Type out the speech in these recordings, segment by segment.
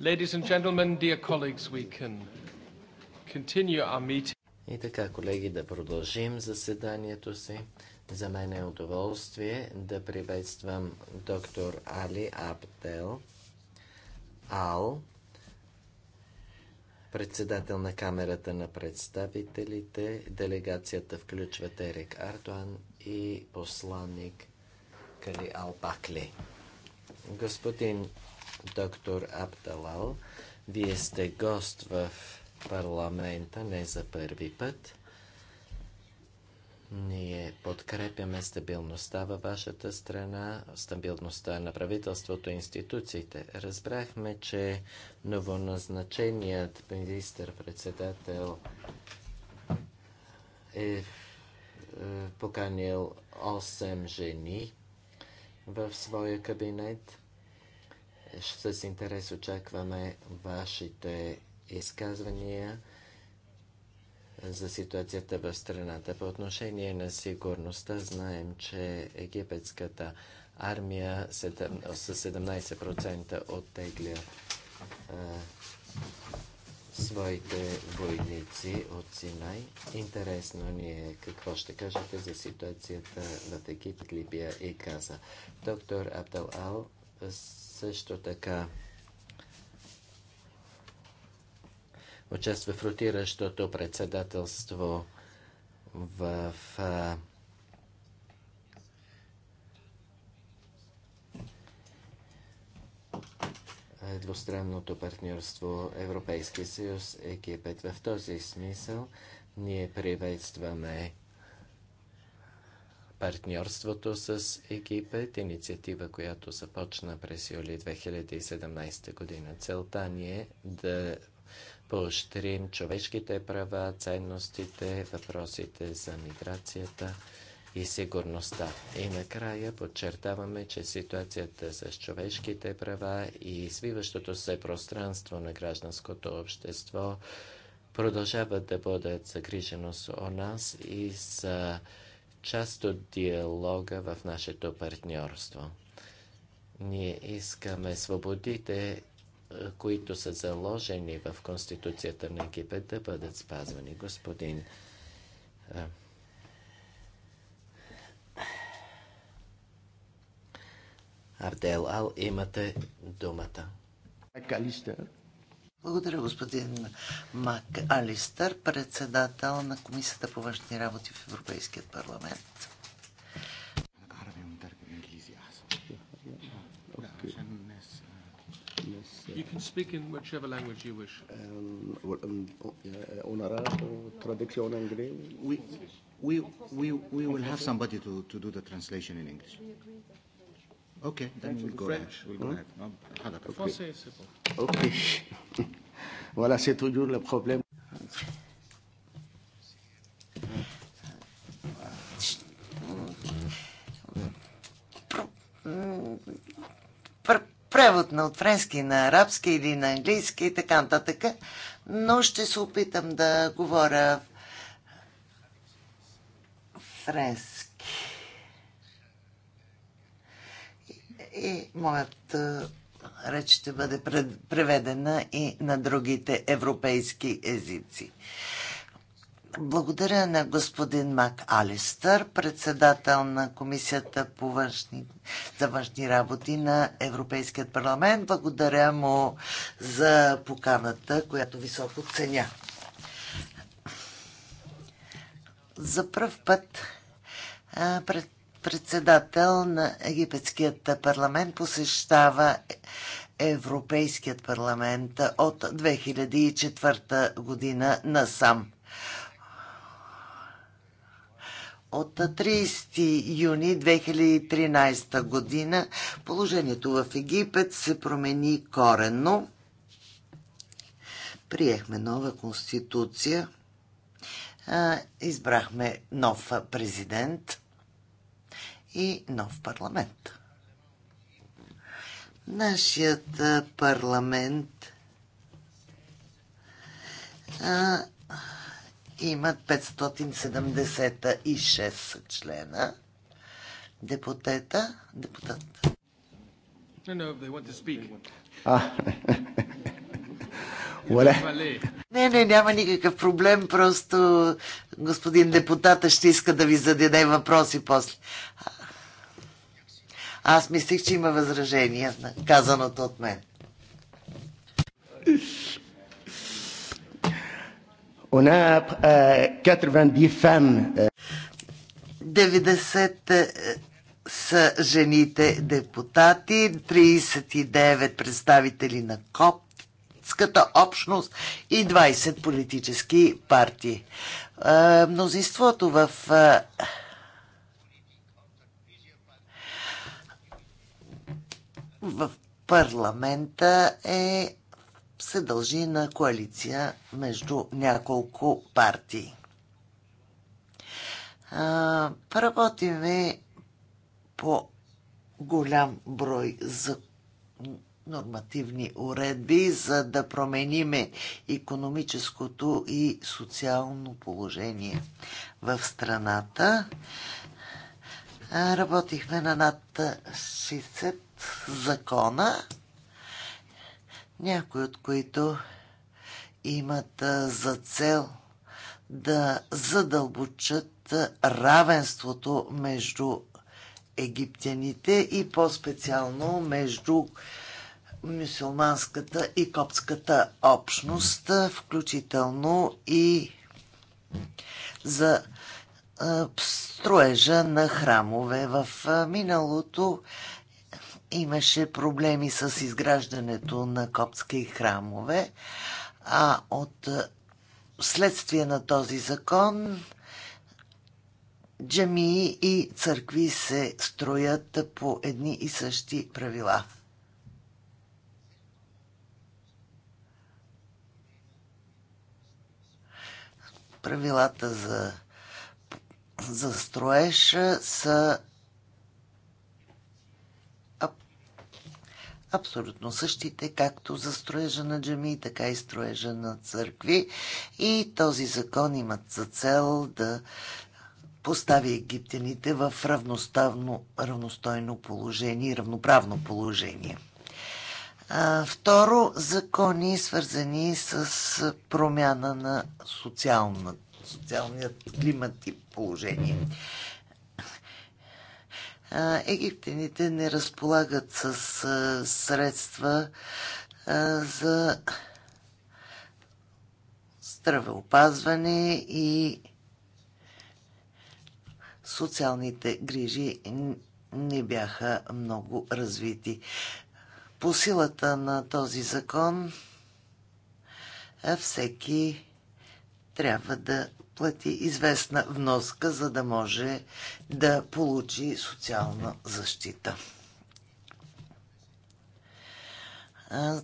Ladies and gentlemen, dear colleagues, we can continue our meeting. И така, колеги, да продължим заседанието си. За мен е удоволствие да приветствам доктор Али Абдел Ал, председател на Камерата на представителите. Делегацията включва Терек Ардуан и посланник Кали Албакли. Господин доктор Абдалал, вие сте гост в парламента не за първи път. Ние подкрепяме стабилността във вашата страна, стабилността на правителството и институциите. Разбрахме, че новоназначеният министър-председател е, е поканил 8 жени в своя кабинет. С интерес очакваме вашите изказвания за ситуацията в страната. По отношение на сигурността знаем, че египетската армия с 17% оттегля своите войници от Синай. Интересно ни е какво ще кажете за ситуацията в Египет, Либия и Каза. Доктор Абдал Ал също така участва в ротиращото председателство в двустранното партньорство Европейски съюз Египет. В този смисъл ние приветстваме партньорството с Египет, инициатива, която започна през юли 2017 година. Целта ни е да поощрим човешките права, ценностите, въпросите за миграцията и сигурността. И накрая подчертаваме, че ситуацията с човешките права и извиващото се пространство на гражданското общество продължават да бъдат загриженост о нас и са част от диалога в нашето партньорство. Ние искаме свободите които са заложени в Конституцията на Египет, да бъдат спазвани. Господин Ардел Ал, имате думата. Благодаря, господин Мак Алистър, председател на Комисията по външни работи в Европейският парламент. You can speak in whichever language you wish. On We, we, we, we will have somebody to, to do the translation in English. Okay, then we'll go French. ahead. We'll go ahead. Okay. Okay. Voilà, c'est toujours le problème. превод на от френски на арабски или на английски и така нататък, но ще се опитам да говоря френски. И, и моят реч ще бъде преведена и на другите европейски езици. Благодаря на господин Мак Алистър, председател на Комисията по външни, за външни работи на Европейският парламент. Благодаря му за поканата, която високо ценя. За първ път председател на Египетският парламент посещава Европейският парламент от 2004 година насам. От 30 юни 2013 година положението в Египет се промени коренно. Приехме нова конституция, избрахме нов президент и нов парламент. Нашият парламент а, имат 576 члена. Депутета, депутат. А. Не, не, няма никакъв проблем, просто господин депутата ще иска да ви зададе въпроси после. Аз мислих, че има възражения на казаното от мен. On a euh, 90 femmes. 90 euh. е, са жените депутати, 39 представители на коптската общност и 20 политически партии. Е, мнозинството в е, в парламента е се дължи на коалиция между няколко партии. А, работиме по голям брой за нормативни уредби, за да промениме економическото и социално положение в страната. Работихме на над 60 закона някои от които имат за цел да задълбочат равенството между египтяните и по-специално между мусулманската и копската общност, включително и за строежа на храмове. В миналото имаше проблеми с изграждането на копски храмове, а от следствие на този закон джамии и църкви се строят по едни и същи правила. Правилата за за строеж са абсолютно същите, както за строежа на джами, така и строежа на църкви. И този закон имат за цел да постави египтяните в равноставно, равностойно положение равноправно положение. А, второ, закони свързани с промяна на социална, социалният климат и положение египтяните не разполагат с средства за здравеопазване и социалните грижи не бяха много развити. По силата на този закон всеки трябва да плати известна вноска, за да може да получи социална защита.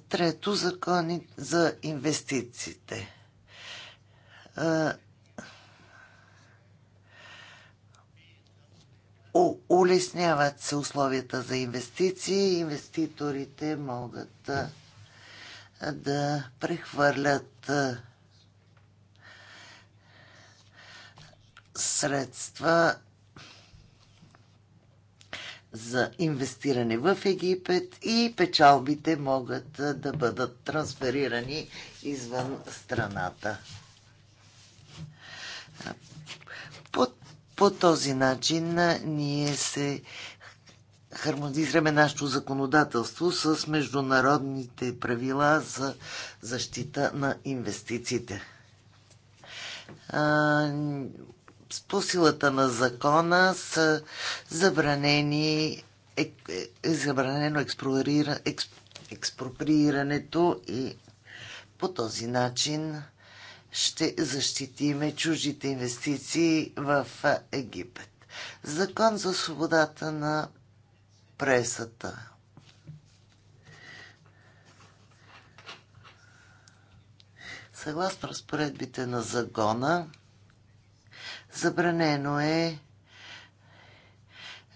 Трето, закони за инвестициите. Улесняват се условията за инвестиции. Инвеститорите могат да прехвърлят средства за инвестиране в Египет и печалбите могат да бъдат трансферирани извън страната. По, по този начин ние се хармонизираме нашето законодателство с международните правила за защита на инвестициите по силата на закона са забранени е, е забранено експроприира, експ, експроприирането и по този начин ще защитиме чуждите инвестиции в Египет. Закон за свободата на пресата. Съгласно разпоредбите на закона, Забранено е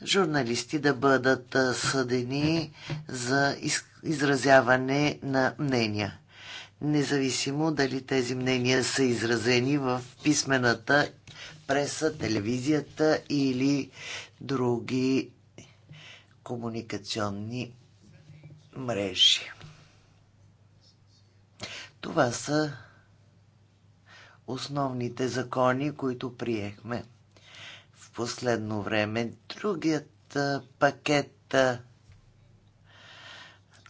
журналисти да бъдат съдени за изразяване на мнения. Независимо дали тези мнения са изразени в писмената преса, телевизията или други комуникационни мрежи. Това са основните закони, които приехме в последно време. Другият пакет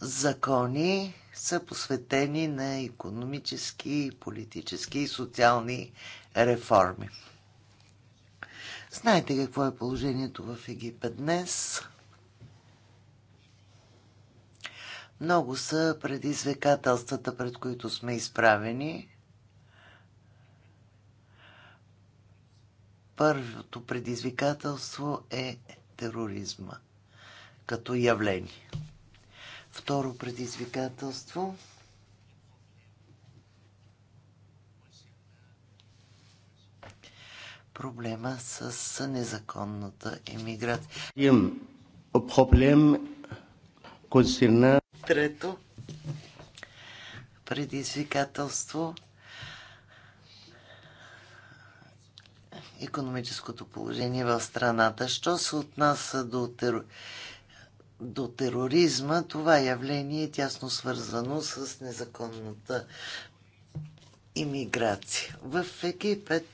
закони са посветени на економически, политически и социални реформи. Знаете какво е положението в Египет днес? Много са предизвикателствата, пред които сме изправени. Първото предизвикателство е тероризма като явление. Второ предизвикателство проблема с незаконната емиграция. Имам проблем консерна. Трето предизвикателство – економическото положение в страната. Що се отнася до, тер... до тероризма, това явление е тясно свързано с незаконната иммиграция. В Египет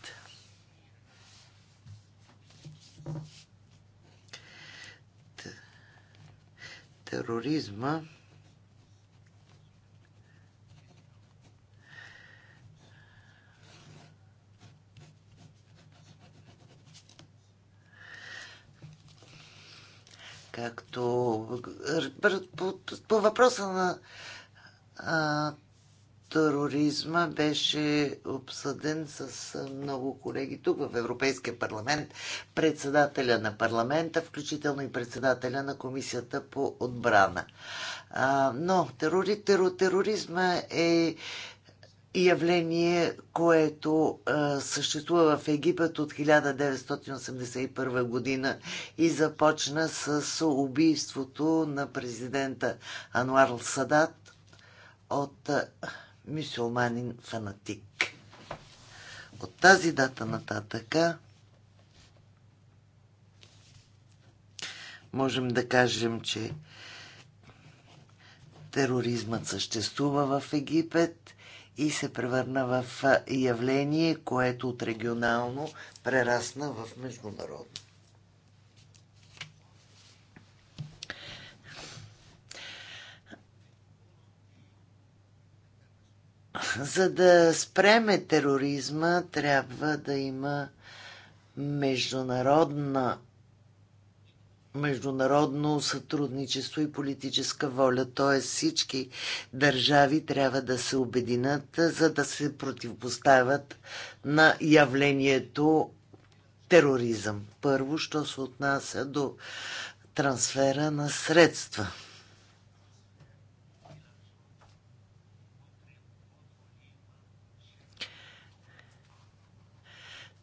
тероризма както по, по въпроса на а, тероризма беше обсъден с много колеги тук в Европейския парламент, председателя на парламента, включително и председателя на комисията по отбрана. А, но терори, терор, тероризма е явление, което а, съществува в Египет от 1981 година и започна с убийството на президента Ануар Садат от а, мюсюлманин фанатик. От тази дата нататъка можем да кажем, че тероризмът съществува в Египет – и се превърна в явление, което от регионално прерасна в международно. За да спреме тероризма, трябва да има международна международно сътрудничество и политическа воля. Т.е. всички държави трябва да се обединят, за да се противопоставят на явлението тероризъм. Първо, що се отнася до трансфера на средства –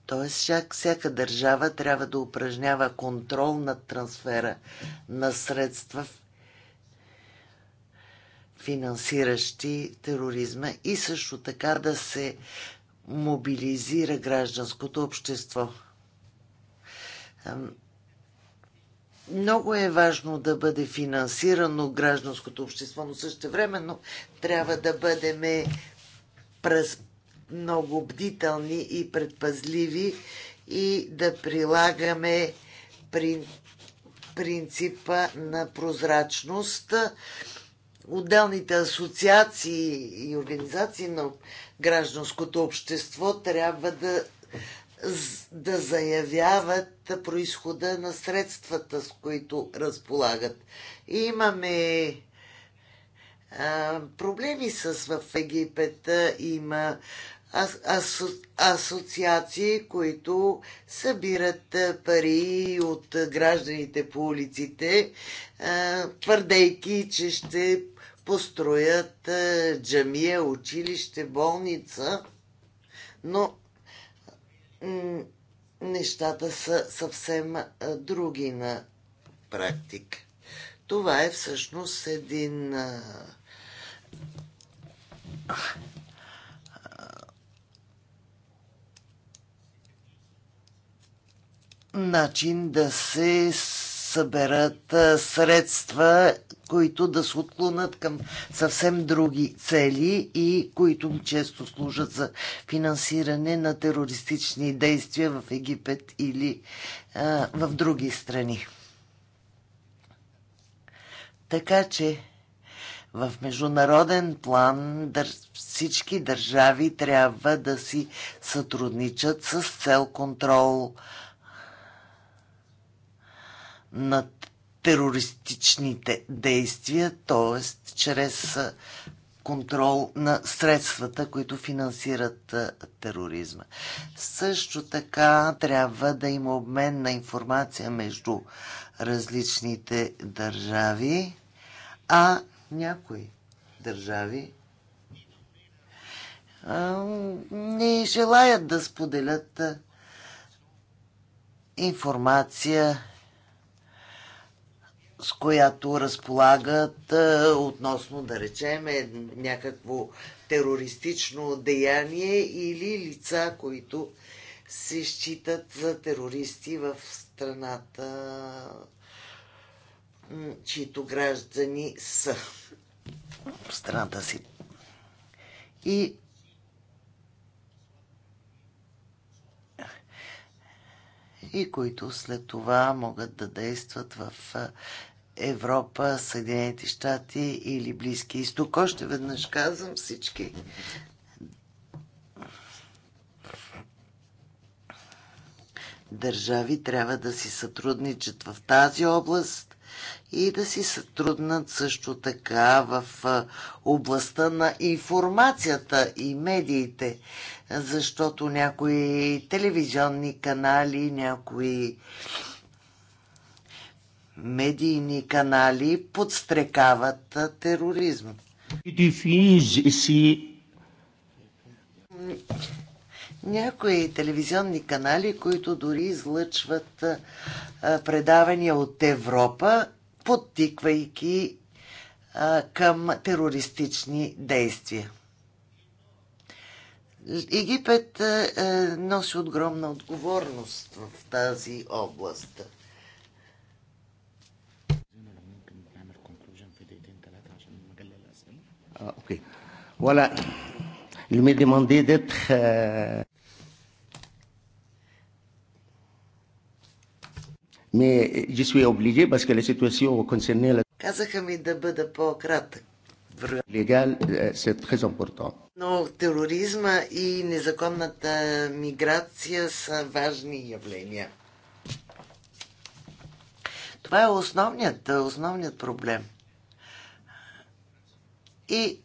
Тоест, всяка, всяка държава трябва да упражнява контрол над трансфера на средства, финансиращи тероризма и също така да се мобилизира гражданското общество. Много е важно да бъде финансирано гражданското общество, но също времено трябва да бъдем много бдителни и предпазливи и да прилагаме прин, принципа на прозрачност. Отделните асоциации и организации на гражданското общество трябва да, да заявяват происхода на средствата, с които разполагат. И имаме проблеми с в Египет, има асо, асоциации, които събират пари от гражданите по улиците, твърдейки, че ще построят джамия, училище, болница, но нещата са съвсем други на практика. Това е всъщност един начин да се съберат средства, които да се отклонат към съвсем други цели и които често служат за финансиране на терористични действия в Египет или а, в други страни. Така че в международен план дър... всички държави трябва да си сътрудничат с цел контрол на терористичните действия, т.е. чрез контрол на средствата, които финансират тероризма. Също така трябва да има обмен на информация между различните държави, а някои държави не желаят да споделят информация с която разполагат относно, да речем, е някакво терористично деяние или лица, които се считат за терористи в страната, чието граждани са в страната си. И и които след това могат да действат в Европа, Съединените щати или Близки изток. Още веднъж казвам всички държави трябва да си сътрудничат в тази област и да си сътруднат също така в областта на информацията и медиите, защото някои телевизионни канали, някои медийни канали подстрекават тероризма. Някои телевизионни канали, които дори излъчват предавания от Европа, подтиквайки към терористични действия. Египет е, носи огромна отговорност в тази област Ah, ok. Voilà. Il m'est demandé d'être. Euh... Mais je suis obligé parce que la situation concernait la. Казаха ми да бъда по-кратък. Легал, е, c'est très important. Но тероризма и незаконната миграция са важни явления. Това е основният, основният проблем и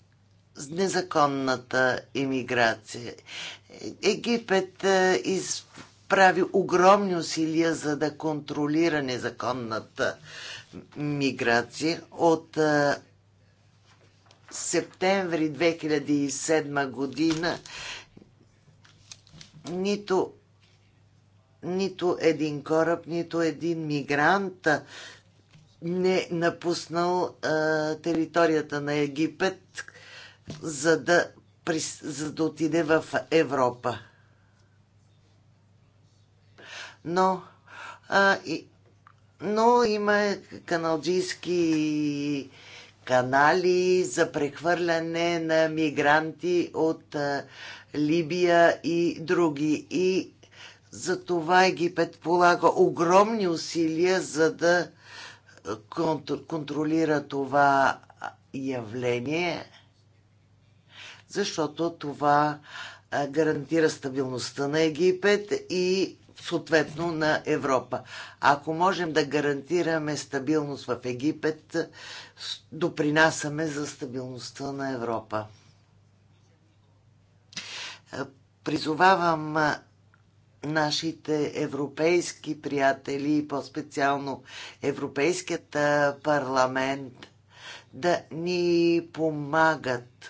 незаконната иммиграция. Египет е, изправи огромни усилия за да контролира незаконната миграция от е, септември 2007 година нито, нито един кораб, нито един мигрант не напуснал а, територията на Египет, за да, за да отиде в Европа. Но, а, и, но има каналджийски канали за прехвърляне на мигранти от а, Либия и други. И за това Египет полага огромни усилия, за да контролира това явление, защото това гарантира стабилността на Египет и съответно на Европа. Ако можем да гарантираме стабилност в Египет, допринасяме за стабилността на Европа. Призовавам нашите европейски приятели и по-специално Европейският парламент да ни помагат.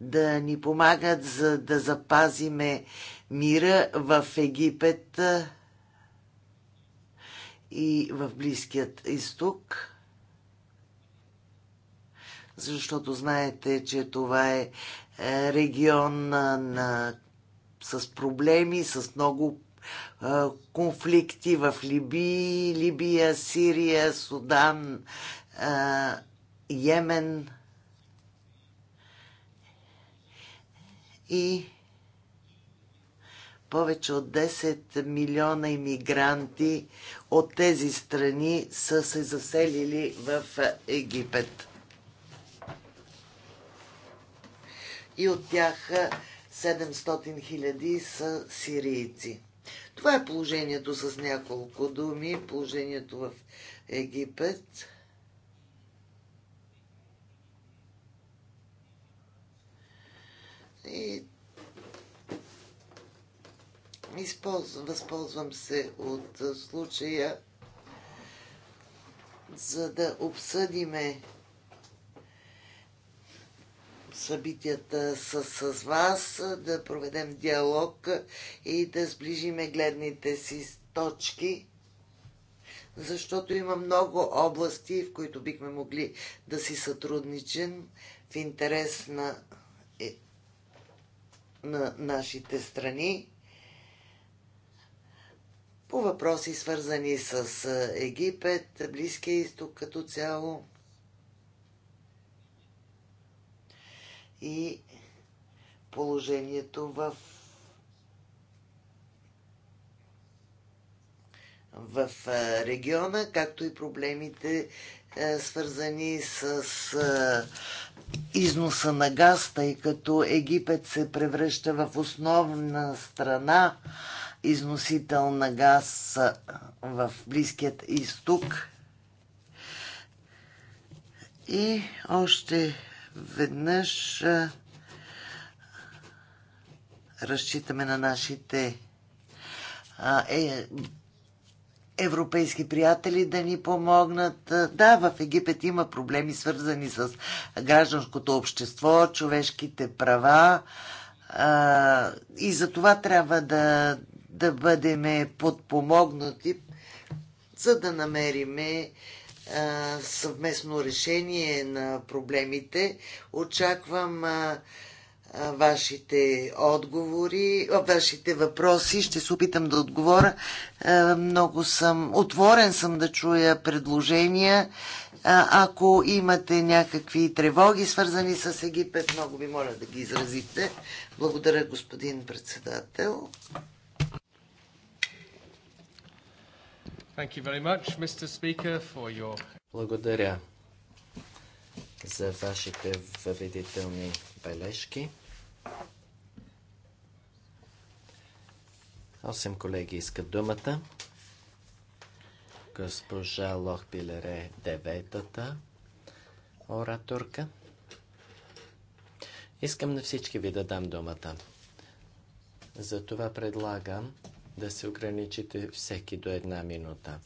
Да ни помагат за да запазиме мира в Египет и в Близкият изток защото знаете, че това е, е регион на с проблеми, с много конфликти в Либи, Либия, Сирия, Судан, Йемен и повече от 10 милиона иммигранти от тези страни са се заселили в Египет. И от тях 700 хиляди са сирийци. Това е положението с няколко думи, положението в Египет. И използвам, възползвам се от случая, за да обсъдиме събитията с, с вас, да проведем диалог и да сближиме гледните си точки, защото има много области, в които бихме могли да си сътрудничен в интерес на, е, на нашите страни по въпроси свързани с е, Египет, Близкия изток като цяло. и положението в в региона, както и проблемите свързани с износа на газ, тъй като Египет се превръща в основна страна износител на газ в Близкият изток. И още веднъж разчитаме на нашите е, европейски приятели да ни помогнат. Да, в Египет има проблеми, свързани с гражданското общество, човешките права. А, и за това трябва да, да бъдем подпомогнати, за да намериме съвместно решение на проблемите. Очаквам а, а, вашите отговори, а, вашите въпроси. Ще се опитам да отговоря. А, много съм отворен съм да чуя предложения. А, ако имате някакви тревоги, свързани с Египет, много ви моля да ги изразите. Благодаря, господин председател. Thank you very much, Mr. Speaker, for your... Благодаря за вашите въведителни бележки. Осем колеги искат думата. Госпожа Лохпилер е деветата ораторка. Искам на всички ви да дам думата. Затова предлагам да се ограничите всеки до една минута.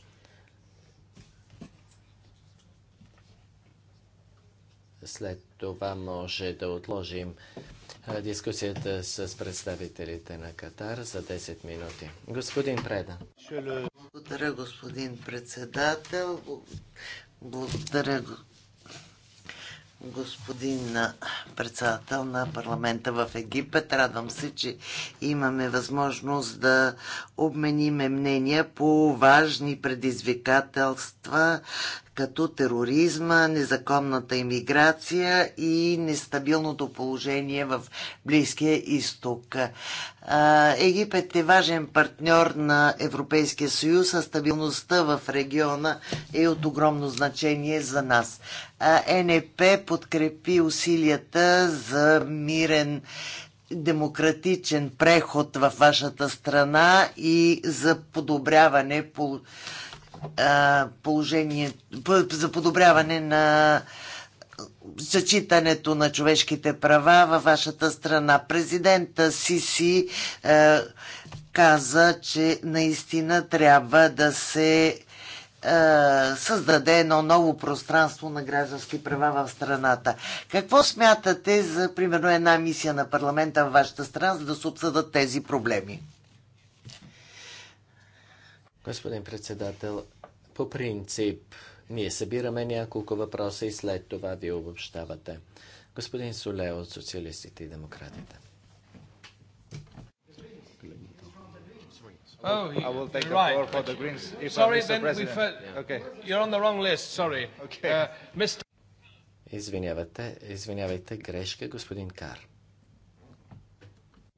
След това може да отложим дискусията с представителите на Катар за 10 минути. Господин Преда. Благодаря, господин председател. Благодаря, господин председател на парламента в Египет. Радвам се, че имаме възможност да обмениме мнения по важни предизвикателства като тероризма, незаконната иммиграция и нестабилното положение в Близкия изток. Египет е важен партньор на Европейския съюз, а стабилността в региона е от огромно значение за нас. НП е подкрепи усилията за мирен демократичен преход във вашата страна и за подобряване по положение, за подобряване на зачитането на човешките права във вашата страна. Президента Сиси е, каза, че наистина трябва да се е, създаде едно ново пространство на граждански права в страната. Какво смятате за, примерно, една мисия на парламента в вашата страна, за да се обсъдат тези проблеми? Господин председател, по принцип, ние събираме няколко въпроса и след това ви обобщавате. Господин Соле от Социалистите и Демократите. Oh, you, I will take the right. floor for the Greens. If sorry, then we fell. Okay. You're on the wrong list. Sorry. Okay. Uh, Mr. Извинявайте, извинявайте, грешка, господин Кар.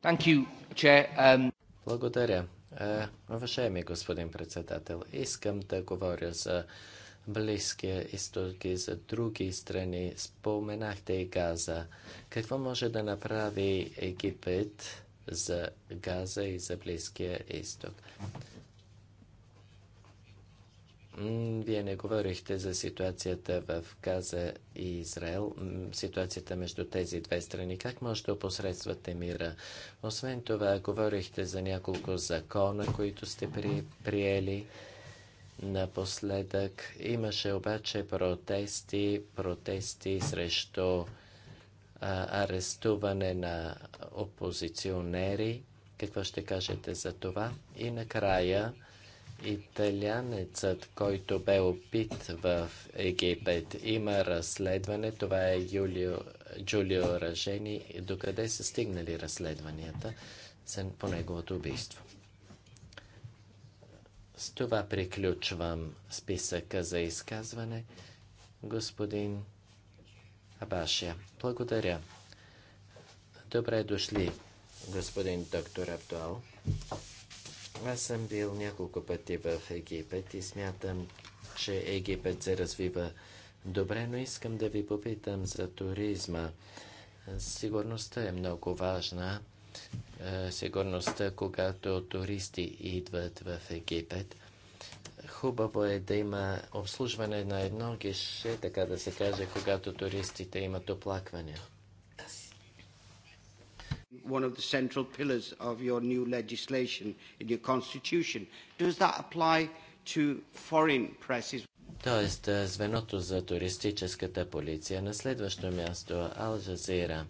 Thank you, Chair. Um... Благодаря. Е, уважаеми господин председател, искам да говоря за Близкия изток и за други страни. Споменахте и Газа. Какво може да направи Египет за Газа и за Близкия изток? Вие не говорихте за ситуацията в Газа и Израел, ситуацията между тези две страни. Как може да посредствате мира? Освен това, говорихте за няколко закона, които сте при, приели напоследък. Имаше обаче протести, протести срещу а, арестуване на опозиционери. Какво ще кажете за това? И накрая Италянецът, който бе убит в Египет, има разследване. Това е Юлио, Джулио Ражени. Докъде са стигнали разследванията по неговото убийство? С това приключвам списъка за изказване. Господин Абашия, благодаря. Добре дошли, господин доктор Абдуал. Аз съм бил няколко пъти в Египет и смятам, че Египет се развива добре, но искам да ви попитам за туризма. Сигурността е много важна. Е, сигурността, когато туристи идват в Египет. Хубаво е да има обслужване на едно геше, така да се каже, когато туристите имат оплаквания one of the central pillars of your new legislation in your constitution. Does that apply to foreign presses? Тоест, звеното за туристическата полиция. На следващо място Алжазира.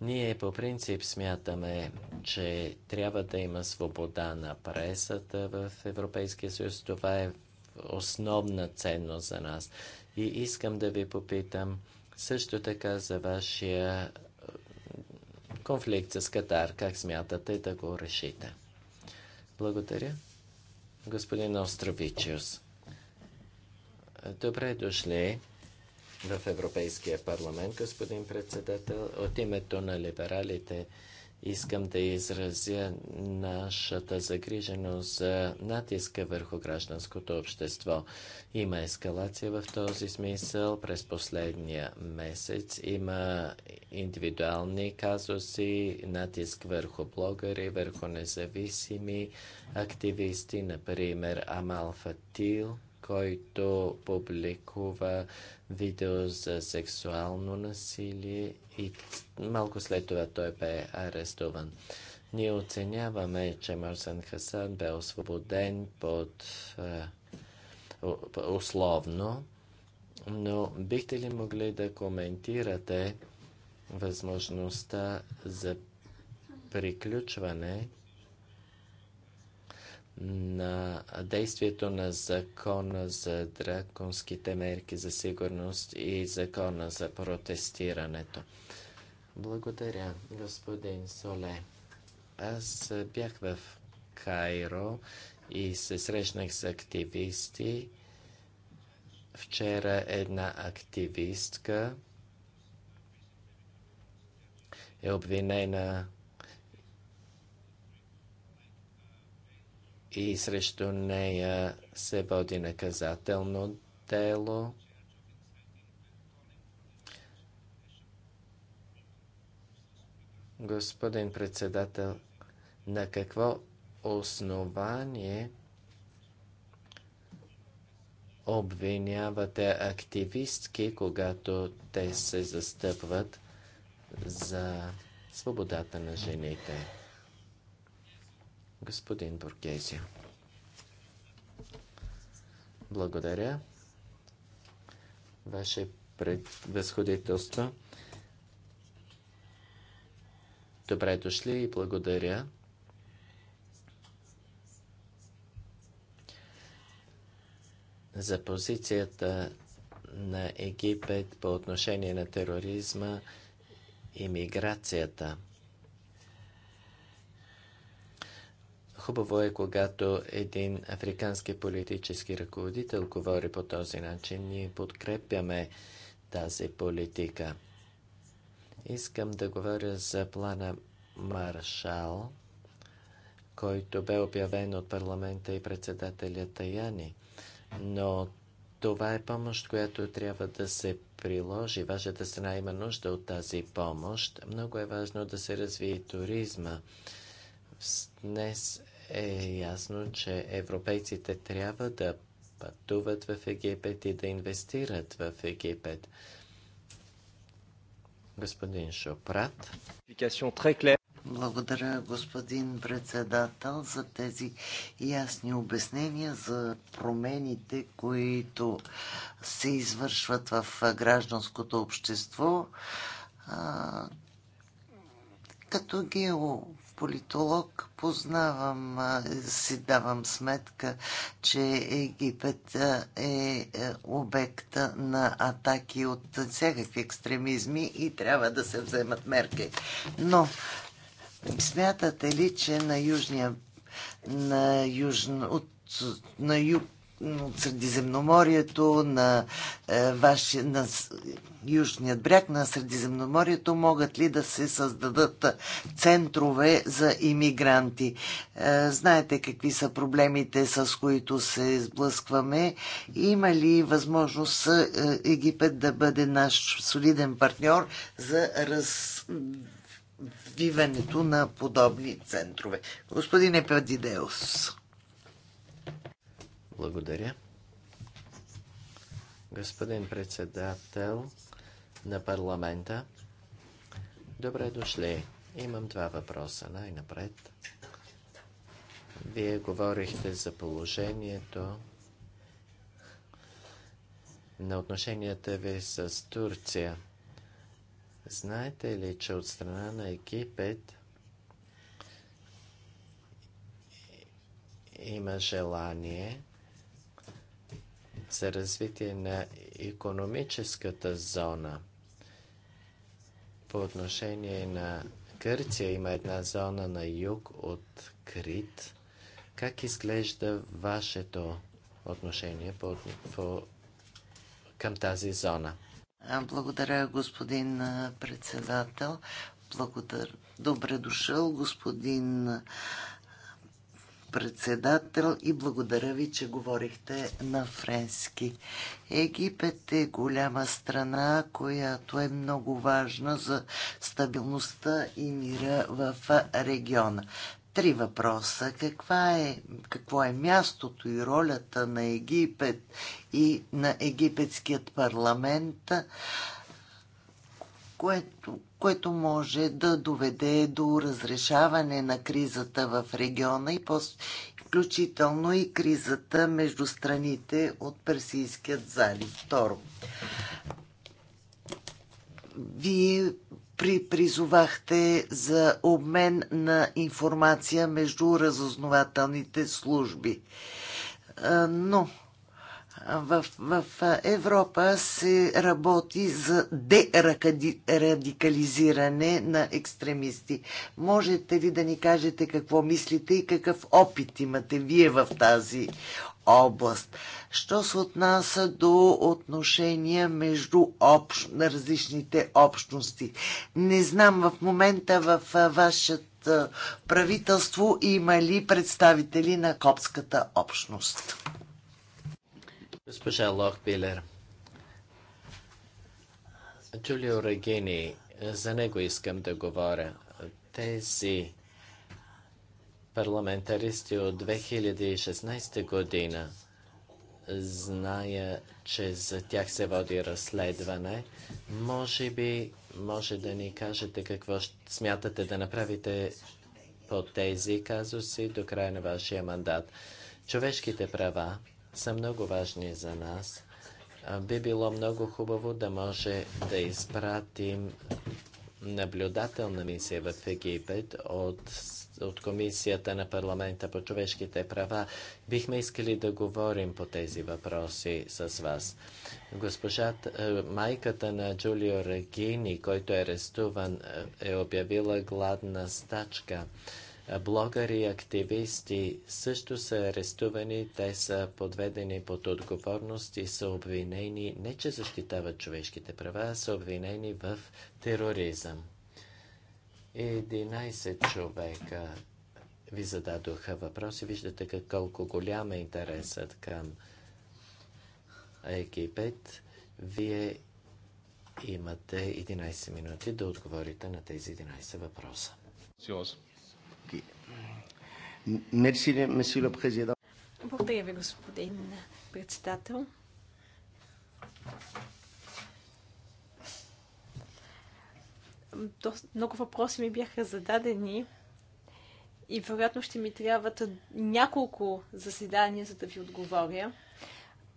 Ние по принцип смятаме, че трябва да има свобода на пресата в Европейския съюз. Това е основна ценност за нас. И искам да ви попитам също така за вашия конфликт с Катар. Как смятате да го решите? Благодаря. Господин Островичиус, добре дошли в Европейския парламент, господин председател. От името на либералите искам да изразя нашата загриженост за натиска върху гражданското общество. Има ескалация в този смисъл. През последния месец има индивидуални казуси, натиск върху блогъри, върху независими активисти, например Амал Фатил – който публикува видео за сексуално насилие и малко след това той бе арестуван. Ние оценяваме, че Марсен Хасан бе освободен под е, условно, но бихте ли могли да коментирате възможността за приключване на действието на закона за драконските мерки за сигурност и закона за протестирането. Благодаря, господин Соле. Аз бях в Кайро и се срещнах с активисти. Вчера една активистка е обвинена и срещу нея се води наказателно дело. Господин председател, на какво основание обвинявате активистки, когато те се застъпват за свободата на жените? господин Бургезио. Благодаря. Ваше предвъзходителство. Добре дошли и благодаря. За позицията на Египет по отношение на тероризма и миграцията – Хубаво е, когато един африкански политически ръководител говори по този начин. Ние подкрепяме тази политика. Искам да говоря за плана Маршал, който бе обявен от парламента и председателя Таяни. Но това е помощ, която трябва да се приложи. Вашата страна има нужда от тази помощ. Много е важно да се развие туризма. Днес е ясно, че европейците трябва да пътуват в Египет и да инвестират в Египет. Господин Шопрат. Благодаря, господин председател, за тези ясни обяснения за промените, които се извършват в гражданското общество, като ги политолог познавам, си давам сметка, че Египет е, е обект на атаки от всякакви екстремизми и трябва да се вземат мерки. Но смятате ли, че на южния на южно, от, на юг от Средиземноморието, на, е, ваши, на южният бряг на Средиземноморието, могат ли да се създадат центрове за иммигранти? Е, знаете какви са проблемите, с които се сблъскваме. Има ли възможност е, Египет да бъде наш солиден партньор за развиването на подобни центрове. Господин Епадидеус. Благодаря. Господин председател на парламента, добре дошли. Имам два въпроса най-напред. Вие говорихте за положението на отношенията ви с Турция. Знаете ли, че от страна на Египет има желание за развитие на економическата зона. По отношение на Гърция има една зона на юг от Крит. Как изглежда вашето отношение по, по, към тази зона? Благодаря, господин председател. Благодаря. Добре дошъл, господин председател и благодаря ви, че говорихте на френски. Египет е голяма страна, която е много важна за стабилността и мира в региона. Три въпроса. Каква е, какво е мястото и ролята на Египет и на египетският парламент, което което може да доведе до разрешаване на кризата в региона и включително и кризата между страните от Персийският залив. Второ, вие при призовахте за обмен на информация между разузнавателните служби. Но в, в Европа се работи за дерадикализиране на екстремисти. Можете ли да ни кажете какво мислите и какъв опит имате вие в тази област? Що се отнася до отношения между общ, на различните общности? Не знам в момента в вашата правителство има ли представители на копската общност. Госпожа Билер, Джулио Регини, за него искам да говоря. Тези парламентаристи от 2016 година зная, че за тях се води разследване. Може би може да ни кажете какво смятате да направите по тези казуси до края на вашия мандат. Човешките права са много важни за нас. Би било много хубаво да може да изпратим наблюдателна мисия в Египет от, от Комисията на парламента по човешките права. Бихме искали да говорим по тези въпроси с вас. Госпожата, е, майката на Джулио Регини, който е арестуван, е, е обявила гладна стачка блогъри, и активисти също са арестувани, те са подведени под отговорност и са обвинени не че защитават човешките права, а са обвинени в тероризъм. 11 човека ви зададоха въпроси. Виждате как колко голям е интересът към Египет. Вие имате 11 минути да отговорите на тези 11 въпроса. Мерси, месило президент. Благодаря ви, господин председател. Много въпроси ми бяха зададени и вероятно ще ми трябват няколко заседания, за да ви отговоря,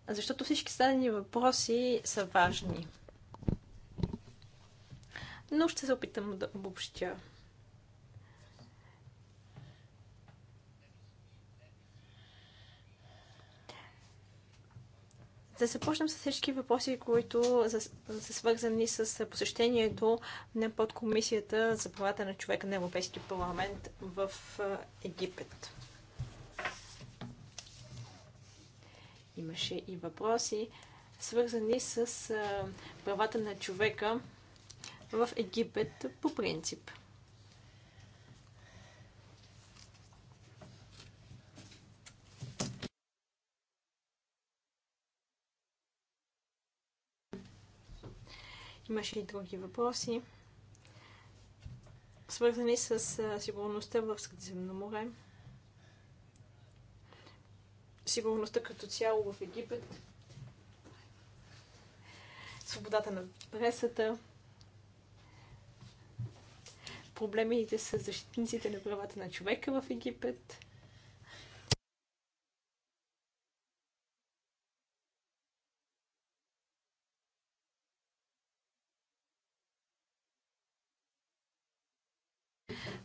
защото всички зададени въпроси са важни. Но ще се опитам да обобщя. Да започнем с всички въпроси, които са свързани с посещението на подкомисията за правата на човека на Европейския парламент в Египет. Имаше и въпроси, свързани с правата на човека в Египет по принцип. Имаше и други въпроси, свързани с сигурността в Средиземно море, сигурността като цяло в Египет, свободата на пресата, проблемите с защитниците на правата на човека в Египет,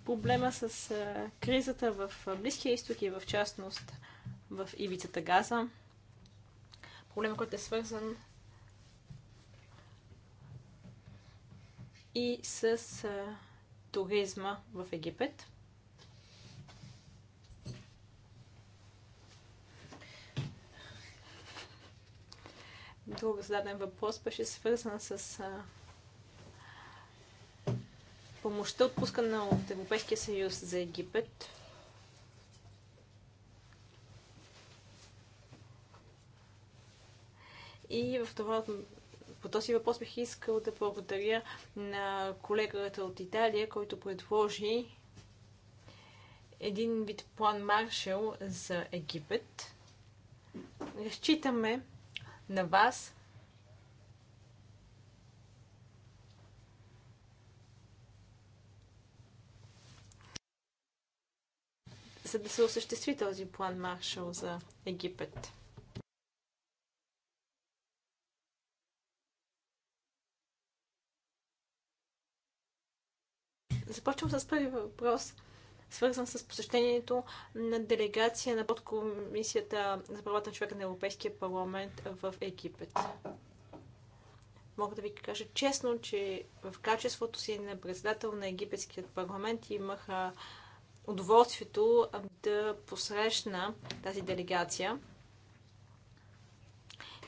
проблема с е, кризата в е, Близкия изток и в частност в ивицата Газа. Проблема, който е свързан и с е, туризма в Египет. Друг зададен въпрос беше свързан с помощта, отпускана от Европейския съюз за Египет. И в това, по този въпрос бих искал да благодаря на колегата от Италия, който предложи един вид план Маршал за Египет. Разчитаме на вас за да се осъществи този план Маршал за Египет. Започвам с първи въпрос, свързан с посещението на делегация на подкомисията за правата на човека на Европейския парламент в Египет. Мога да ви кажа честно, че в качеството си на председател на Египетският парламент имаха удоволствието да посрещна тази делегация.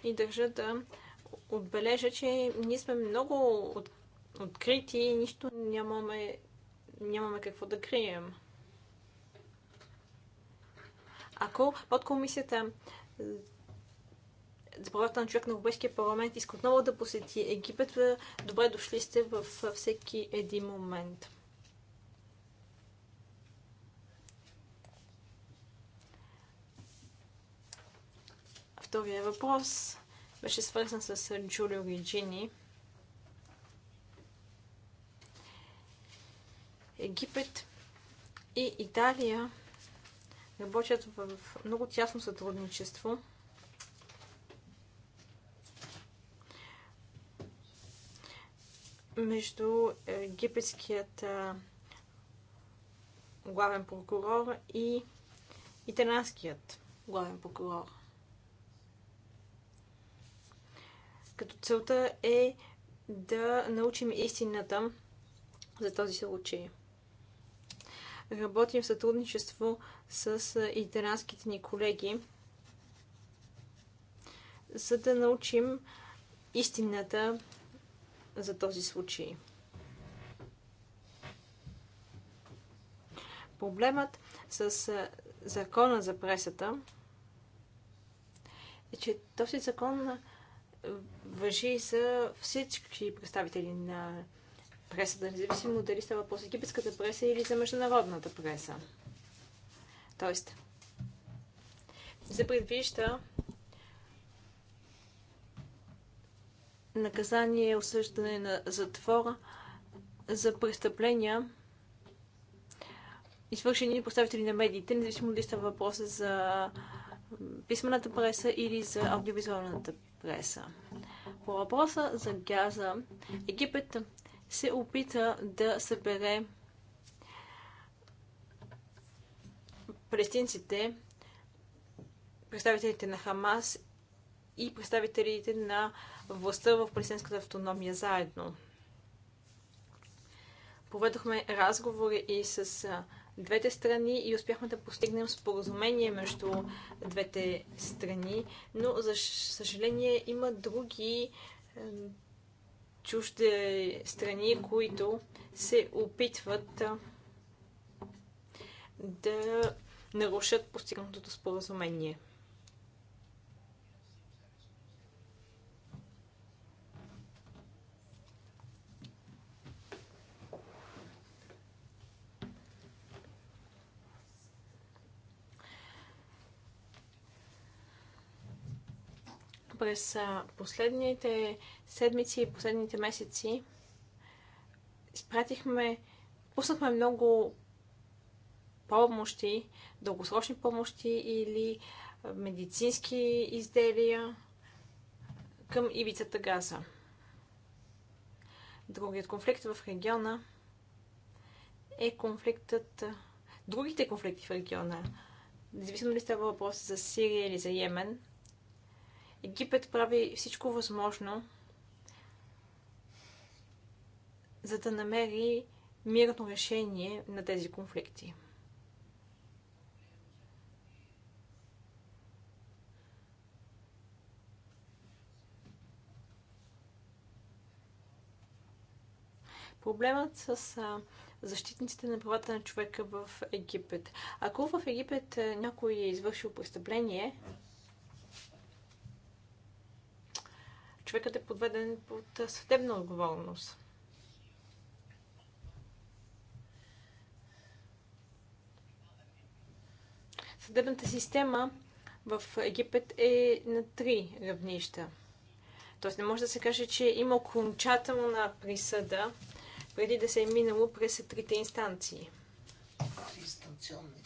И държа да отбележа, че ние сме много от, открити и нищо нямаме, нямаме какво да крием. Ако комисията за правата на човек на Европейския парламент иска отново да посети Египет, добре дошли сте във всеки един момент. Втория въпрос беше свързан с Джулио Риджини. Египет и Италия работят в много тясно сътрудничество. между египетският главен прокурор и италианският главен прокурор. като целта е да научим истината за този случай. Работим в сътрудничество с италянските ни колеги, за да научим истината за този случай. Проблемът с закона за пресата е, че този закон въжи за всички представители на пресата, независимо дали става въпрос египетската преса или за международната преса. Тоест, се предвижда наказание, осъждане на затвора за престъпления, извършени представители на медиите, независимо дали става въпроса за писмената преса или за аудиовизуалната преса. По въпроса за газа, Египет се опита да събере палестинците, представителите на Хамас и представителите на властта в палестинската автономия заедно. Поведохме разговори и с двете страни и успяхме да постигнем споразумение между двете страни, но за съжаление има други е, чужди страни, които се опитват е, да нарушат постигнатото споразумение. през последните седмици и последните месеци изпратихме, пуснахме много помощи, дългосрочни помощи или медицински изделия към ивицата Газа. Другият конфликт в региона е конфликтът, другите конфликти в региона, независимо ли става въпрос за Сирия или за Йемен – Египет прави всичко възможно, за да намери мирно решение на тези конфликти. Проблемът с защитниците на правата на човека в Египет. Ако в Египет някой е извършил престъпление, човекът е подведен под съдебна отговорност. Съдебната система в Египет е на три равнища. Тоест не може да се каже, че има окончателна присъда преди да се е минало през трите инстанции. Инстанционни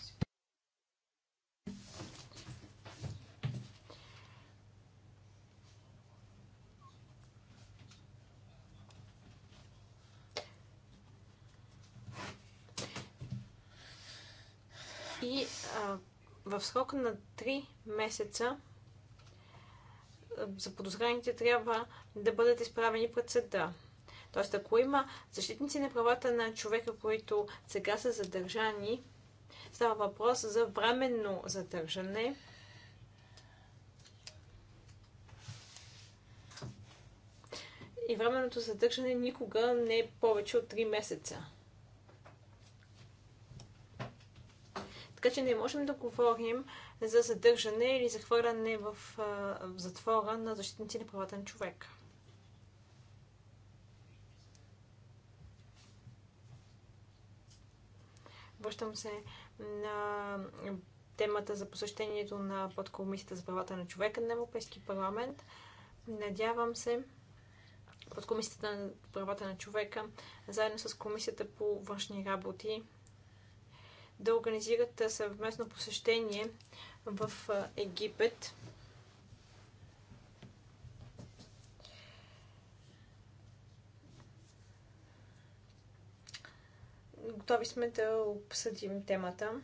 и а, в срок на 3 месеца за подозрените трябва да бъдат изправени пред съда. Тоест, ако има защитници на правата на човека, които сега са задържани, става въпрос за временно задържане. И временното задържане никога не е повече от 3 месеца. Така че не можем да говорим за задържане или захвърляне в затвора на защитници на правата на човека. Връщам се на темата за посещението на подкомисията за правата на човека на Европейски парламент. Надявам се подкомисията на правата на човека, заедно с комисията по външни работи, да организират съвместно посещение в Египет. Готови сме да обсъдим темата.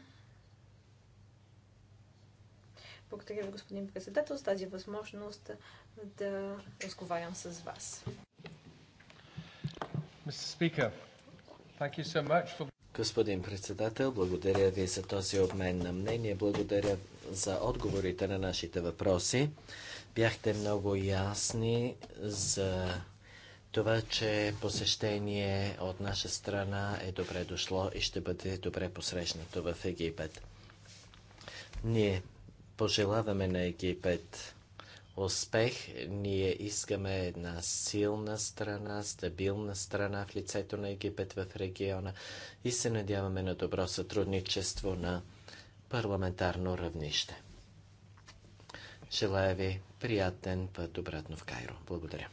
Благодаря ви, господин председател, с тази възможност да разговарям с вас. Mr. Speaker, thank you so much for Господин председател, благодаря ви за този обмен на мнение. Благодаря за отговорите на нашите въпроси. Бяхте много ясни за това, че посещение от наша страна е добре дошло и ще бъде добре посрещнато в Египет. Ние пожелаваме на Египет успех. Ние искаме една силна страна, стабилна страна в лицето на Египет в региона и се надяваме на добро сътрудничество на парламентарно равнище. Желая ви приятен път обратно в Кайро. Благодаря.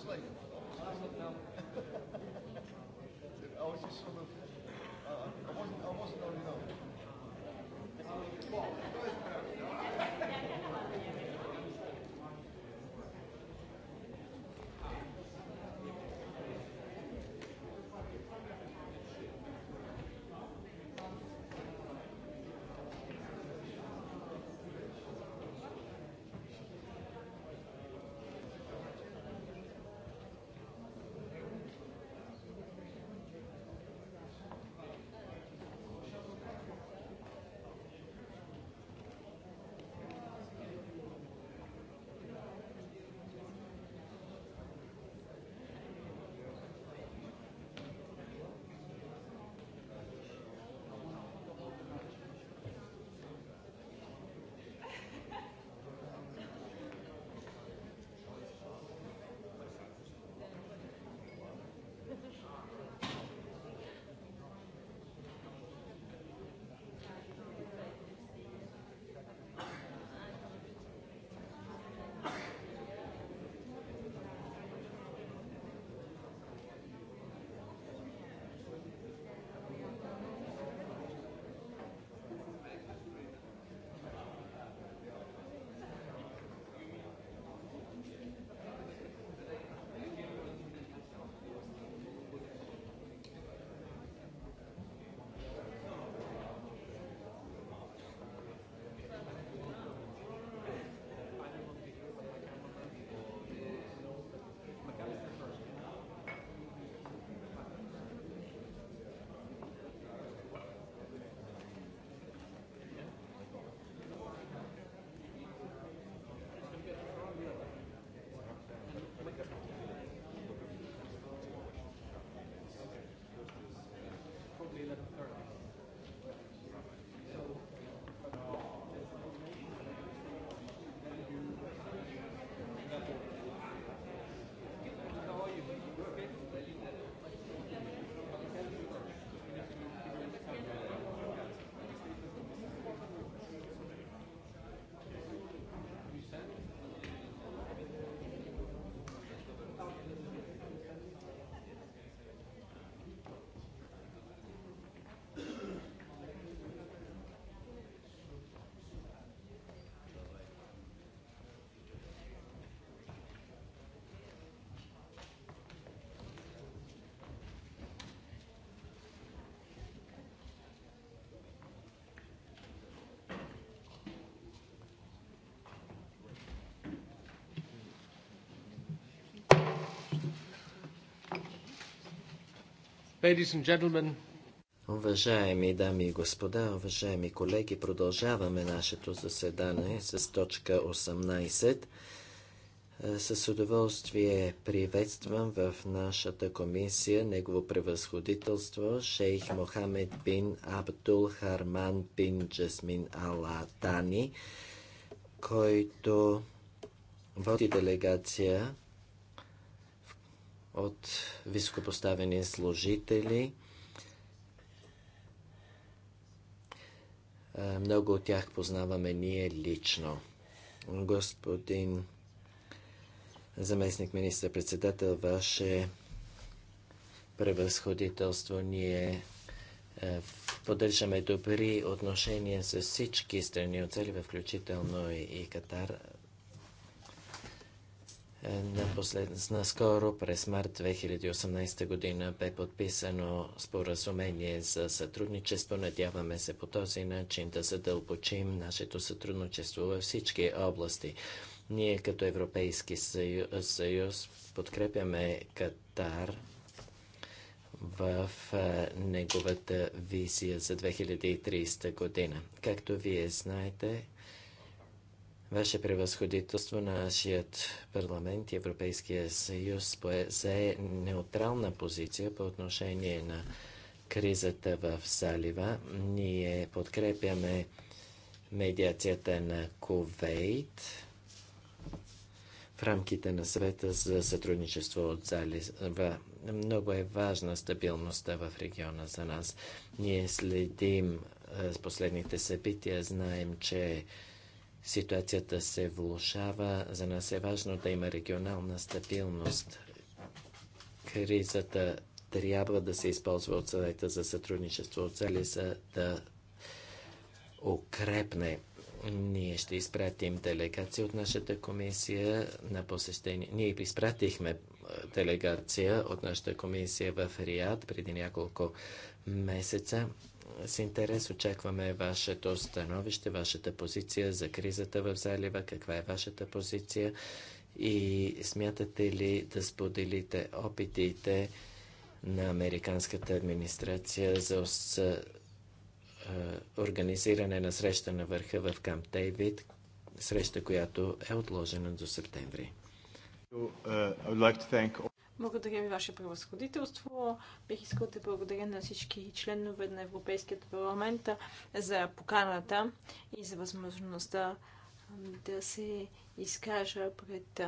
I wasn't, I wasn't Уважаеми дами и господа, уважаеми колеги, продължаваме нашето заседание с точка 18. Е, с удоволствие приветствам в нашата комисия негово превъзходителство шейх Мохамед бин Абдул Харман бин Джасмин Ала Тани, който води делегация от високопоставени служители. Много от тях познаваме ние лично. Господин заместник министър-председател, ваше превъзходителство, ние поддържаме добри отношения с всички страни от цели, включително и Катар. Е, на послед... Наскоро, през март 2018 година, бе подписано споразумение за сътрудничество. Надяваме се по този начин да задълбочим нашето сътрудничество във всички области. Ние като Европейски съюз подкрепяме Катар в е, неговата визия за 2030 година. Както вие знаете, Ваше превъзходителство, нашият парламент и Европейския съюз за неутрална позиция по отношение на кризата в Салива. Ние подкрепяме медиацията на Кувейт в рамките на съвета за сътрудничество от залива. Много е важна стабилността в региона за нас. Ние следим с последните събития, знаем, че Ситуацията се влушава. За нас е важно да има регионална стабилност. Кризата трябва да се използва от съвета за сътрудничество от цели за да укрепне. Ние ще изпратим делегация от нашата комисия на посещение. Ние изпратихме делегация от нашата комисия в Риад преди няколко месеца. С интерес очакваме вашето становище, вашата позиция за кризата в залива, каква е вашата позиция и смятате ли да споделите опитите на американската администрация за организиране на среща на върха в Камп Дейвид, среща, която е отложена до септември. Uh, like thank... Благодаря ви, Ваше превъзходителство. Бих искал да благодаря на всички членове на Европейският парламент за поканата и за възможността да се изкажа пред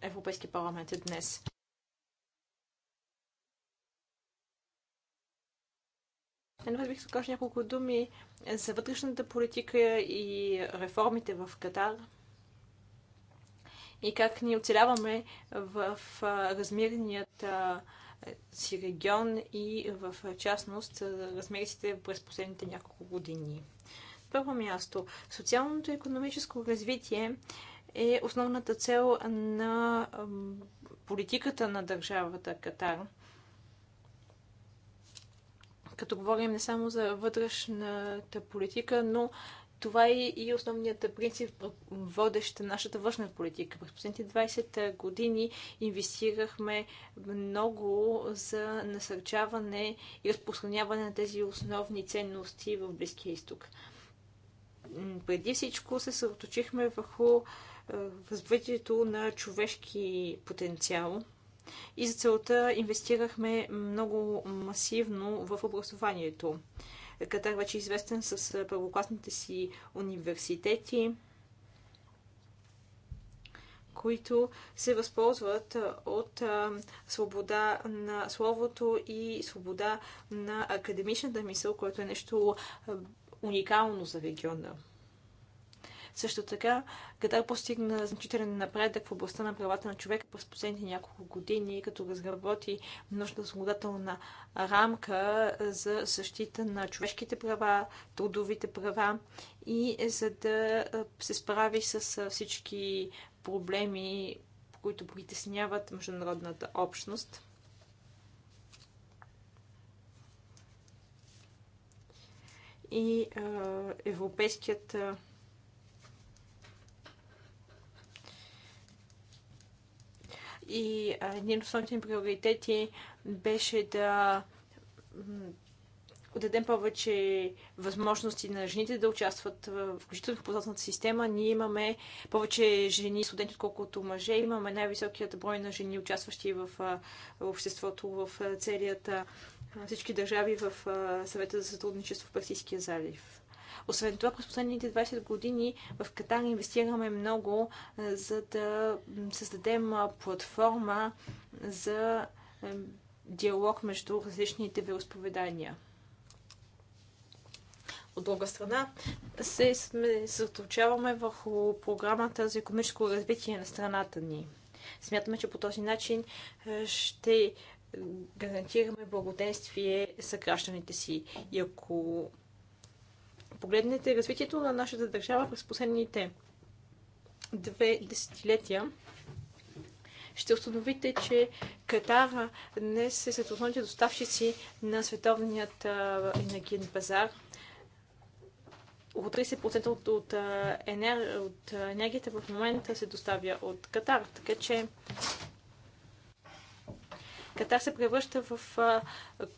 Европейския парламент днес. Едва бих казал няколко думи за вътрешната политика и реформите в Катар и как ни оцеляваме в размерният си регион и в частност размерите през последните няколко години. Първо място. Социалното и економическо развитие е основната цел на политиката на държавата Катар. Като говорим не само за вътрешната политика, но това е и основният принцип, водещ нашата външна политика. През последните 20 години инвестирахме много за насърчаване и разпространяване на тези основни ценности в Близкия изток. Преди всичко се съсредоточихме върху развитието на човешки потенциал, и за целта инвестирахме много масивно в образованието. Катар вече е известен с е, първокласните си университети, които се възползват е, от е, свобода на словото и свобода на академичната мисъл, което е нещо уникално за региона. Също така, Катар постигна значителен напредък в областта на правата на човека през последните няколко години, като разработи множна законодателна рамка за защита на човешките права, трудовите права и за да се справи с всички проблеми, които притесняват международната общност. И е, Европейският и един от основните приоритети беше да дадем повече възможности на жените да участват в, включително в познатната система. Ние имаме повече жени студенти, отколкото мъже. Имаме най-високият брой на жени, участващи в обществото, в целията всички държави в съвета за сътрудничество в Персийския залив. Освен това, през последните 20 години в Катар инвестираме много, за да създадем платформа за диалог между различните вероисповедания. От друга страна, се съсредоточаваме върху програмата за економическо развитие на страната ни. Смятаме, че по този начин ще гарантираме благоденствие за гражданите си. И ако погледнете развитието на нашата държава през последните две десетилетия, ще установите, че Катар днес е сред основните доставчици на световният енергиен пазар. Около 30% от, от, енер... от енергията в момента се доставя от Катар, така че Катар се превръща в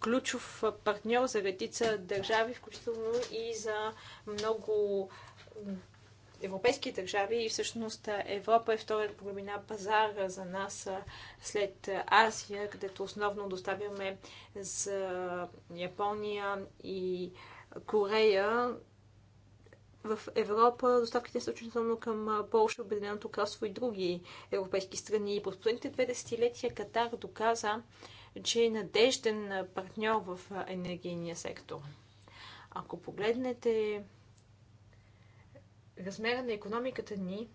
ключов партньор за редица държави, включително и за много европейски държави и всъщност Европа е вторият по големина пазар за нас след Азия, където основно доставяме за Япония и Корея в Европа доставките са учително към Польша, Обединеното кралство и други европейски страни. През последните две десетилетия Катар доказа, че е надежден партньор в енергийния сектор. Ако погледнете размера на економиката ни,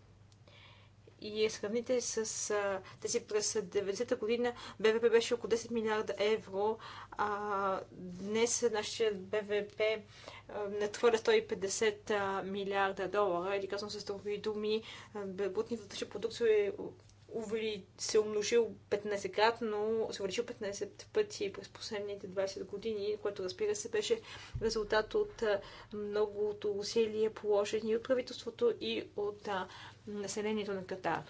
и е сравните с а, тези през 90-та година, БВП беше около 10 милиарда евро, а днес нашия БВП надхвърля 150 милиарда долара, или казвам с други думи, брутният вътрешен продукт се увели, се умножил 15-кратно, се увеличил 15 пъти през последните 20 години, което разбира се беше резултат от многото усилия положени от правителството и от населението на Катар.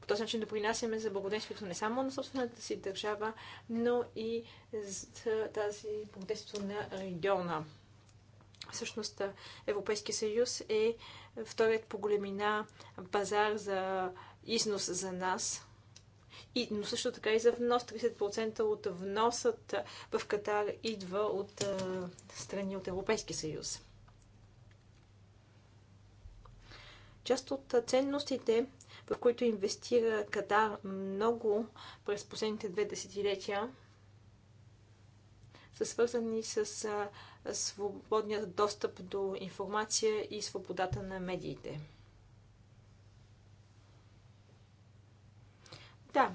По този начин допринасяме за благоденствието не само на собствената си държава, но и за тази благоденствието на региона. Всъщност Европейския съюз е вторият по големина пазар за износ за нас. И, но също така и за внос. 30% от вносът в Катар идва от страни от Европейския съюз. Част от ценностите, в които инвестира Катар много през последните две десетилетия, са свързани с свободния достъп до информация и свободата на медиите. Да.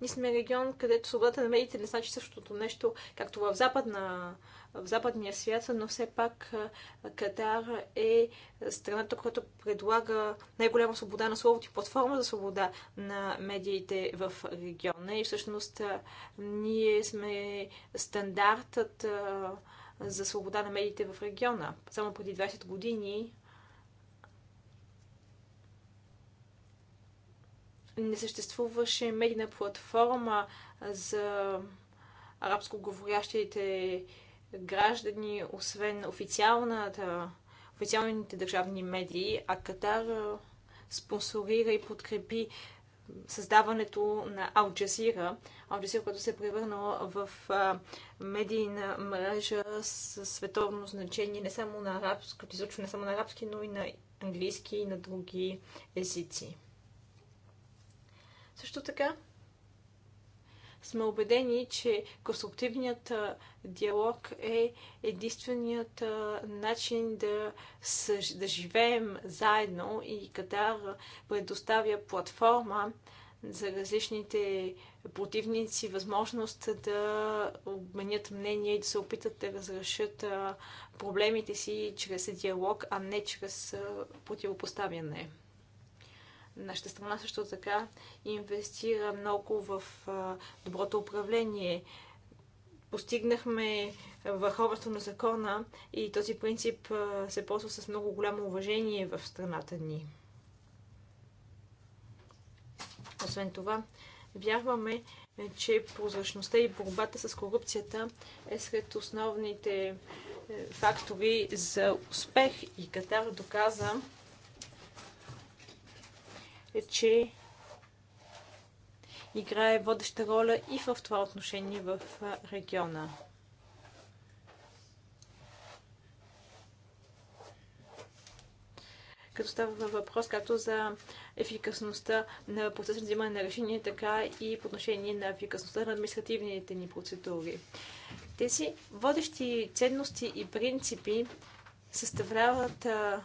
Ние сме регион, където свободата на медиите не значи същото нещо, както в Западна в западния свят, но все пак Катар е страната, която предлага най-голяма свобода на словото и платформа за свобода на медиите в региона. И всъщност ние сме стандартът за свобода на медиите в региона. Само преди 20 години не съществуваше медийна платформа за арабско говорящите граждани, освен официалната, официалните държавни медии, а Катар спонсорира и подкрепи създаването на Алджазира. Алджазира, Ал което се е превърнала в медийна мрежа с световно значение не само на арабски, като изучва не само на арабски, но и на английски и на други езици. Също така, сме убедени, че конструктивният диалог е единственият начин да, съж... да живеем заедно и Катар предоставя платформа за различните противници възможност да обменят мнение и да се опитат да разрешат проблемите си чрез диалог, а не чрез противопоставяне. Нашата страна също така инвестира много в доброто управление. Постигнахме върховенство на закона и този принцип се ползва с много голямо уважение в страната ни. Освен това, вярваме, че прозрачността и борбата с корупцията е сред основните е, фактори за успех и Катар доказа, е, че играе водеща роля и в това отношение в региона. като става въпрос както за ефикасността на процеса на взимане на решения, така и по отношение на ефикасността на административните ни процедури. Тези водещи ценности и принципи съставляват а,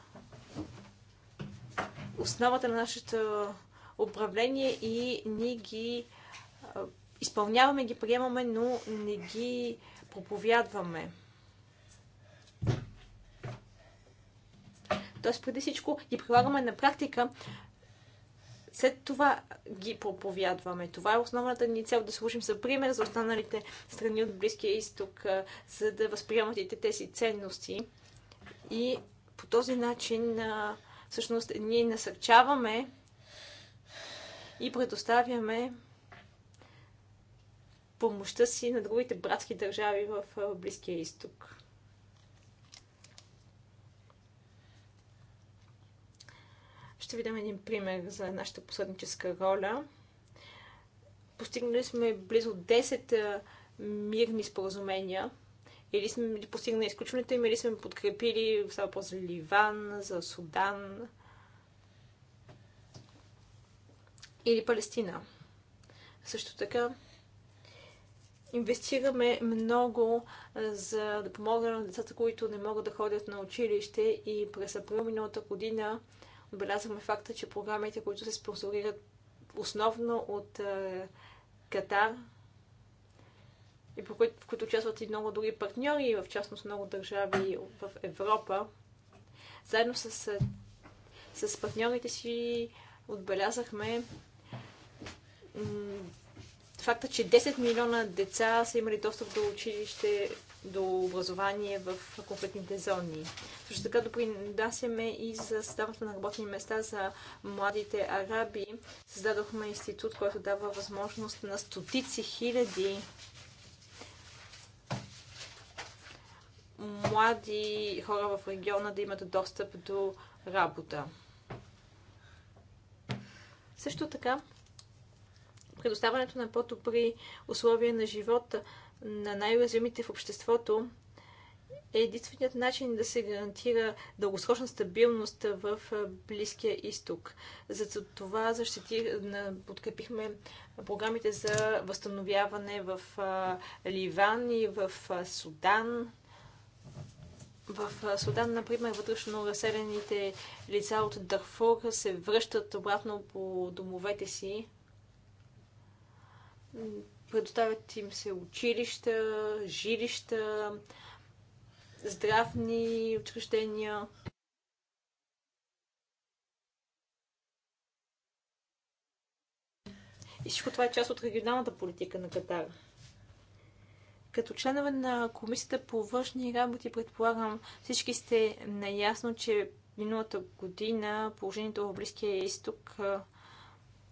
основата на нашето управление и ние ги изпълняваме, ги приемаме, но не ги проповядваме. Тоест, преди всичко ги прилагаме на практика, след това ги проповядваме. Това е основната ни цел да служим за пример за останалите страни от Близкия изток, за да възприемат и тези ценности. И по този начин Всъщност, ние насърчаваме и предоставяме помощта си на другите братски държави в Близкия изток. Ще ви дам един пример за нашата посредническа роля. Постигнали сме близо 10 мирни споразумения или сме били постигнали изключването им, или сме подкрепили само за Ливан, за Судан или Палестина. Също така, инвестираме много за да помогнем на децата, които не могат да ходят на училище и през април миналата година отбелязваме факта, че програмите, които се спонсорират основно от е, Катар, и по които, в които участват и много други партньори, в частност много държави в Европа. Заедно с, с партньорите си отбелязахме факта, че 10 милиона деца са имали достъп до училище, до образование в конкретните зони. Също така допринасяме и за създаването на работни места за младите араби. Създадохме институт, който дава възможност на стотици хиляди млади хора в региона да имат достъп до работа. Също така, предоставянето на по-добри условия на живота на най-уязвимите в обществото е единственият начин да се гарантира дългосрочна стабилност в Близкия изток. За това защити, подкрепихме програмите за възстановяване в Ливан и в Судан. В Судан, например, вътрешно разселените лица от Дарфур се връщат обратно по домовете си. Предоставят им се училища, жилища, здравни учреждения. И всичко това е част от регионалната политика на Катар. Като членове на Комисията по външни работи, предполагам, всички сте наясно, че миналата година положението в Близкия изток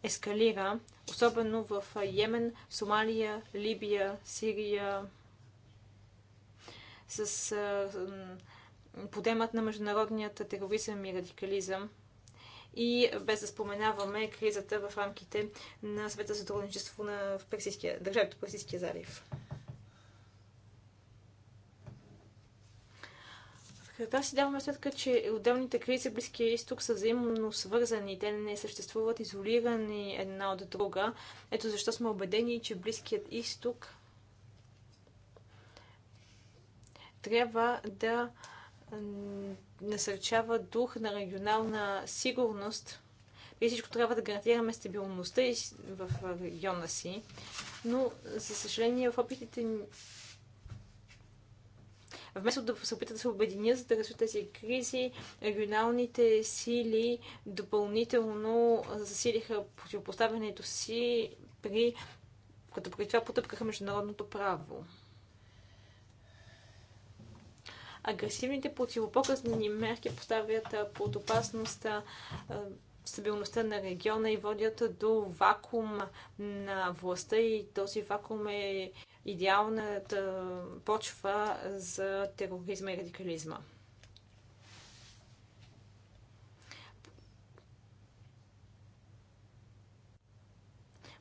ескалира, особено в Йемен, Сомалия, Либия, Сирия, с подемът на международният тероризъм и радикализъм. И без да споменаваме кризата в рамките на света сътрудничество на Персийския, държавите Персийския залив. Така си даваме сметка, че отделните кризи Близкия изток са взаимно свързани. Те не съществуват изолирани една от друга. Ето защо сме убедени, че Близкият изток трябва да насърчава дух на регионална сигурност. И всичко трябва да гарантираме стабилността в региона си. Но, за съжаление, в опитите Вместо да се опитат да се обединят, за да решат тези кризи, регионалните сили допълнително засилиха противопоставянето си при като при това потъпкаха международното право. Агресивните противопоказани мерки поставят под опасност стабилността на региона и водят до вакуум на властта и този вакуум е идеалната почва за тероризма и радикализма.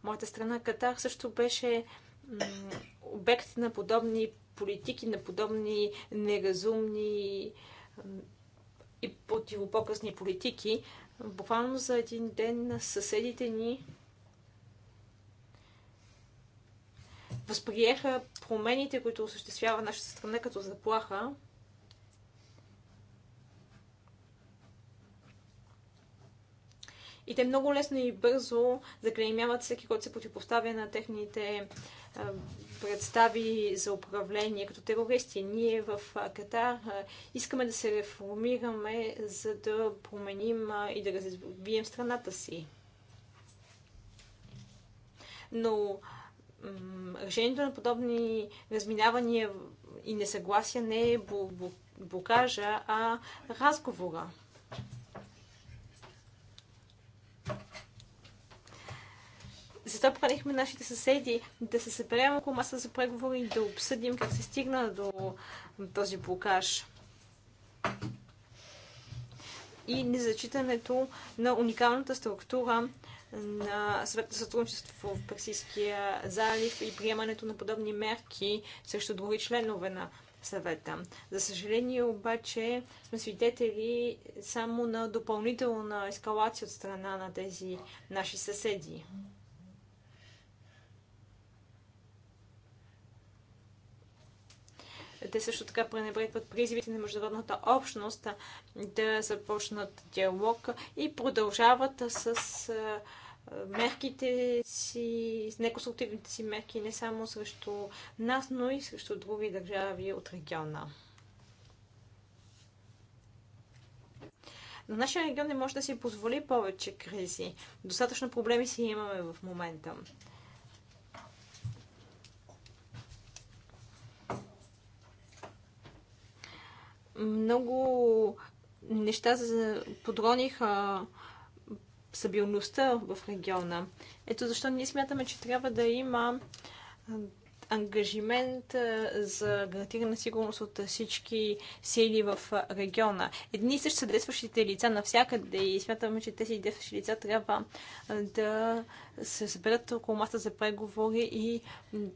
Моята страна Катар също беше обект на подобни политики, на подобни неразумни и противопоказни политики. Буквално за един ден съседите ни възприеха промените, които осъществява нашата страна като заплаха. И те много лесно и бързо заклеймяват всеки, който се противопоставя на техните представи за управление като терористи. Ние в Катар искаме да се реформираме, за да променим и да развием страната си. Но решението на подобни разминавания и несъгласия не е блокажа, а разговора. Затова поканихме нашите съседи да се съберем около маса за преговори и да обсъдим как се стигна до този блокаж. И незачитането на уникалната структура на съвета за сътрудничество в Персийския залив и приемането на подобни мерки срещу други членове на съвета. За съжаление обаче сме свидетели само на допълнителна ескалация от страна на тези наши съседи. Те също така пренебрегват призивите на международната общност да започнат диалог и продължават с мерките си, с неконструктивните си мерки не само срещу нас, но и срещу други държави от региона. Но нашия регион не може да си позволи повече кризи. Достатъчно проблеми си имаме в момента. много неща подрониха събилността в региона. Ето защо ние смятаме, че трябва да има ангажимент за гарантирана сигурност от всички сили в региона. Едни и същи са действащите лица навсякъде и смятаме, че тези действащи лица трябва да се съберат около маса за преговори и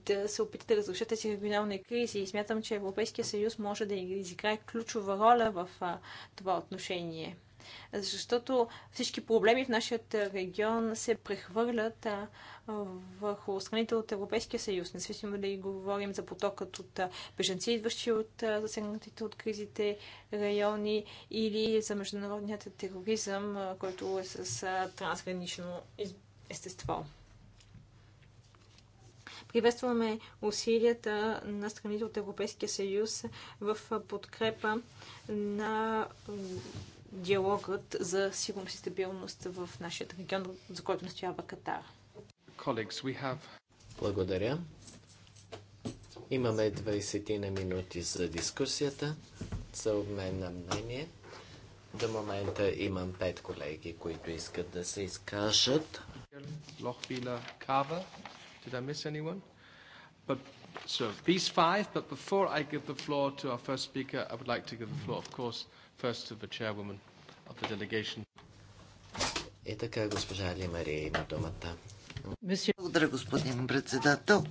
да се опитат да разрешат тези регионални кризи. И смятам, че Европейския съюз може да изиграе ключова роля в това отношение. Защото всички проблеми в нашия регион се прехвърлят върху страните от Европейския съюз. Независимо дали говорим за потокът от беженци, идващи от засегнатите от кризите райони или за международният тероризъм, който е с трансгранично естество. Приветстваме усилията на страните от Европейския съюз в подкрепа на диалогът за сигурност и стабилност в нашия регион, за който настоява Катар. Благодаря. Имаме 20 на минути за дискусията, за обмен на мнение. До момента имам пет колеги, които искат да се изкажат. Лохбила Кава. Did I miss anyone? But so these five, but before I give the floor to our first speaker, I would like to give the floor, of course, First to the chairwoman of the delegation. И така, госпожа има думата. Благодаря, господин председател.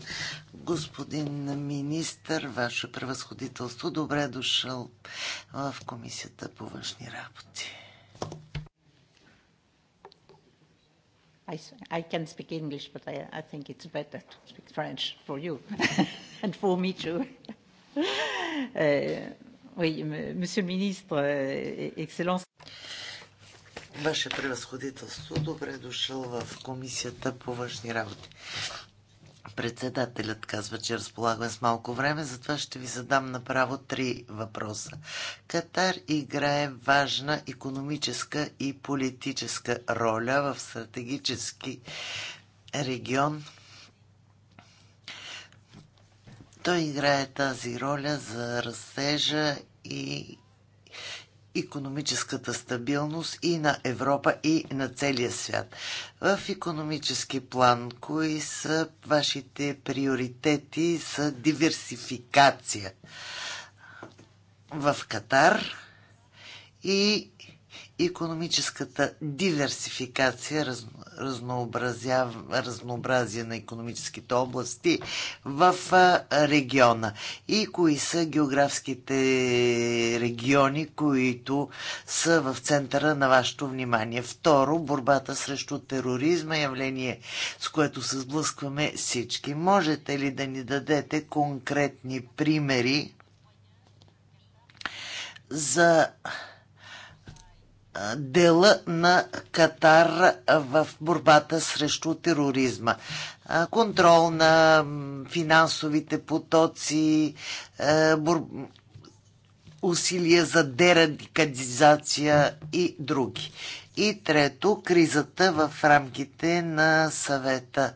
Господин министър, ваше превъзходителство, добре е дошъл в Комисията по външни работи. I, I can speak English, but I, I think it's better to speak French for you and for me too. uh, Oui, monsieur le ministre, euh, e-, excellence. Ваше превъзходителство, добре дошъл в Комисията по външни работи. Председателят казва, че разполагаме с малко време, затова ще ви задам направо три въпроса. Катар играе важна економическа и политическа роля в стратегически регион – той играе тази роля за разтежа и економическата стабилност и на Европа, и на целия свят. В економически план, кои са вашите приоритети за диверсификация в Катар и економическата диверсификация, разнообразие на економическите области в региона и кои са географските региони, които са в центъра на вашето внимание. Второ, борбата срещу тероризма, явление с което се сблъскваме всички. Можете ли да ни дадете конкретни примери за дела на Катар в борбата срещу тероризма. Контрол на финансовите потоци, усилия за дерадикализация и други. И трето, кризата в рамките на съвета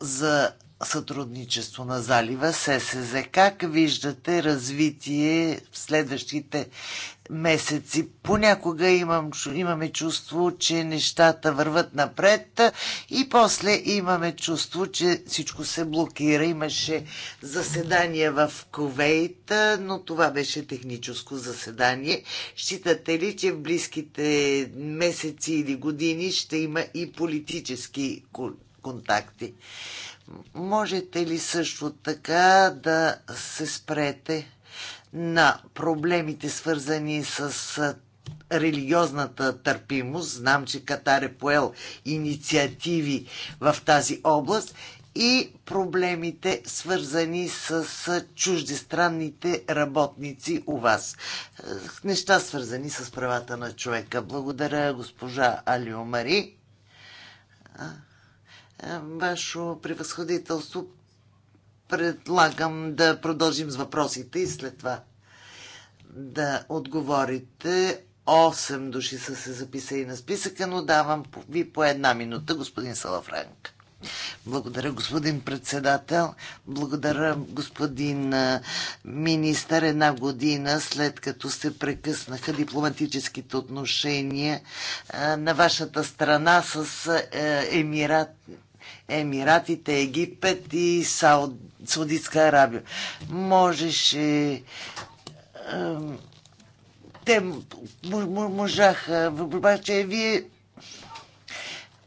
за сътрудничество на залива ССЗ. Как виждате развитие в следващите месеци? Понякога имам, имаме чувство, че нещата върват напред и после имаме чувство, че всичко се блокира. Имаше заседание в Ковейт, но това беше техническо заседание. Считате ли, че в близките месеци или години ще има и политически контакти? Можете ли също така да се спрете на проблемите, свързани с религиозната търпимост? Знам, че Катар е поел инициативи в тази област и проблемите, свързани с чуждестранните работници у вас. Неща, свързани с правата на човека. Благодаря, госпожа Алио Мари. Вашо превъзходителство, предлагам да продължим с въпросите и след това да отговорите. 8 души са се записали на списъка, но давам ви по една минута, господин Салафранк. Благодаря, господин председател. Благодаря, господин министър. Една година след като се прекъснаха дипломатическите отношения на вашата страна с Емират, Емиратите, Египет и Сауд, Саудитска Арабия. Можеше те можаха, обаче вие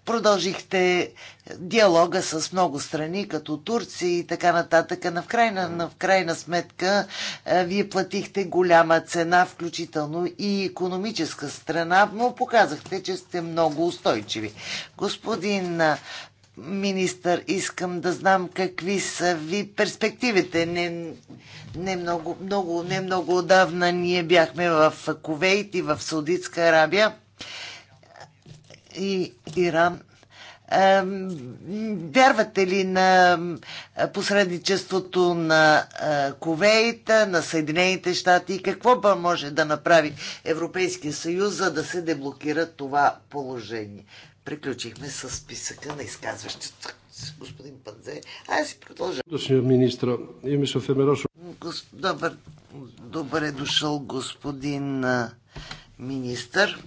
продължихте диалога с много страни, като Турция и така нататък. На в крайна, на в крайна сметка, вие платихте голяма цена, включително и економическа страна, но показахте, че сте много устойчиви. Господин министър, искам да знам какви са ви перспективите. Не, не, много, много, не много отдавна ние бяхме в Кувейт и в Саудитска Арабия и Иран. Вярвате ли на посредничеството на Ковейта, на Съединените щати и какво може да направи Европейския съюз, за да се деблокира това положение? приключихме с списъка на изказващите. Господин Панзе, аз си продължа. Господин министра, имаш офемерошо. Добър, добър е дошъл господин министър.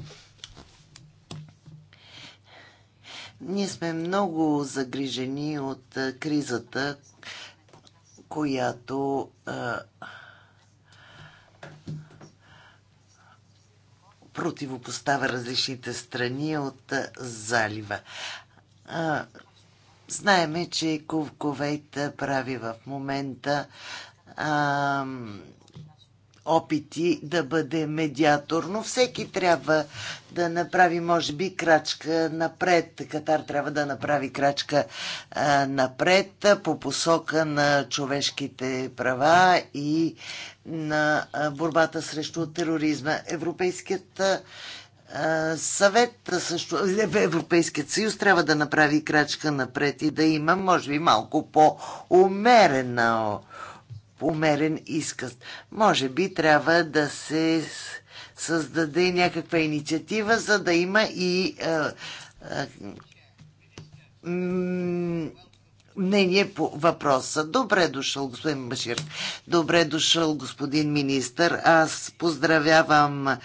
Ние сме много загрижени от кризата, която противопоставя различните страни от залива. Знаеме, че Кувейт прави в момента опити да бъде медиатор, но всеки трябва да направи, може би, крачка напред. Катар трябва да направи крачка а, напред по посока на човешките права и на борбата срещу тероризма. Европейският съвет също, е, Европейският съюз трябва да направи крачка напред и да има, може би, малко по-умерена умерен изказ. Може би трябва да се създаде някаква инициатива, за да има и а, а, мнение по въпроса. Добре дошъл, господин Башир. Добре дошъл, господин министър. Аз поздравявам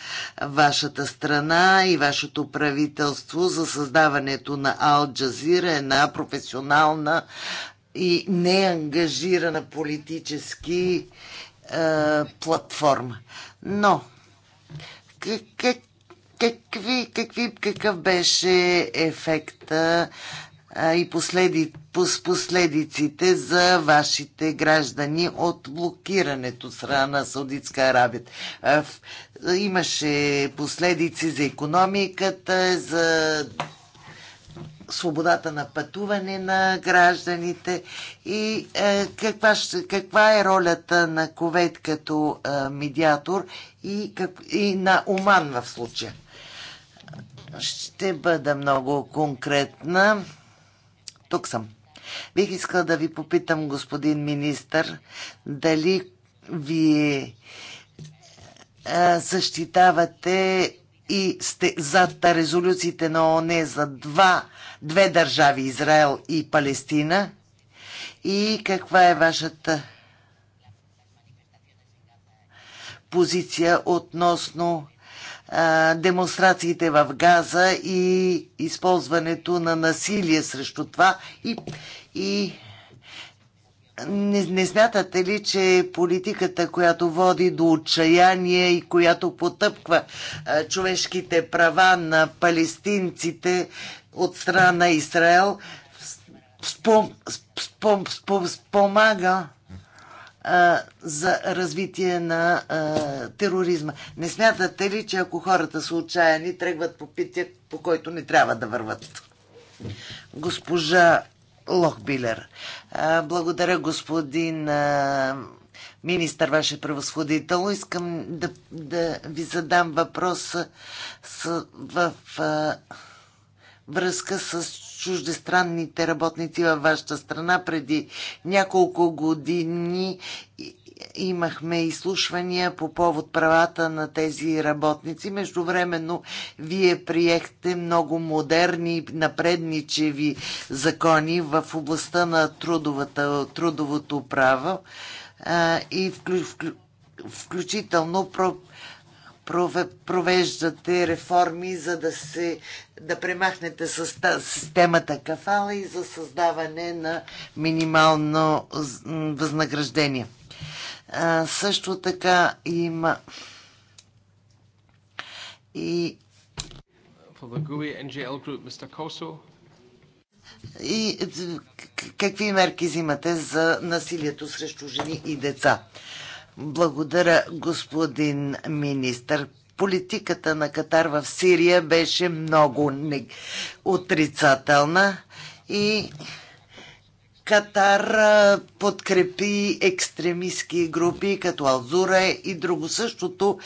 вашата страна и вашето правителство за създаването на Ал Джазира, една професионална и неангажирана политически е, платформа. Но, как, какви, какви, какъв беше ефекта а, и последи, пос, последиците за вашите граждани от блокирането страна на Саудитска Арабия? А, в, имаше последици за економиката, за свободата на пътуване на гражданите и е, каква, каква е ролята на Ковейт като е, медиатор и, как, и на Оман в случая. Ще бъда много конкретна. Тук съм. Бих искала да ви попитам, господин министър, дали вие е, защитавате и сте зад резолюциите на ОНЕ за два две държави Израел и Палестина? И каква е вашата позиция относно а, демонстрациите в Газа и използването на насилие срещу това и, и не, не смятате ли, че политиката, която води до отчаяние и която потъпква а, човешките права на палестинците, от страна на Израел спомага за развитие на а, тероризма. Не смятате ли, че ако хората са отчаяни, тръгват по пътя, по който не трябва да върват? Госпожа Лохбилер, а, благодаря господин а, министър, ваше превъзходително. Искам да, да ви задам въпрос с, в... А, връзка с чуждестранните работници във вашата страна. Преди няколко години имахме изслушвания по повод правата на тези работници. Междувременно вие приехте много модерни, напредничеви закони в областта на трудовата, трудовото право а, и вклю, вклю, включително про, провеждате реформи, за да се да премахнете системата кафала и за създаване на минимално възнаграждение. А, също така има и For the GUI NGL group, Mr. Koso. И какви мерки взимате за насилието срещу жени и деца? Благодаря, господин министър политиката на Катар в Сирия беше много отрицателна и Катар подкрепи екстремистски групи като Алзура и друго. Същото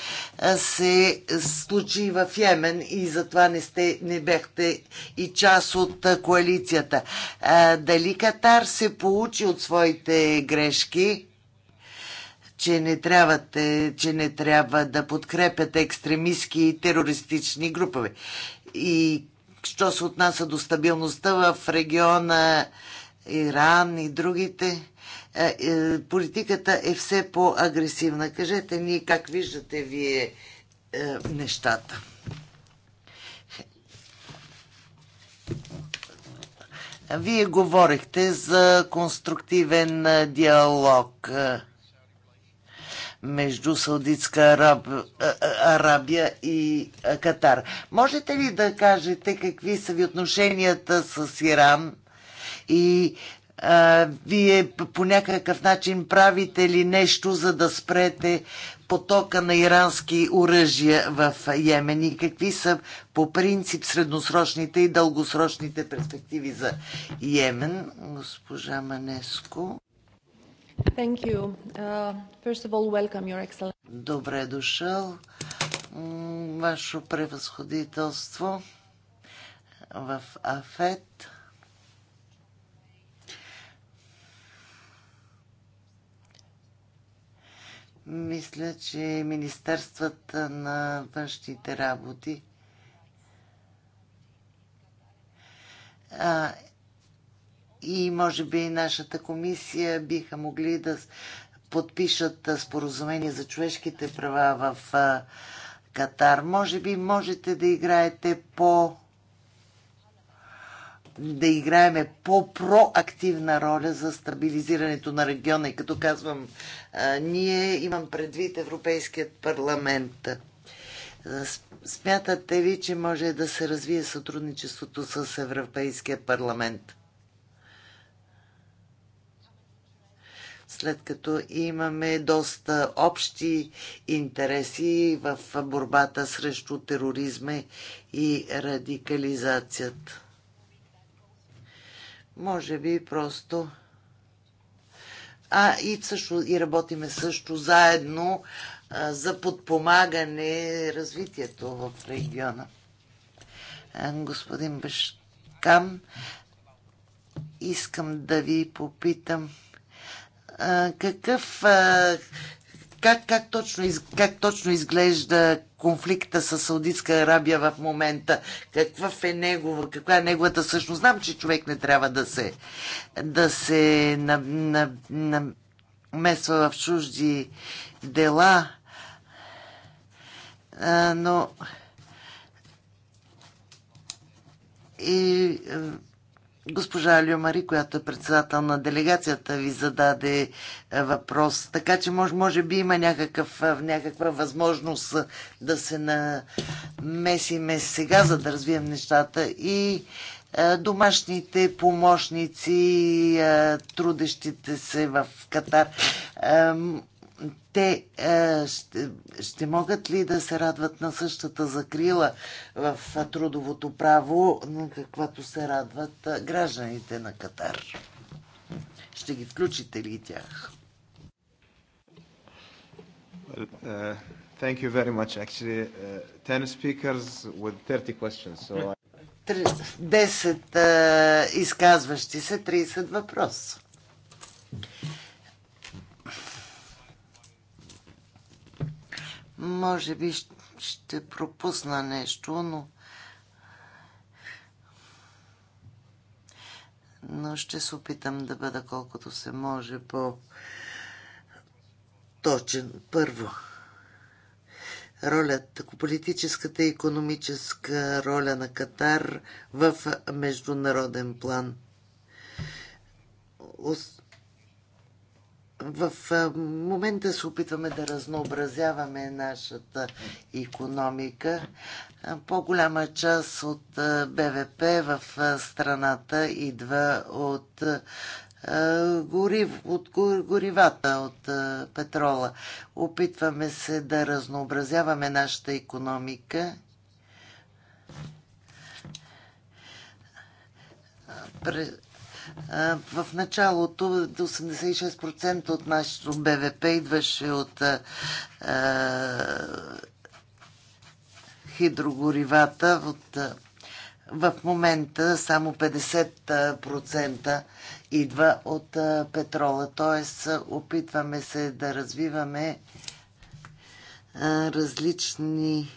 се случи в Йемен и затова не, сте, не бяхте и част от коалицията. Дали Катар се получи от своите грешки че не, трябвате, че не трябва да подкрепят екстремистски и терористични групове. И що се отнася до стабилността в региона Иран и другите, е, е, политиката е все по-агресивна. Кажете ни как виждате вие е, нещата. Вие говорихте за конструктивен диалог между Саудитска Араб, Арабия и Катар. Можете ли да кажете какви са ви отношенията с Иран и а, вие по някакъв начин правите ли нещо, за да спрете потока на ирански оръжия в Йемен и какви са по принцип средносрочните и дългосрочните перспективи за Йемен, госпожа Манеско? Thank you. Uh, first of all, welcome, Your Excellency. Добре дошъл, Ваше превъзходителство в Афет. Мисля, че Министерствата на външните работи и може би нашата комисия биха могли да подпишат споразумение за човешките права в Катар. Може би можете да играете по да играеме по-проактивна роля за стабилизирането на региона. И като казвам ние, имам предвид Европейският парламент. Смятате ли, че може да се развие сътрудничеството с Европейския парламент? след като имаме доста общи интереси в борбата срещу тероризма и радикализацията. Може би просто. А и също и работиме също заедно а, за подпомагане развитието в региона. Господин Бешкам, искам да ви попитам какъв, как, как, точно из, как точно изглежда конфликта с Саудитска Арабия в момента? Какъв е негова, каква е неговата същност? Знам, че човек не трябва да се, да се намесва на, на, в чужди дела, а, но и госпожа Мари, която е председател на делегацията, ви зададе е, въпрос. Така че може, може би има някакъв, е, някаква възможност е, да се намесиме сега, за да развием нещата. И домашните помощници, трудещите се в Катар те е, ще, ще могат ли да се радват на същата закрила в трудовото право, на каквато се радват е, гражданите на Катар? Ще ги включите ли тях? Well, uh, thank you very much. Actually, uh, е, 10 speakers with 30 questions. So I... 10 uh, изказващи се, 30 въпроса. Може би ще пропусна нещо, но... Но ще се опитам да бъда колкото се може по... Точен. Първо ролята, политическата и економическа роля на Катар в международен план в момента се опитваме да разнообразяваме нашата економика. По-голяма част от БВП в страната идва от от горивата, от петрола. Опитваме се да разнообразяваме нашата економика. През в началото 86% от нашето БВП идваше от хидрогоривата. в момента само 50% идва от петрола. Т.е. опитваме се да развиваме различни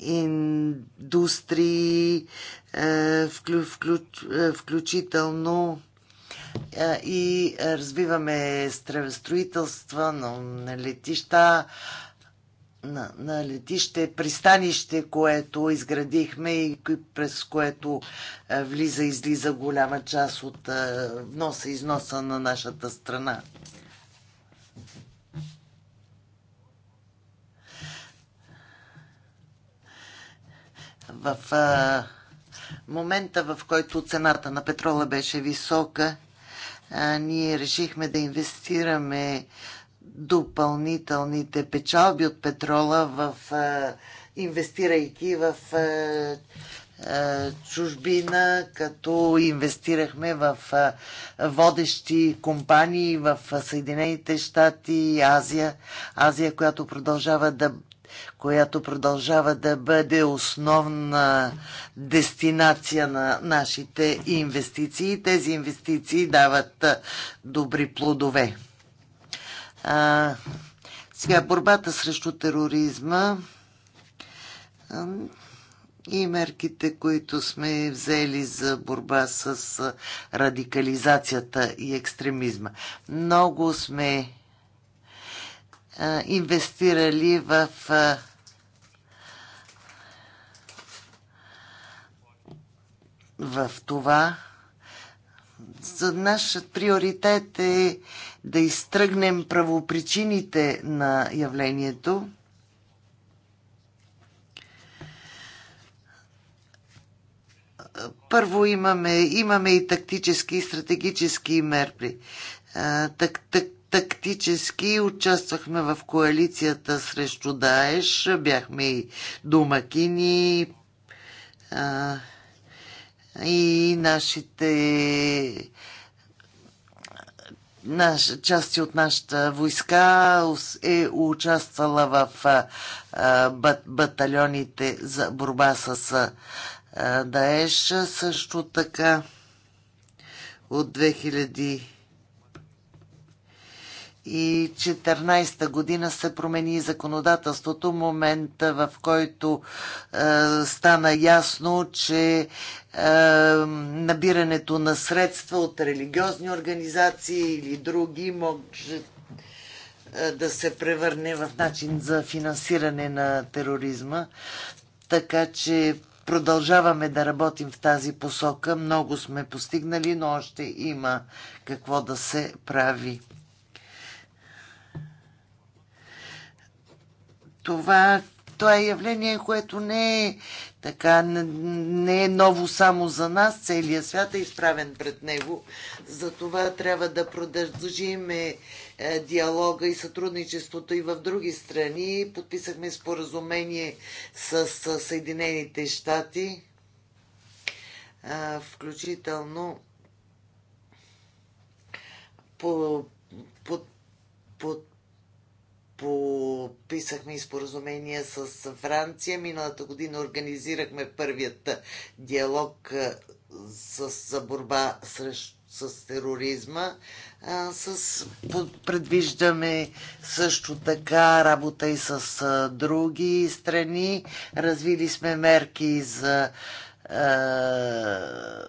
индустрии, е, е, включително е, и развиваме строителство на летища, на, на летище, пристанище, което изградихме и през което влиза и излиза голяма част от вноса и износа на нашата страна. В а, момента, в който цената на петрола беше висока, ние решихме да инвестираме допълнителните печалби от петрола в инвестирайки в чужбина, като инвестирахме в водещи компании в Съединените щати и Азия. Азия, която продължава да която продължава да бъде основна дестинация на нашите инвестиции. Тези инвестиции дават добри плодове. А, сега, борбата срещу тероризма и мерките, които сме взели за борба с радикализацията и екстремизма. Много сме инвестирали в в това. За нашият приоритет е да изтръгнем правопричините на явлението. Първо имаме, имаме и тактически и стратегически мерки. Так, так, тактически участвахме в коалицията срещу Даеш, бяхме и домакини а, и нашите наш, части от нашата войска е участвала в а, бат, батальоните за борба с а, Даеш. Също така от 2000 2014 година се промени законодателството, момента в който е, стана ясно, че е, набирането на средства от религиозни организации или други може е, да се превърне в начин за финансиране на тероризма. Така че продължаваме да работим в тази посока. Много сме постигнали, но още има какво да се прави. това, това е явление, което не е така, не е ново само за нас. Целият свят е изправен пред него. Затова трябва да продължиме е, диалога и сътрудничеството и в други страни. Подписахме споразумение с Съединените щати, е, включително по, по, по подписахме и споразумение с Франция. Миналата година организирахме първият диалог с борба с, с тероризма. А, с, предвиждаме също така работа и с а, други страни. Развили сме мерки за а,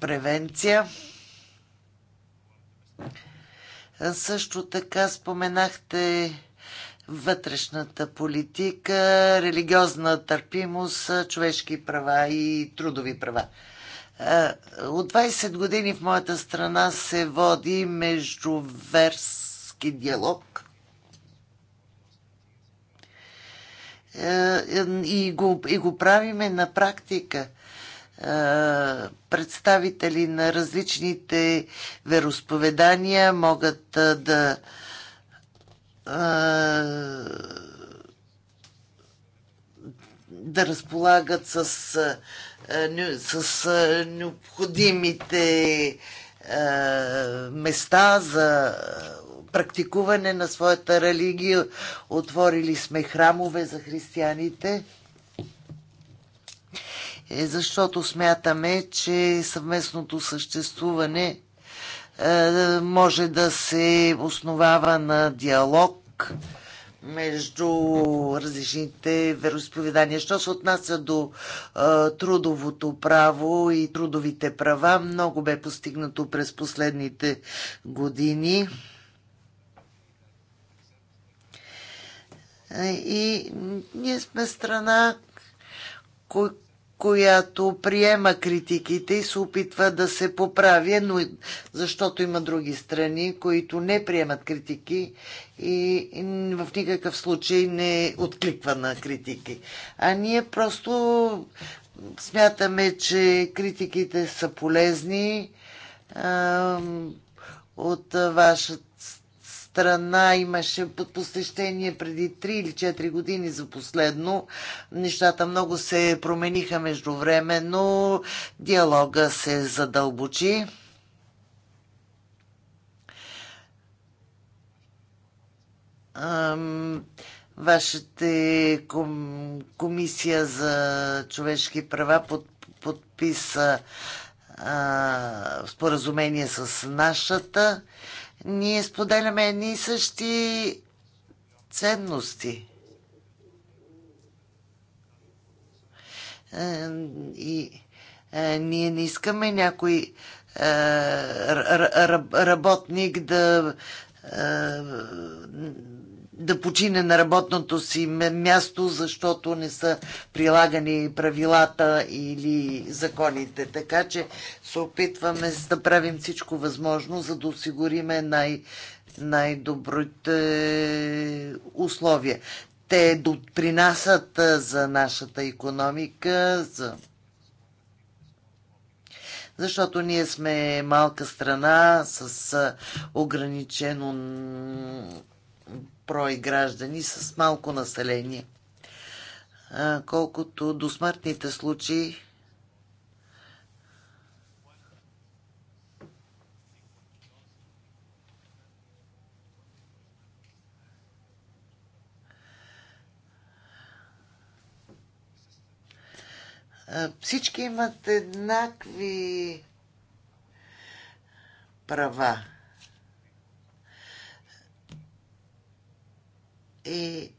превенция. Също така споменахте вътрешната политика, религиозна търпимост, човешки права и трудови права. От 20 години в моята страна се води междуверски диалог е, е, и го, и го правиме на практика – представители на различните вероисповедания могат да да разполагат с, с необходимите места за практикуване на своята религия. Отворили сме храмове за християните. Е защото смятаме, че съвместното съществуване е, може да се основава на диалог между различните вероисповедания. Що се отнася до а, е, трудовото право и трудовите права, много бе постигнато през последните години. И ние сме страна, която приема критиките и се опитва да се поправи, но защото има други страни, които не приемат критики и в никакъв случай не откликва на критики. А ние просто смятаме, че критиките са полезни от вашата страна имаше посещение преди 3 или 4 години за последно. Нещата много се промениха междувременно, диалога се задълбочи. Вашата комисия за човешки права под, подписа а, споразумение с нашата. Ние споделяме едни и същи ценности. Е, и е, ние не искаме някой е, работник да да почине на работното си място, защото не са прилагани правилата или законите. Така че се опитваме да правим всичко възможно, за да осигуриме най- най-добрите условия. Те допринасят за нашата економика, за защото ние сме малка страна с ограничено брой граждани с малко население. Колкото до смъртните случаи, всички имат еднакви права. е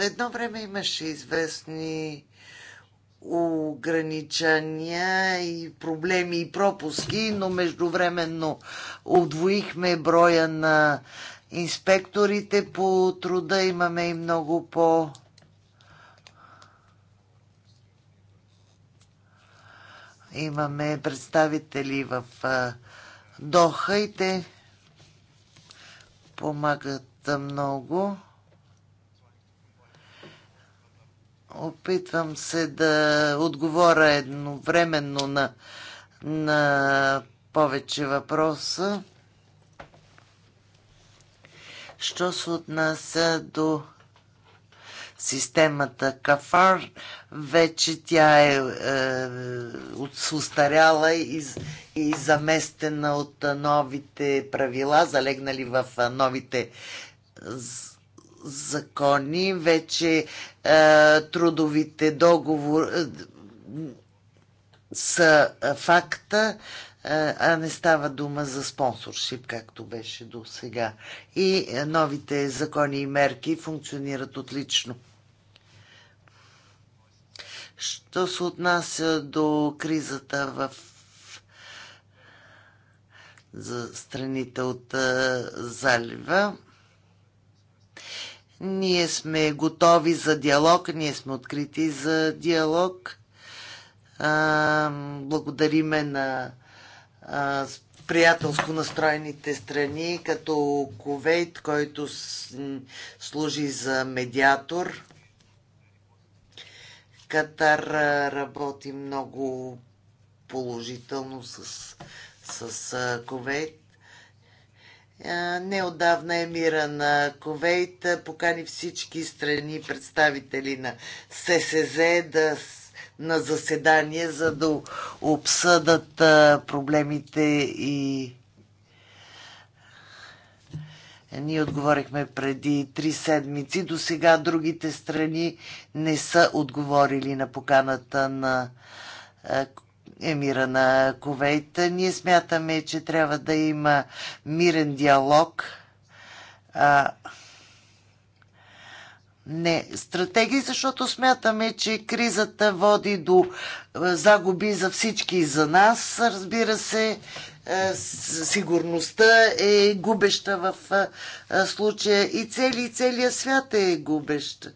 едно време имаше известни ограничения и проблеми и пропуски, но междувременно удвоихме броя на инспекторите по труда. Имаме и много по имаме представители в а, Доха и те помагат много. Опитвам се да отговоря едновременно на, на повече въпроса. Що се отнася до системата КАФАР, вече тя е, е устаряла и, и заместена от новите правила, залегнали в новите закони. Вече е, трудовите договори е, са факта, а не става дума за спонсоршип, както беше до сега. И новите закони и мерки функционират отлично. Що се отнася до кризата в за страните от залива. Ние сме готови за диалог, ние сме открити за диалог. А, благодариме на а, приятелско настроените страни, като Ковейт, който служи за медиатор. Катар работи много положително с, с Ковейт. Неодавна емира на Ковейт покани всички страни, представители на ССЗ да на заседание, за да обсъдат проблемите и ние отговорихме преди три седмици. До сега другите страни не са отговорили на поканата на е, емира на Ковейт. Ние смятаме, че трябва да има мирен диалог. А, не стратегии, защото смятаме, че кризата води до е, загуби за всички и за нас, разбира се. Е, сигурността е губеща в е, е, случая и цели, целият свят е губещ.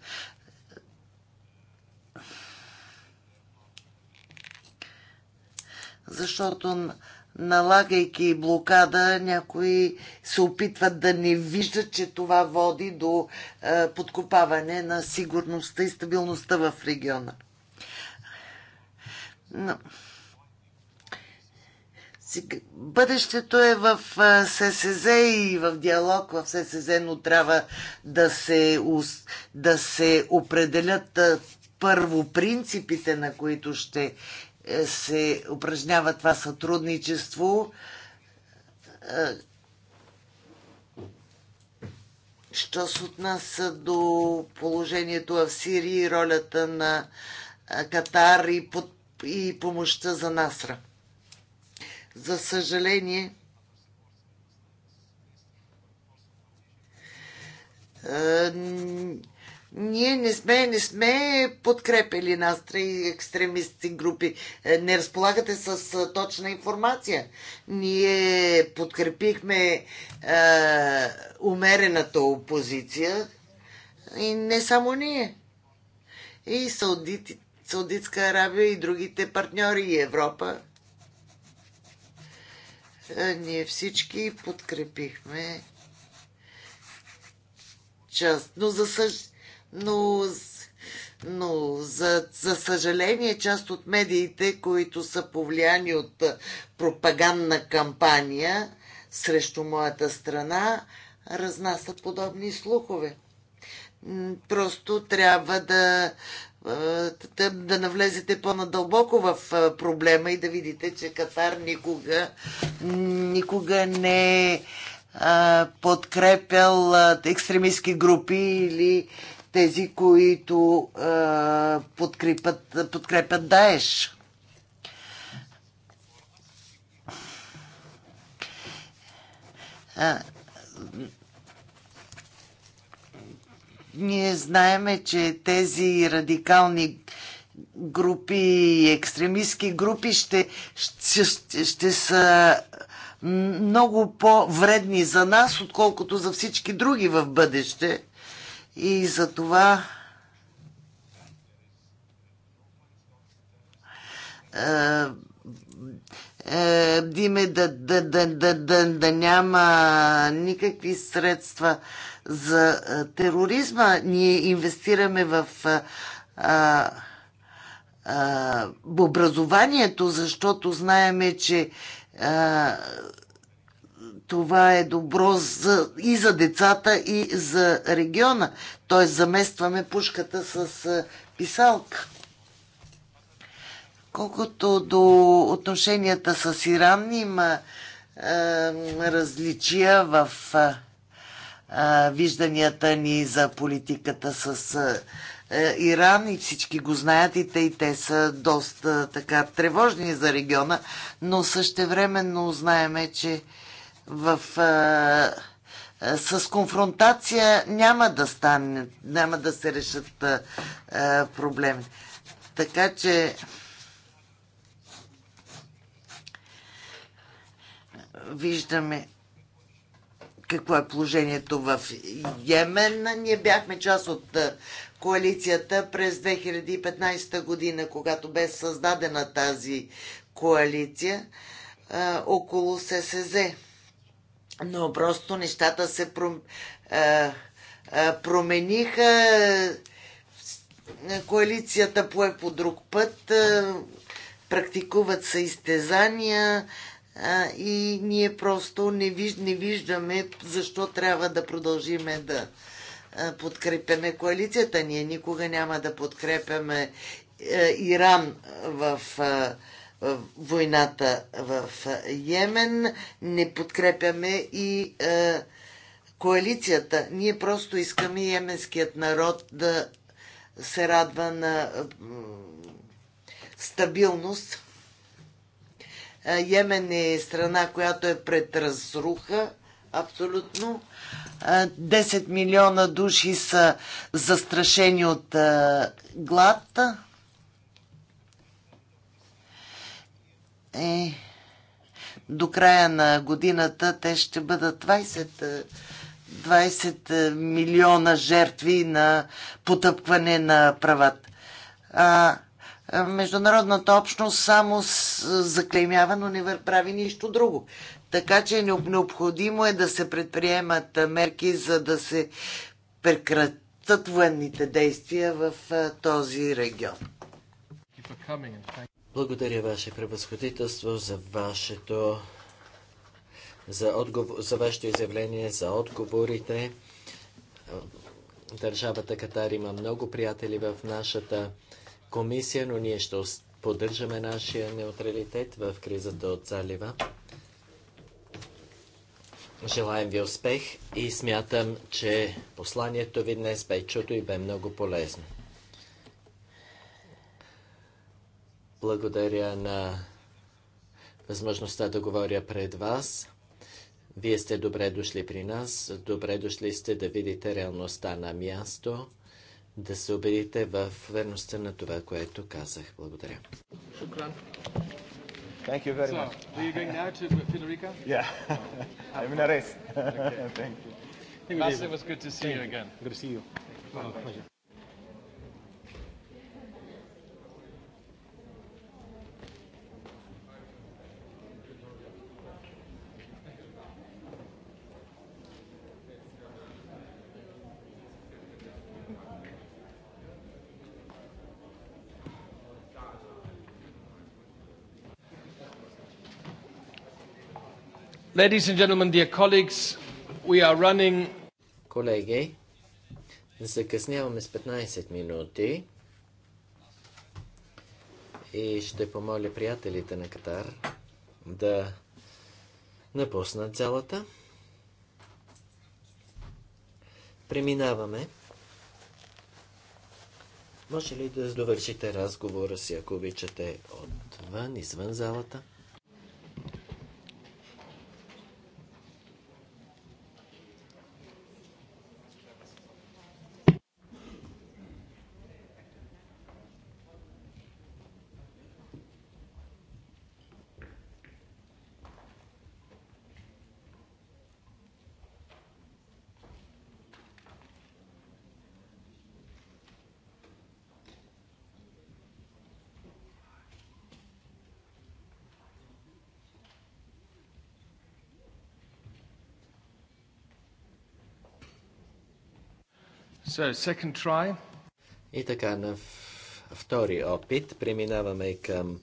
Защото налагайки блокада, някои се опитват да не виждат, че това води до подкопаване на сигурността и стабилността в региона. Но... Бъдещето е в ССЗ и в диалог в ССЗ, но трябва да се, да се определят първо принципите, на които ще е, се упражнява това сътрудничество. Що се отнася до положението в Сирия и ролята на Катар и, под, и помощта за Насра. За съжаление, ние не сме, не сме подкрепили нас, и екстремистски групи. Е, не разполагате с точна информация. Ние подкрепихме е, умерената опозиция и не само ние. И Саудити, Саудитска Аравия и другите партньори и Европа ние всички подкрепихме част. Но за, съж... но... Но за, за съжаление, част от медиите, които са повлияни от пропагандна кампания срещу моята страна, разнасят подобни слухове. Просто трябва да да навлезете по-надълбоко в проблема и да видите, че Катар никога, никога не е подкрепял екстремистски групи или тези, които подкрепят, подкрепят Даеш. А, Ние знаеме, че тези радикални групи, екстремистски групи ще, ще, ще, ще са много по-вредни за нас, отколкото за всички други в бъдеще. И за това е, е, диме да, да, да, да, да, да няма никакви средства за тероризма. Ние инвестираме в а, а, образованието, защото знаеме, че а, това е добро за, и за децата, и за региона. Тоест заместваме пушката с а, писалка. Колкото до отношенията с Иран, има е, различия в. Е, вижданията ни за политиката с е, Иран и всички го знаят и те, и те са доста така тревожни за региона, но същевременно знаеме, че в, а, а, с конфронтация няма да стане, няма да се решат а, проблеми. Така че виждаме какво е положението в Йемен. Ние бяхме част от коалицията през 2015 година, когато бе създадена тази коалиция а, около ССЗ. Но просто нещата се пром... а, а, промениха. Коалицията пое по друг път. А, практикуват се изтезания а, и ние просто не, виж, не виждаме защо трябва да продължиме да а, подкрепяме коалицията. Ние никога няма да подкрепяме а, Иран в. А, войната в Йемен, не подкрепяме и е, коалицията. Ние просто искаме йеменският народ да се радва на е, стабилност. Йемен е страна, която е пред разруха, абсолютно. 10 милиона души са застрашени от глад. Е, до края на годината те ще бъдат 20 20 милиона жертви на потъпкване на правата. А, е, международната общност само заклеймява, но не прави нищо друго. Така че необходимо е да се предприемат е, мерки, за да се прекратят военните действия в е, този регион. Благодаря, Ваше превъзходителство, за вашето за, отговор, за вашето изявление, за отговорите. Държавата Катар има много приятели в нашата комисия, но ние ще поддържаме нашия неутралитет в кризата от залива. Желаем ви успех и смятам, че посланието ви днес бе чуто и бе много полезно. Благодаря на възможността да говоря пред вас. Вие сте добре дошли при нас, добре дошли сте да видите реалността на място да се убедите в верността на това, което казах. Благодаря. Thank you very so, much. Are you going now to Federica? Yeah. I'm in a race. Okay. Thank you. Lasse, it was good to see you again. Good to see you. Well, pleasure. Ladies and gentlemen, dear colleagues, we are running... Колеги, закъсняваме с 15 минути и ще помоля приятелите на Катар да напуснат залата. Преминаваме. Може ли да довършите разговора си, ако обичате, отвън, извън залата? So, second try. И така, на втори опит преминаваме към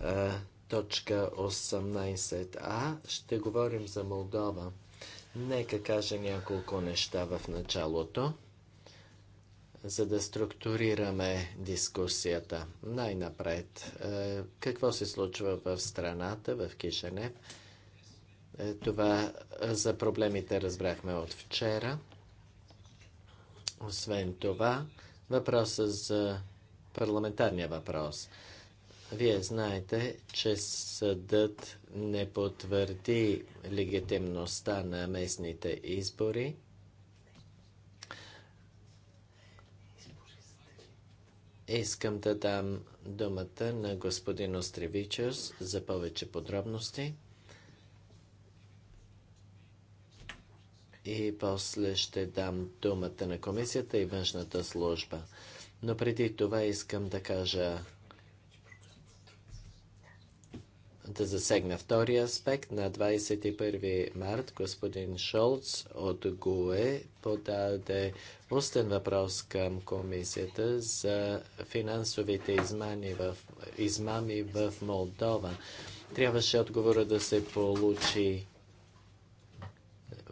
а, точка 18а. Ще говорим за Молдова. Нека кажа няколко неща в началото, за да структурираме дискусията. Най-напред, какво се случва в страната, в Кишенев? Е, това за проблемите разбрахме от вчера – освен това, въпроса за парламентарния въпрос. Вие знаете, че съдът не потвърди легитимността на местните избори. Искам да дам думата на господин Остревичус за повече подробности. и после ще дам думата на комисията и външната служба. Но преди това искам да кажа да засегна втория аспект. На 21 март господин Шолц от ГУЕ подаде устен въпрос към комисията за финансовите измами в, измами в Молдова. Трябваше отговора да се получи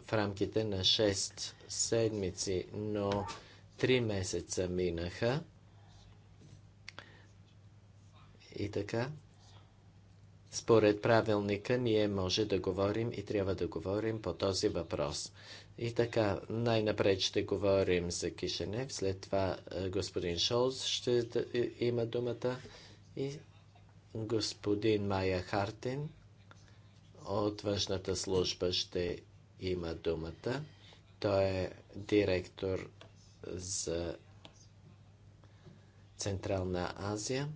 в рамките на 6 седмици, но 3 месеца минаха. И така, според правилника, ние може да говорим и трябва да говорим по този въпрос. И така, най-напред ще говорим за Кишенев, след това е, господин Шолц ще има думата и господин Майя Хартин от външната служба ще има думата. Той е директор за Централна Азия.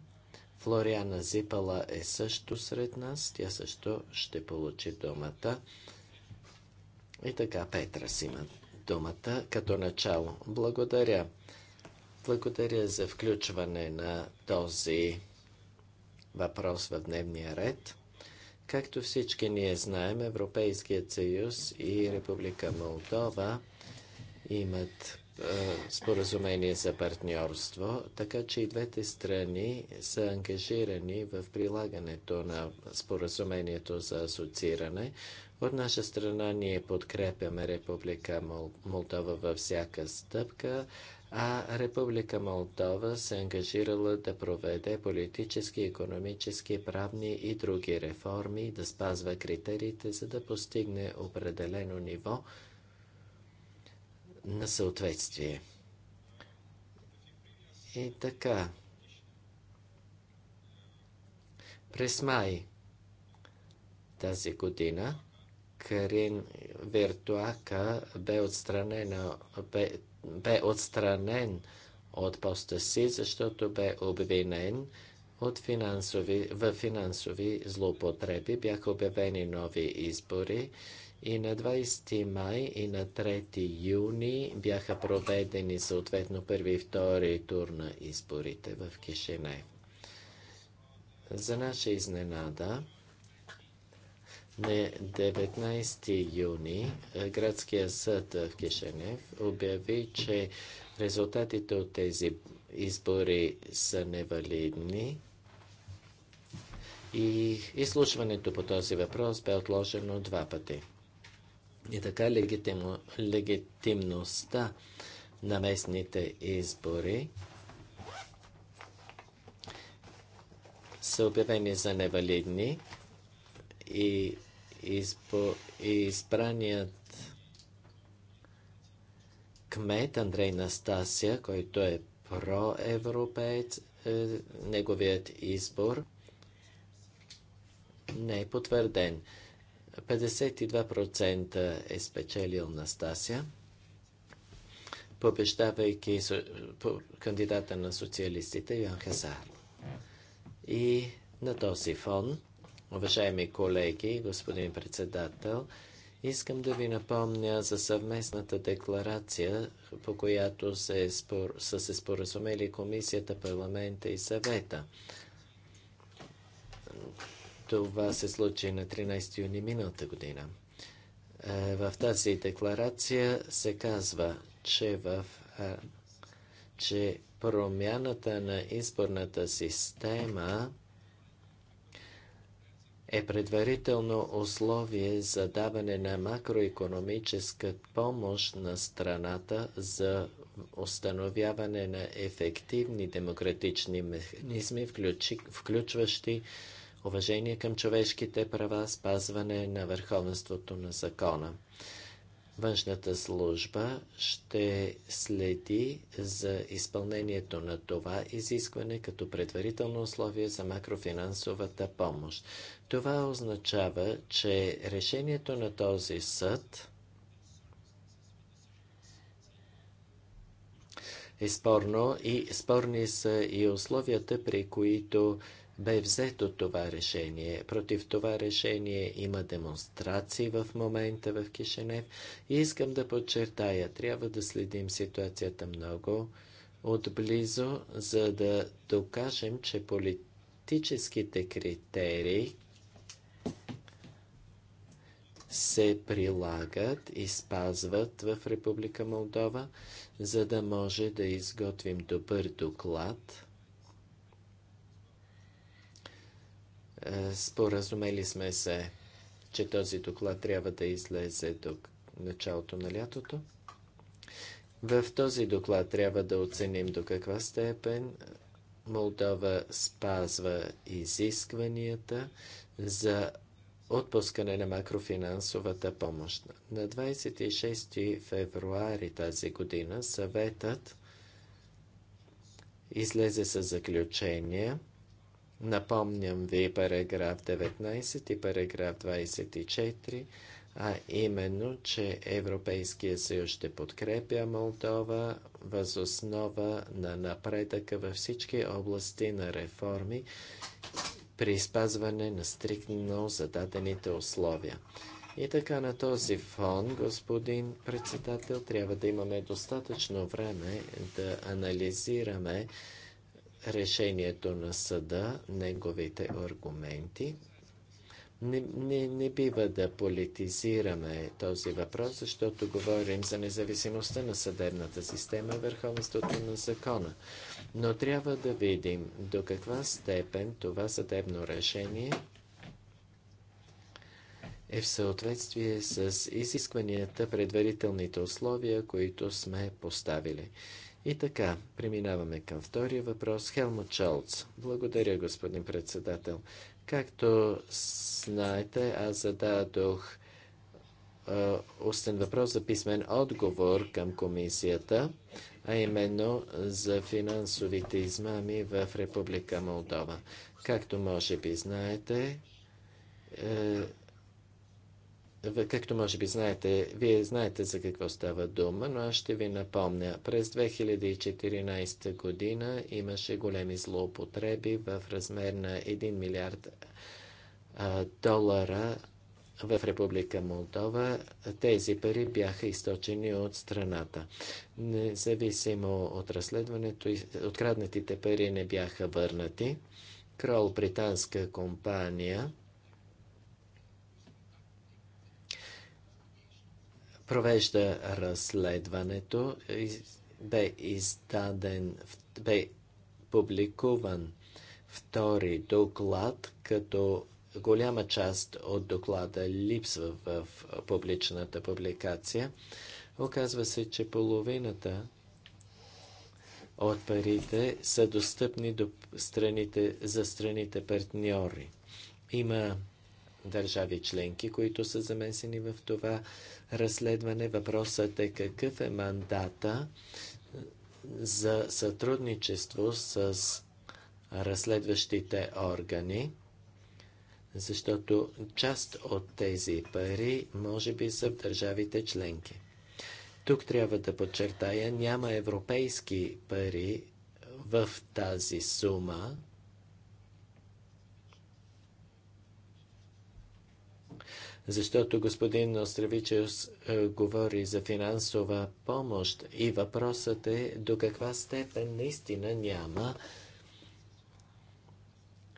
Флориана Зипала е също сред нас. Тя също ще получи думата. И така Петра си има думата като начало. Благодаря. Благодаря за включване на този въпрос в дневния ред. Както всички ние знаем, Европейският съюз и Република Молдова имат е, споразумение за партньорство, така че и двете страни са ангажирани в прилагането на споразумението за асоцииране. От наша страна ние подкрепяме Република Молдова във всяка стъпка, а Република Молдова се ангажирала да проведе политически, економически, правни и други реформи, да спазва критериите, за да постигне определено ниво на съответствие. И така. През май тази година Карин Вертуака бе отстранена, бе бе отстранен от поста си, защото бе обвинен от финансови, в финансови злоупотреби. Бяха обявени нови избори и на 20 май и на 3 юни бяха проведени съответно първи и втори тур на изборите в Кишинев. За наша изненада, на 19 юни е, градския съд е, в Кишенев обяви, че резултатите от тези избори са невалидни и изслушването по този въпрос бе отложено два пъти. И така легитим, легитимността на местните избори са обявени за невалидни и, избраният кмет Андрей Настасия, който е проевропеец, е, неговият избор не е потвърден. 52% е спечелил Настасия, побеждавайки кандидата на социалистите Йоан Хазар. И на този фон Уважаеми колеги, господин председател, искам да ви напомня за съвместната декларация, по която се спор... са се споразумели Комисията, парламента и съвета. Това се случи на 13 юни миналата година. Е, в тази декларация се казва, че, в, че промяната на изборната система е предварително условие за даване на макроекономическа помощ на страната за установяване на ефективни демократични механизми, включващи уважение към човешките права, спазване на върховенството на закона. Външната служба ще следи за изпълнението на това изискване като предварително условие за макрофинансовата помощ. Това означава, че решението на този съд е спорно и спорни са и условията, при които бе взето това решение. Против това решение има демонстрации в момента в Кишинев и искам да подчертая, трябва да следим ситуацията много отблизо, за да докажем, че политическите критерии се прилагат и спазват в Република Молдова, за да може да изготвим добър доклад. Е, споразумели сме се, че този доклад трябва да излезе до началото на лятото. В този доклад трябва да оценим до каква степен Молдова спазва изискванията за отпускане на макрофинансовата помощ. На 26 февруари тази година съветът излезе с заключение. Напомням ви параграф 19 и параграф 24, а именно, че Европейския съюз ще подкрепя Молдова въз основа на напредъка във всички области на реформи при спазване на стриктно зададените условия. И така на този фон, господин председател, трябва да имаме достатъчно време да анализираме решението на съда, неговите аргументи. Не, не, не бива да политизираме този въпрос, защото говорим за независимостта на съдебната система и върховенството на закона. Но трябва да видим до каква степен това съдебно решение е в съответствие с изискванията, предварителните условия, които сме поставили. И така, преминаваме към втория въпрос. Хелмут Чолц. Благодаря, господин председател. Както знаете, аз зададох е, устен въпрос за писмен отговор към комисията а именно за финансовите измами в Република Молдова. Както може би знаете, е, както може би знаете, вие знаете за какво става дума, но аз ще ви напомня. През 2014 година имаше големи злоупотреби в размер на 1 милиард долара в Република Молдова, тези пари бяха източени от страната. Независимо от разследването, откраднатите пари не бяха върнати. Крол, британска компания, провежда разследването. Бе издаден, бе публикуван втори доклад, като голяма част от доклада липсва в публичната публикация. Оказва се, че половината от парите са достъпни до страните, за страните партньори. Има държави членки, които са замесени в това разследване. Въпросът е какъв е мандата за сътрудничество с разследващите органи защото част от тези пари може би са в държавите членки. Тук трябва да подчертая, няма европейски пари в тази сума. Защото господин Остревичев говори за финансова помощ и въпросът е до каква степен наистина няма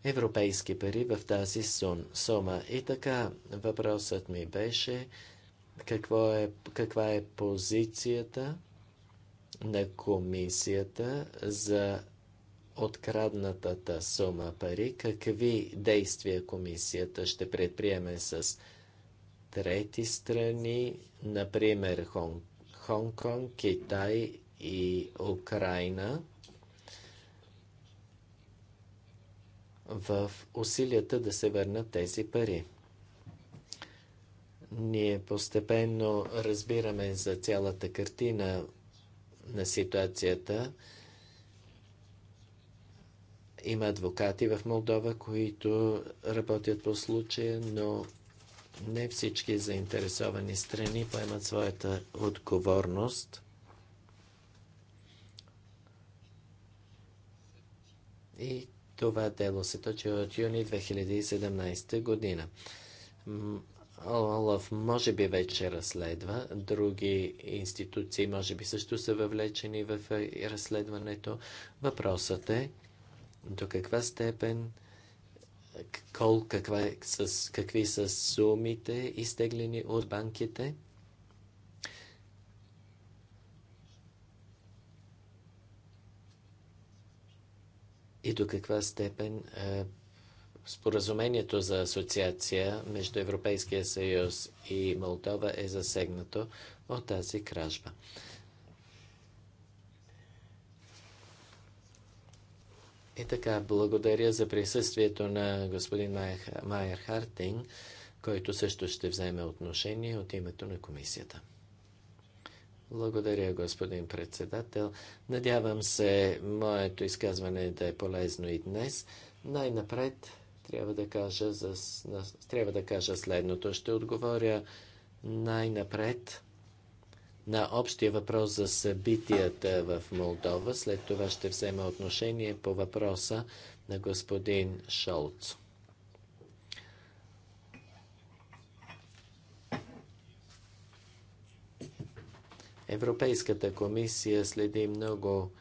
европейски пари в тази сума. И така, въпросът ми беше какво е, каква е позицията на комисията за откраднатата сума пари, какви действия комисията ще предприеме с трети страни, например Хонг, Хонг Конг, Китай и Украина – в усилията да се върнат тези пари. Ние постепенно разбираме за цялата картина на ситуацията. Има адвокати в Молдова, които работят по случая, но не всички заинтересовани страни поемат своята отговорност. И това дело се точи от юни 2017 година. Олаф може би вече разследва, други институции може би също са въвлечени в разследването. Въпросът е до каква степен кол, каква, е с, какви са сумите изтеглени от банките и до каква степен е, споразумението за асоциация между Европейския съюз и Молдова е засегнато от тази кражба. И така, благодаря за присъствието на господин Майер Хартинг, който също ще вземе отношение от името на комисията. Благодаря, господин председател. Надявам се моето изказване да е полезно и днес. Най-напред трябва да кажа, за, трябва да кажа следното. Ще отговоря най-напред на общия въпрос за събитията в Молдова. След това ще взема отношение по въпроса на господин Шолц. Европейската комисия следи много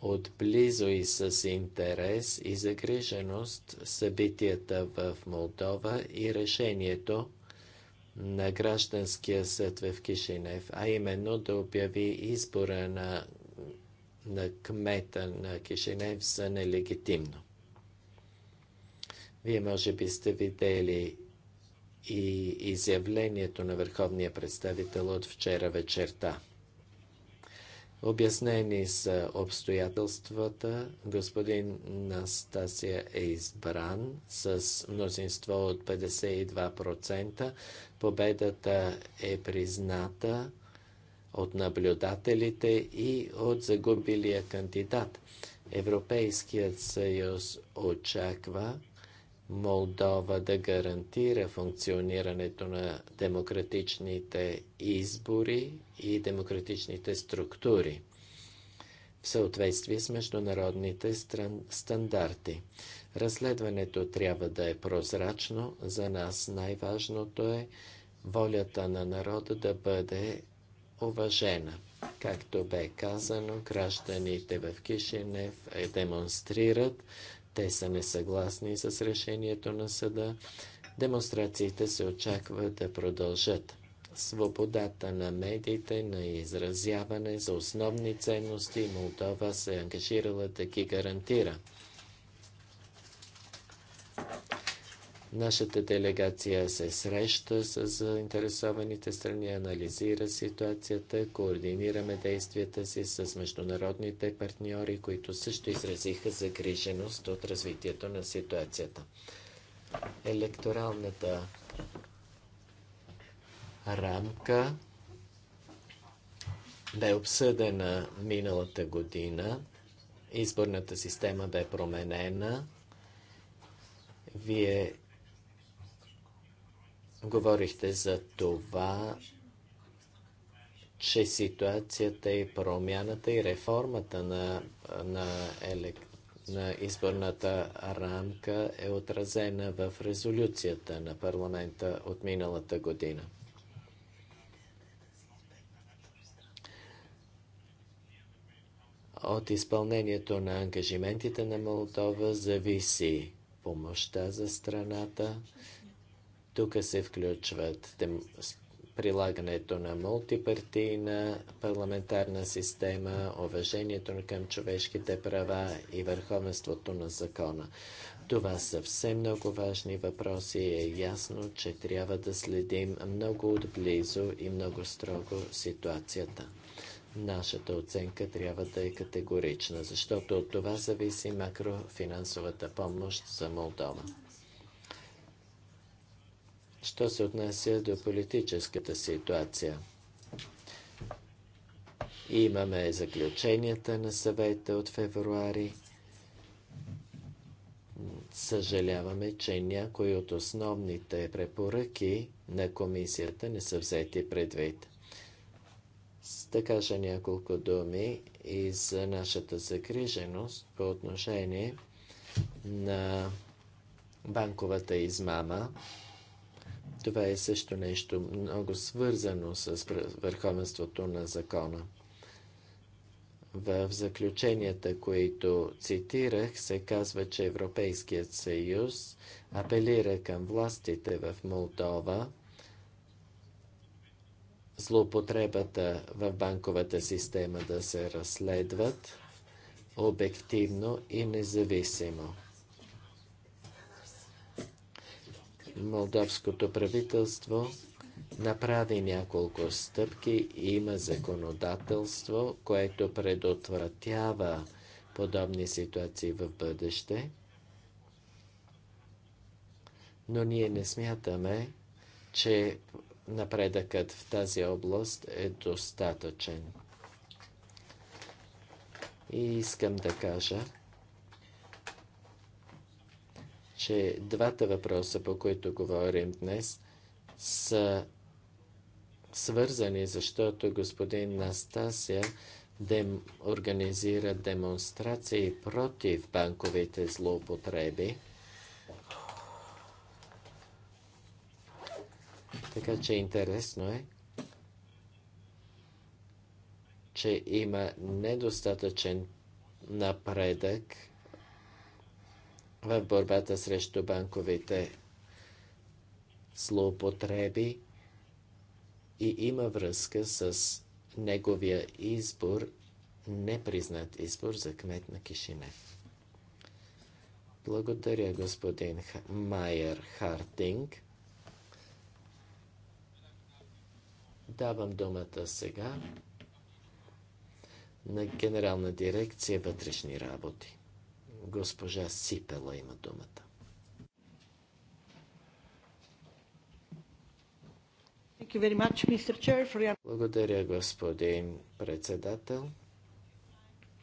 отблизо и с интерес и загриженост събитията в Молдова и решението на гражданския съд в Кишинев, а именно да обяви избора на, на кмета на Кишинев за нелегитимно. Вие може би сте видели и изявлението на върховния представител от вчера вечерта. Обяснени са обстоятелствата. Господин Настасия е избран с мнозинство от 52%. Победата е призната от наблюдателите и от загубилия кандидат. Европейският съюз очаква Молдова да гарантира функционирането на демократичните избори и демократичните структури в съответствие с международните стандарти. Разследването трябва да е прозрачно. За нас най-важното е волята на народа да бъде уважена. Както бе казано, гражданите в Кишинев е демонстрират те са несъгласни с решението на съда. Демонстрациите се очаква да продължат. Свободата на медиите, на изразяване за основни ценности Молдова се е ангажирала да ги гарантира. Нашата делегация се среща с заинтересованите страни, анализира ситуацията, координираме действията си с международните партньори, които също изразиха загриженост от развитието на ситуацията. Електоралната рамка бе обсъдена миналата година. Изборната система бе променена. Вие Говорихте за това, че ситуацията и промяната и реформата на, на, елек... на изборната рамка е отразена в резолюцията на парламента от миналата година. От изпълнението на ангажиментите на Молдова зависи помощта за страната, тук се включват дем... прилагането на мултипартийна парламентарна система, уважението към човешките права и върховенството на закона. Това са все много важни въпроси и е ясно, че трябва да следим много отблизо и много строго ситуацията. Нашата оценка трябва да е категорична, защото от това зависи макрофинансовата помощ за Молдова. Що се отнася до политическата ситуация? Имаме заключенията на съвета от февруари. Съжаляваме, че някои от основните препоръки на комисията не са взети предвид. Да кажа няколко думи и за нашата загриженост по отношение на банковата измама. Това е също нещо много свързано с върховенството на закона. В заключенията, които цитирах, се казва, че Европейският съюз апелира към властите в Молдова злоупотребата в банковата система да се разследват обективно и независимо. Молдавското правителство направи няколко стъпки. Има законодателство, което предотвратява подобни ситуации в бъдеще. Но ние не смятаме, че напредъкът в тази област е достатъчен. И искам да кажа, че двата въпроса, по които говорим днес, са свързани, защото господин Настасия дем, организира демонстрации против банковите злоупотреби. Така че интересно е, че има недостатъчен напредък в борбата срещу банковите злоупотреби и има връзка с неговия избор, непризнат избор за кмет на Кишинев. Благодаря, господин Майер Хартинг. Давам думата сега на Генерална дирекция вътрешни работи. Госпожа Сипела има думата. Благодаря, господин председател.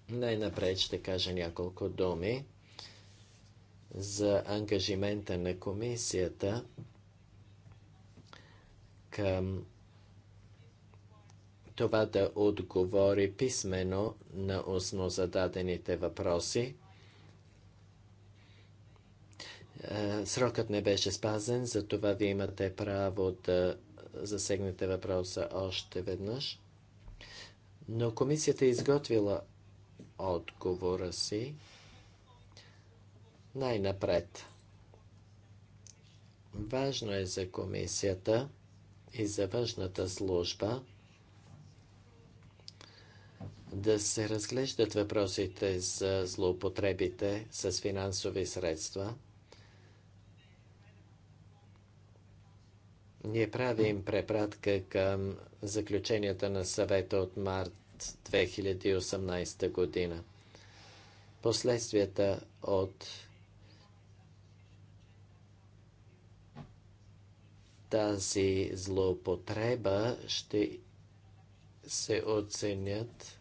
Най-напред ще кажа няколко думи за ангажимента на комисията към това да отговори писмено на устно зададените въпроси е, срокът не беше спазен, затова вие имате право да засегнете въпроса още веднъж. Но комисията е изготвила отговора си най-напред. Важно е за комисията и за външната служба да се разглеждат въпросите за злоупотребите с финансови средства – Ние правим препратка към заключенията на съвета от март 2018 година. Последствията от тази злоупотреба ще се оценят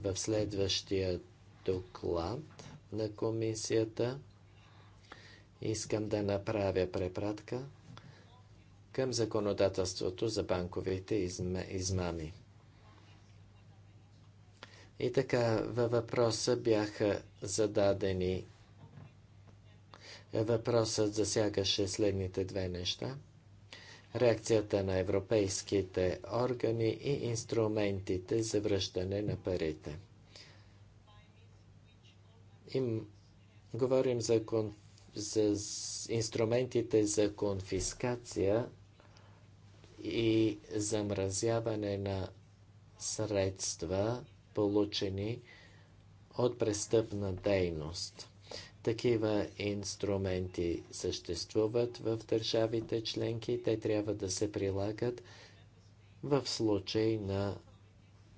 в следващия доклад на комисията. Искам да направя препратка към законодателството за банковите измами. И така, във въпроса бяха зададени. Въпросът засягаше следните две неща. Реакцията на европейските органи и инструментите за връщане на парите. Им говорим за, кон, за инструментите за конфискация и замразяване на средства, получени от престъпна дейност. Такива инструменти съществуват в държавите членки. Те трябва да се прилагат в случай на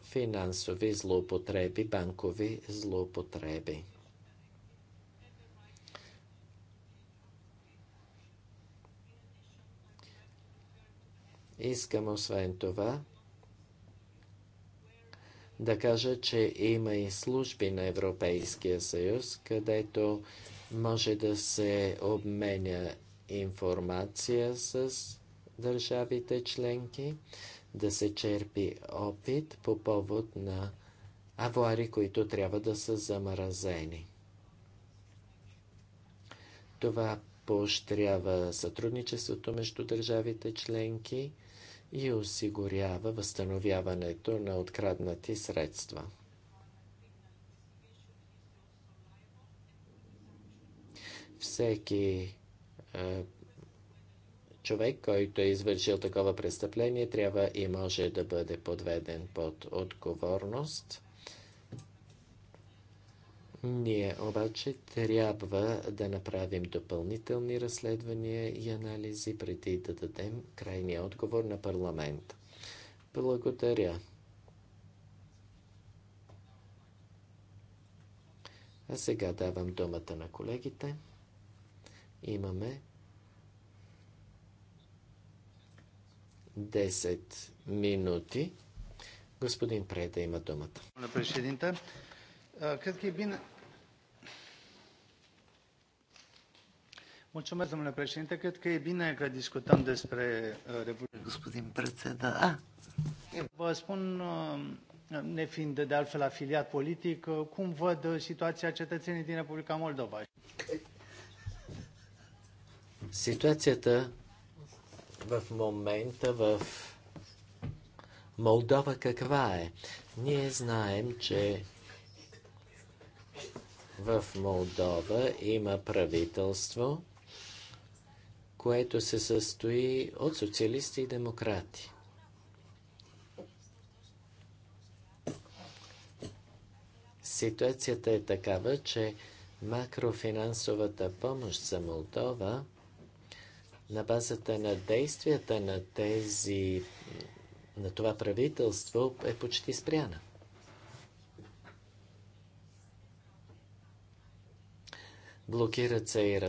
финансови злоупотреби, банкови злоупотреби. Искам освен това да кажа, че има и служби на Европейския съюз, където може да се обменя информация с държавите членки, да се черпи опит по повод на авуари, които трябва да са замразени. Това поощрява сътрудничеството между държавите членки – и осигурява възстановяването на откраднати средства. Всеки е, човек, който е извършил такова престъпление, трябва и може да бъде подведен под отговорност – ние обаче трябва да направим допълнителни разследвания и анализи преди да дадем крайния отговор на парламент. Благодаря. А сега давам думата на колегите. Имаме 10 минути. Господин Преда има думата. Domnule președinte, cred că e bine că discutăm despre Господин председател. Vă spun, nefiind de altfel afiliat politic, cum văd situația cetățenii din Republica Moldova. ta в момента в Молдова каква е? Ние знаем, че в Молдова има правителство, което се състои от социалисти и демократи. Ситуацията е такава, че макрофинансовата помощ за Молдова на базата на действията на тези на това правителство е почти спряна. Блокират се и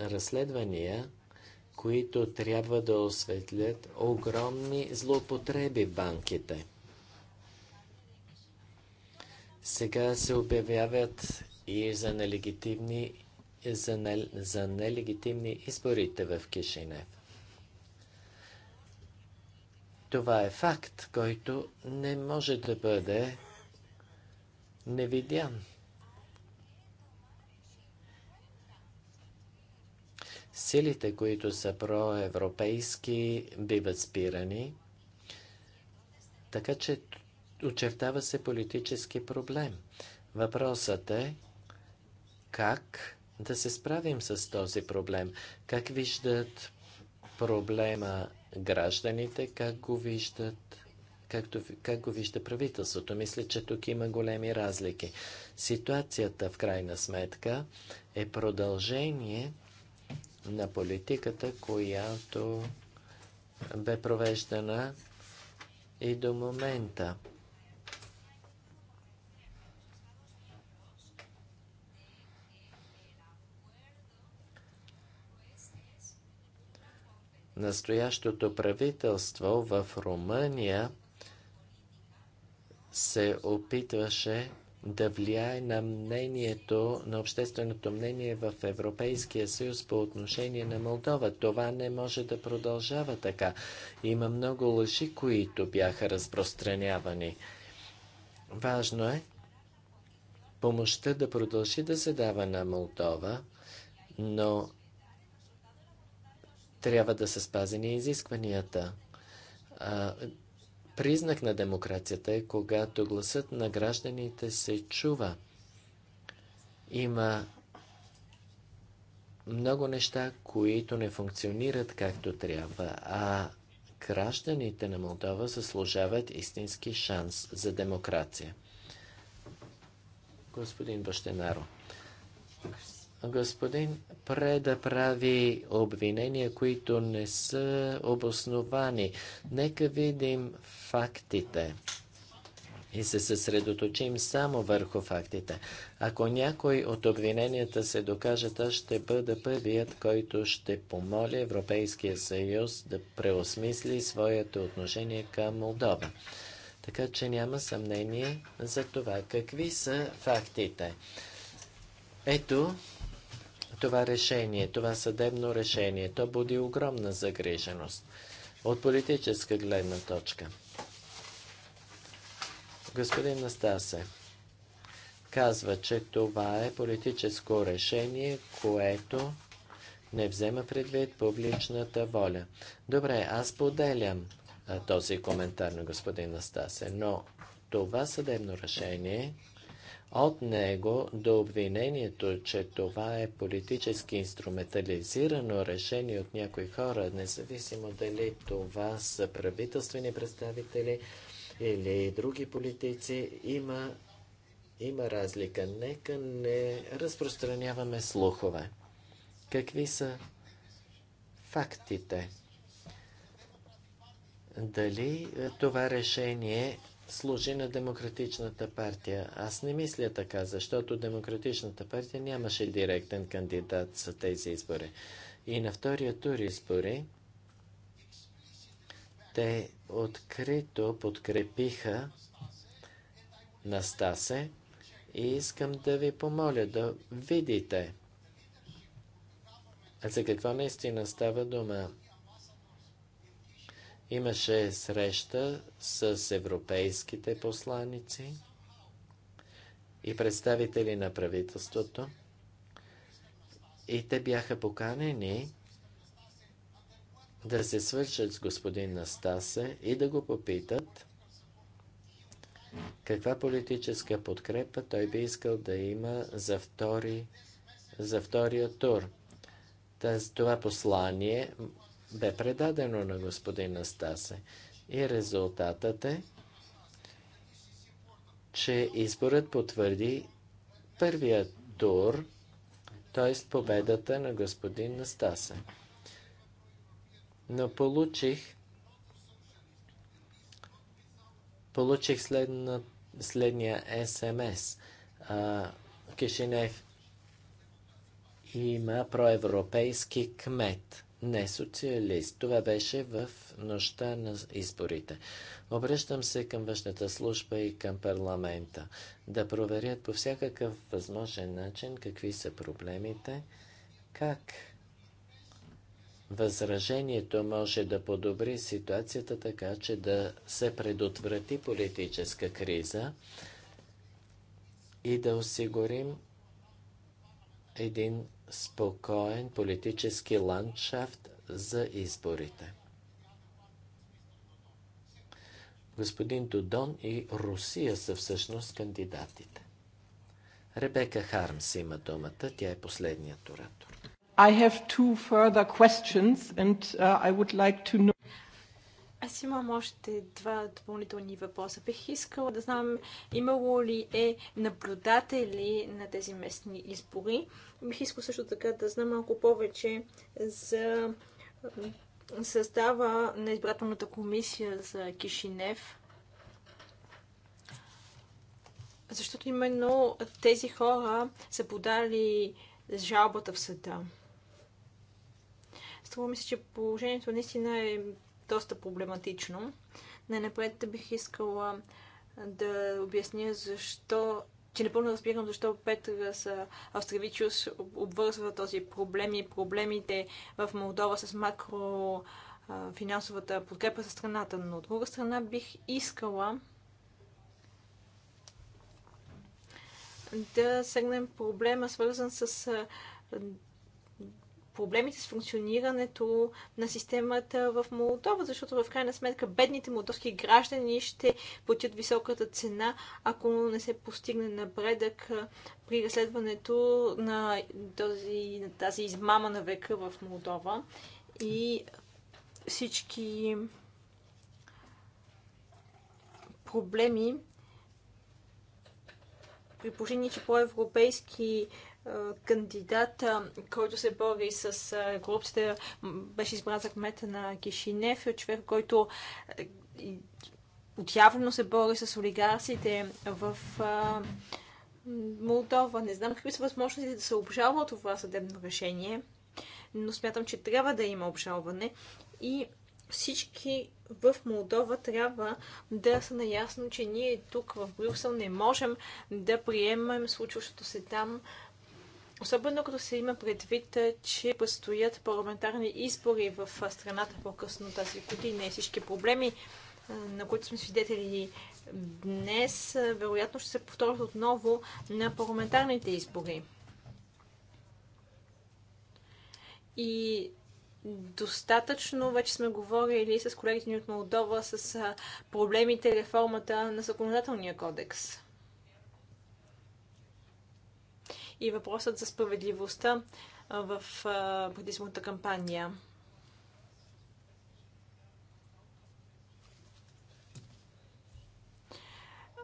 разследвания, които трябва да осветлят огромни злоупотреби банките. Сега се обявяват и за нелегитимни, за, не, за нелегитимни изборите в Кишинев. Това е факт, който не може да бъде невидян. Силите, които са проевропейски, биват спирани. Така че очертава се политически проблем. Въпросът е как да се справим с този проблем? Как виждат проблема гражданите, как го виждат както, как го вижда правителството. Мисля, че тук има големи разлики. Ситуацията в крайна сметка е продължение на политиката, която бе провеждана и до момента. Настоящото правителство в Румъния се опитваше да влияе на мнението, на общественото мнение в Европейския съюз по отношение на Молдова. Това не може да продължава така. Има много лъжи, които бяха разпространявани. Важно е помощта да продължи да се дава на Молдова, но трябва да са спазени изискванията. Признак на демокрацията е, когато гласът на гражданите се чува. Има много неща, които не функционират както трябва, а гражданите на Молдова заслужават истински шанс за демокрация. Господин Бащенаро господин Преда прави обвинения, които не са обосновани. Нека видим фактите и се съсредоточим само върху фактите. Ако някой от обвиненията се докажат, аз ще бъда първият, който ще помоля Европейския съюз да преосмисли своето отношение към Молдова. Така че няма съмнение за това какви са фактите. Ето, това решение, това съдебно решение. То буди огромна загриженост от политическа гледна точка. Господин Настасе казва, че това е политическо решение, което не взема предвид публичната воля. Добре, аз поделям този коментар на господин Настасе, но това съдебно решение от него до обвинението, че това е политически инструментализирано решение от някои хора, независимо дали това са правителствени представители или други политици, има, има разлика. Нека не разпространяваме слухове. Какви са фактите? Дали това решение служи на Демократичната партия. Аз не мисля така, защото Демократичната партия нямаше директен кандидат за тези избори. И на втория тур избори те открито подкрепиха Настасе и искам да ви помоля да видите за какво наистина става дума. Имаше среща с европейските посланици и представители на правителството. И те бяха поканени да се свършат с господин Настасе и да го попитат каква политическа подкрепа той би искал да има за, втори, за втория тур. това послание бе предадено на господина Стасе. И резултатът е, че изборът потвърди първия тур, т.е. победата на господин Настасе. Но получих получих следна, следния СМС. А, Кишинев има проевропейски кмет – не социалист. Това беше в нощта на изборите. Обръщам се към външната служба и към парламента да проверят по всякакъв възможен начин какви са проблемите, как възражението може да подобри ситуацията така, че да се предотврати политическа криза и да осигурим един спокоен политически ландшафт за изборите. Господин Додон и Русия са всъщност кандидатите. Ребека Хармс има думата. Тя е последният оратор. I have two further questions and uh, I would like to know аз имам още два допълнителни въпроса. Бих искала да знам, имало ли е наблюдатели на тези местни избори. Бих искала също така да знам малко повече за състава на избирателната комисия за Кишинев. Защото именно тези хора са подали жалбата в съда. Струва ми се, че положението наистина е доста проблематично. Не напред бих искала да обясня защо че напълно разбирам защо с Австравичус обвързва този проблем и проблемите в Молдова с макрофинансовата подкрепа за страната. Но от друга страна бих искала да сегнем проблема, свързан с проблемите с функционирането на системата в Молдова, защото в крайна сметка бедните молдовски граждани ще платят високата цена, ако не се постигне напредък при разследването на, този, на тази измама на века в Молдова. И всички проблеми, при положение, че по-европейски кандидат, който се бори с корупцията, беше избран за кмета на Кишинев, човек, който отявно се бори с олигарсите в Молдова. Не знам какви са възможностите да се обжалва това съдебно решение, но смятам, че трябва да има обжалване и всички в Молдова трябва да са наясно, че ние тук в Брюксел не можем да приемем случващото се там Особено като се има предвид, че предстоят парламентарни избори в страната по-късно тази година и всички проблеми, на които сме свидетели днес, вероятно ще се повторят отново на парламентарните избори. И достатъчно вече сме говорили с колегите ни от Молдова с проблемите реформата на законодателния кодекс. и въпросът за справедливостта в буддизмата кампания.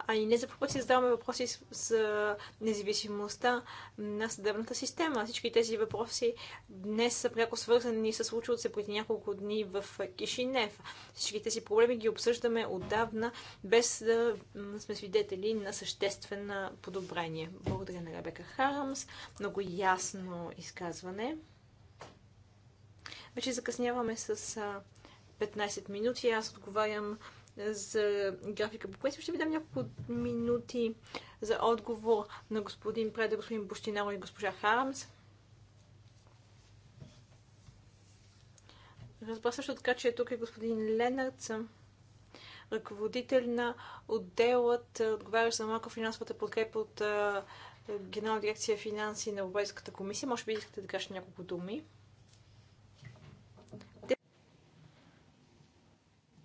а и не за първ задаваме въпроси за независимостта на съдебната система. Всички тези въпроси днес са пряко свързани с случилото се преди няколко дни в Кишинев. Всички тези проблеми ги обсъждаме отдавна, без да сме свидетели на съществено подобрение. Благодаря на Ребека Харамс. Много ясно изказване. Вече закъсняваме с 15 минути. Аз отговарям за графика по ще ви дам няколко минути за отговор на господин Преда, господин Бущинаро и госпожа Харамс. Разбра също така, че е тук и господин Ленард, ръководител на отделът, е, отговарящ за малко финансовата подкрепа от е, Генерална дирекция финанси на Европейската комисия. Може би искате да кажете няколко думи.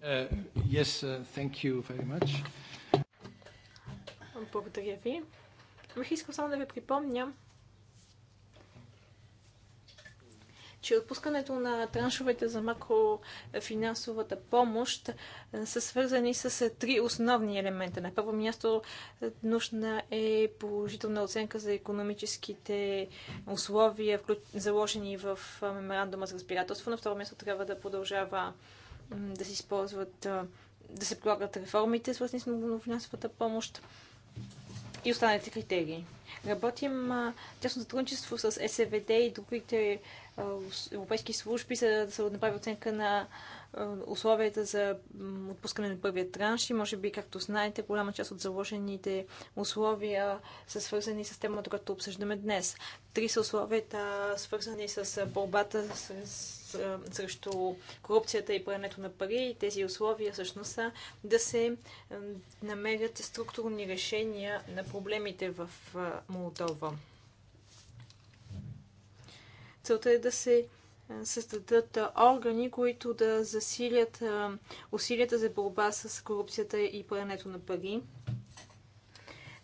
Uh, yes, uh, thank you very much. Благодаря ви. Бих искал само да ви припомня, че отпускането на траншовете за макрофинансовата помощ е, са свързани с е, три основни елемента. На първо място е, нужна е положителна оценка за економическите условия, заложени в меморандума за разбирателство. На второ място трябва да продължава да се използват, да се прилагат реформите, свързани с многофинансовата помощ и останалите критерии. Работим тясно сътрудничество с СВД и другите европейски служби, за да се направи оценка на условията за отпускане на първия транш и може би, както знаете, голяма част от заложените условия са свързани с темата, която обсъждаме днес. Три са условията, свързани с борбата с срещу корупцията и прането на пари. И тези условия всъщност са да се намерят структурни решения на проблемите в Молдова. Целта е да се създадат органи, които да засилят усилията за борба с корупцията и прането на пари.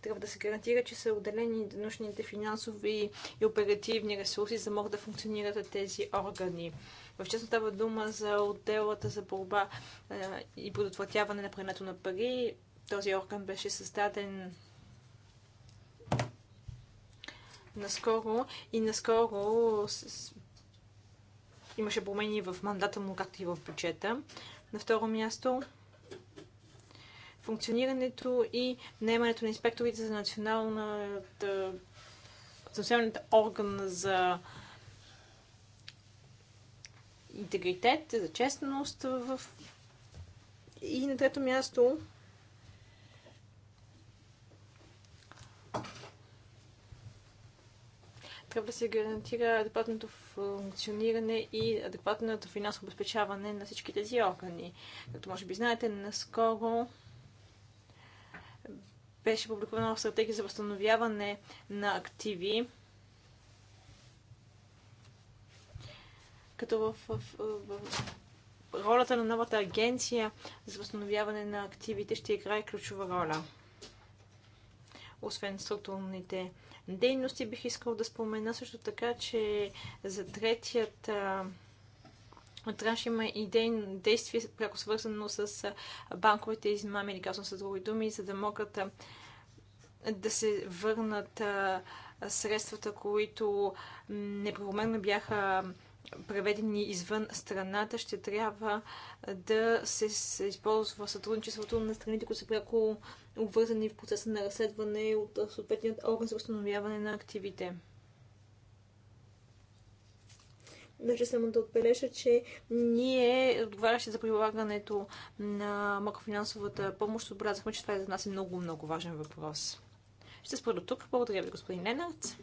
Трябва да се гарантира, че са отделени нужните финансови и оперативни ресурси, за да могат да функционират тези органи. В частност става дума за отделата за борба е, и предотвратяване на прането на пари. Този орган беше създаден наскоро и наскоро имаше промени в мандата му, както и в бюджета. На второ място функционирането и наемането на инспекторите за националната за националната орган за интегритет, за честност в... и на трето място трябва да се гарантира адекватното функциониране и адекватното финансово обезпечаване на всички тези органи. Като може би знаете, наскоро беше публикувана стратегия за възстановяване на активи. Като в, в, в, в ролята на новата агенция за възстановяване на активите ще играе ключова роля. Освен структурните дейности, бих искал да спомена също така, че за третият. А, Трябваше има идеи, действие, пряко свързано с банковите измами, или казвам с други думи, за да могат да се върнат средствата, които неправомерно бяха преведени извън страната, ще трябва да се, използва сътрудничеството на страните, които са пряко обвързани в процеса на разследване от съответният орган за установяване на активите. Държа само да отбележа, че ние, отговарящи за прилагането на макрофинансовата помощ, отбелязахме, че това е за нас е много, много важен въпрос. Ще спра до тук. Благодаря ви, господин Ленард.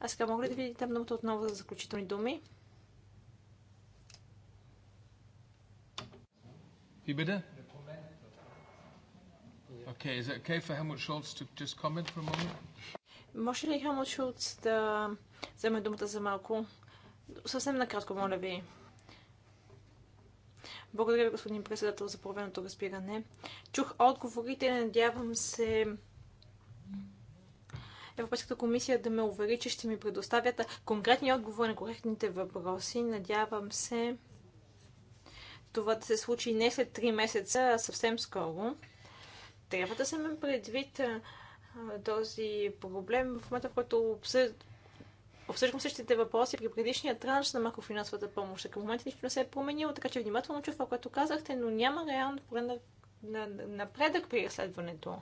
А сега мога ли да видите много отново за заключителни думи? Wie Okay, is it okay for Helmut Scholz to just comment for a moment? Може ли Хамочуц да вземе думата за малко? Съвсем накратко, моля ви. Благодаря ви, господин председател, за проведеното разбиране. Чух отговорите, надявам се Европейската комисия да ме увери, че ще ми предоставят конкретни отговори на коректните въпроси. Надявам се това да се случи не след 3 месеца, а съвсем скоро. Трябва да се ме предвид този проблем в момента, в който обсъждам същите въпроси при предишния транш на макрофинансовата помощ. Към момента нищо не се е променило, така че внимателно чух това, което казахте, но няма реално напредък при разследването.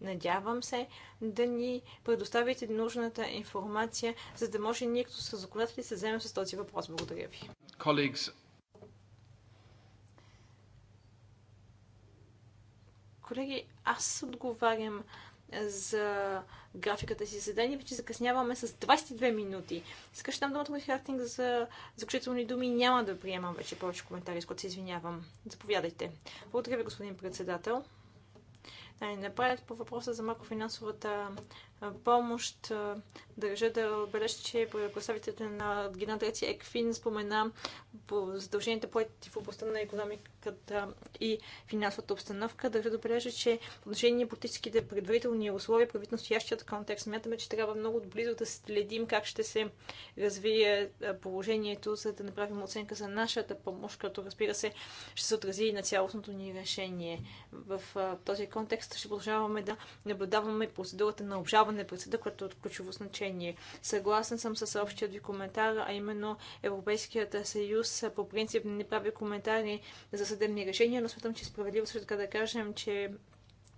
Надявам се да ни предоставите нужната информация, за да може ние като са законодатели се вземем с този въпрос. Благодаря ви. Колегс. Колеги, аз отговарям за графиката си заседание. Вече закъсняваме с 22 минути. Искаш там думата Хартинг за заключителни думи. Няма да приемам вече повече коментари, с които се извинявам. Заповядайте. Благодаря ви, господин председател. Направят по въпроса за макрофинансовата помощ. Държа да отбележа, че представителите на Генерална дирекция ЕКФИН спомена по задълженията поети в областта на економиката и финансовата обстановка. Държа да отбележа, че в отношение на политическите предварителни условия, предвид настоящият контекст, смятаме, че трябва много близо да следим как ще се развие положението, за да направим оценка за нашата помощ, като разбира се ще се отрази и на цялостното ни решение. В този контекст ще продължаваме да наблюдаваме процедурата на обжалване не присъда, което е от ключово значение. Съгласен съм с общият ви коментар, а именно Европейският съюз по принцип не прави коментари за съдебни решения, но смятам, че е справедливо също така да кажем, че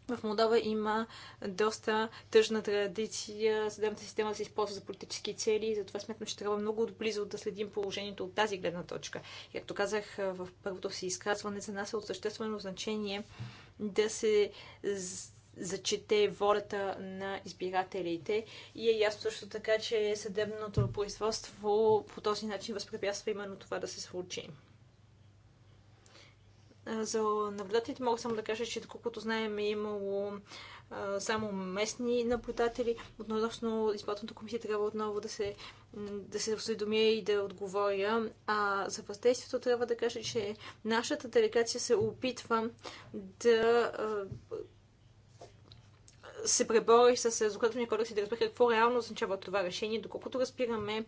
в Молдова има доста тъжна традиция съдебната система да се използва за политически цели и затова смятам, че трябва много отблизо да следим положението от тази гледна точка. И, както казах в първото си изказване, за нас е от съществено значение да се зачете волята на избирателите. И е ясно също така, че съдебното производство по този начин възпрепятства именно това да се случи. За наблюдателите мога само да кажа, че доколкото знаем е имало само местни наблюдатели. Относно изплатната комисия трябва отново да се, да се осведомя и да отговоря. А за въздействието трябва да кажа, че нашата делегация се опитва да се преборих с законодателния кодекс и да разбера какво реално означава това решение. Доколкото разбираме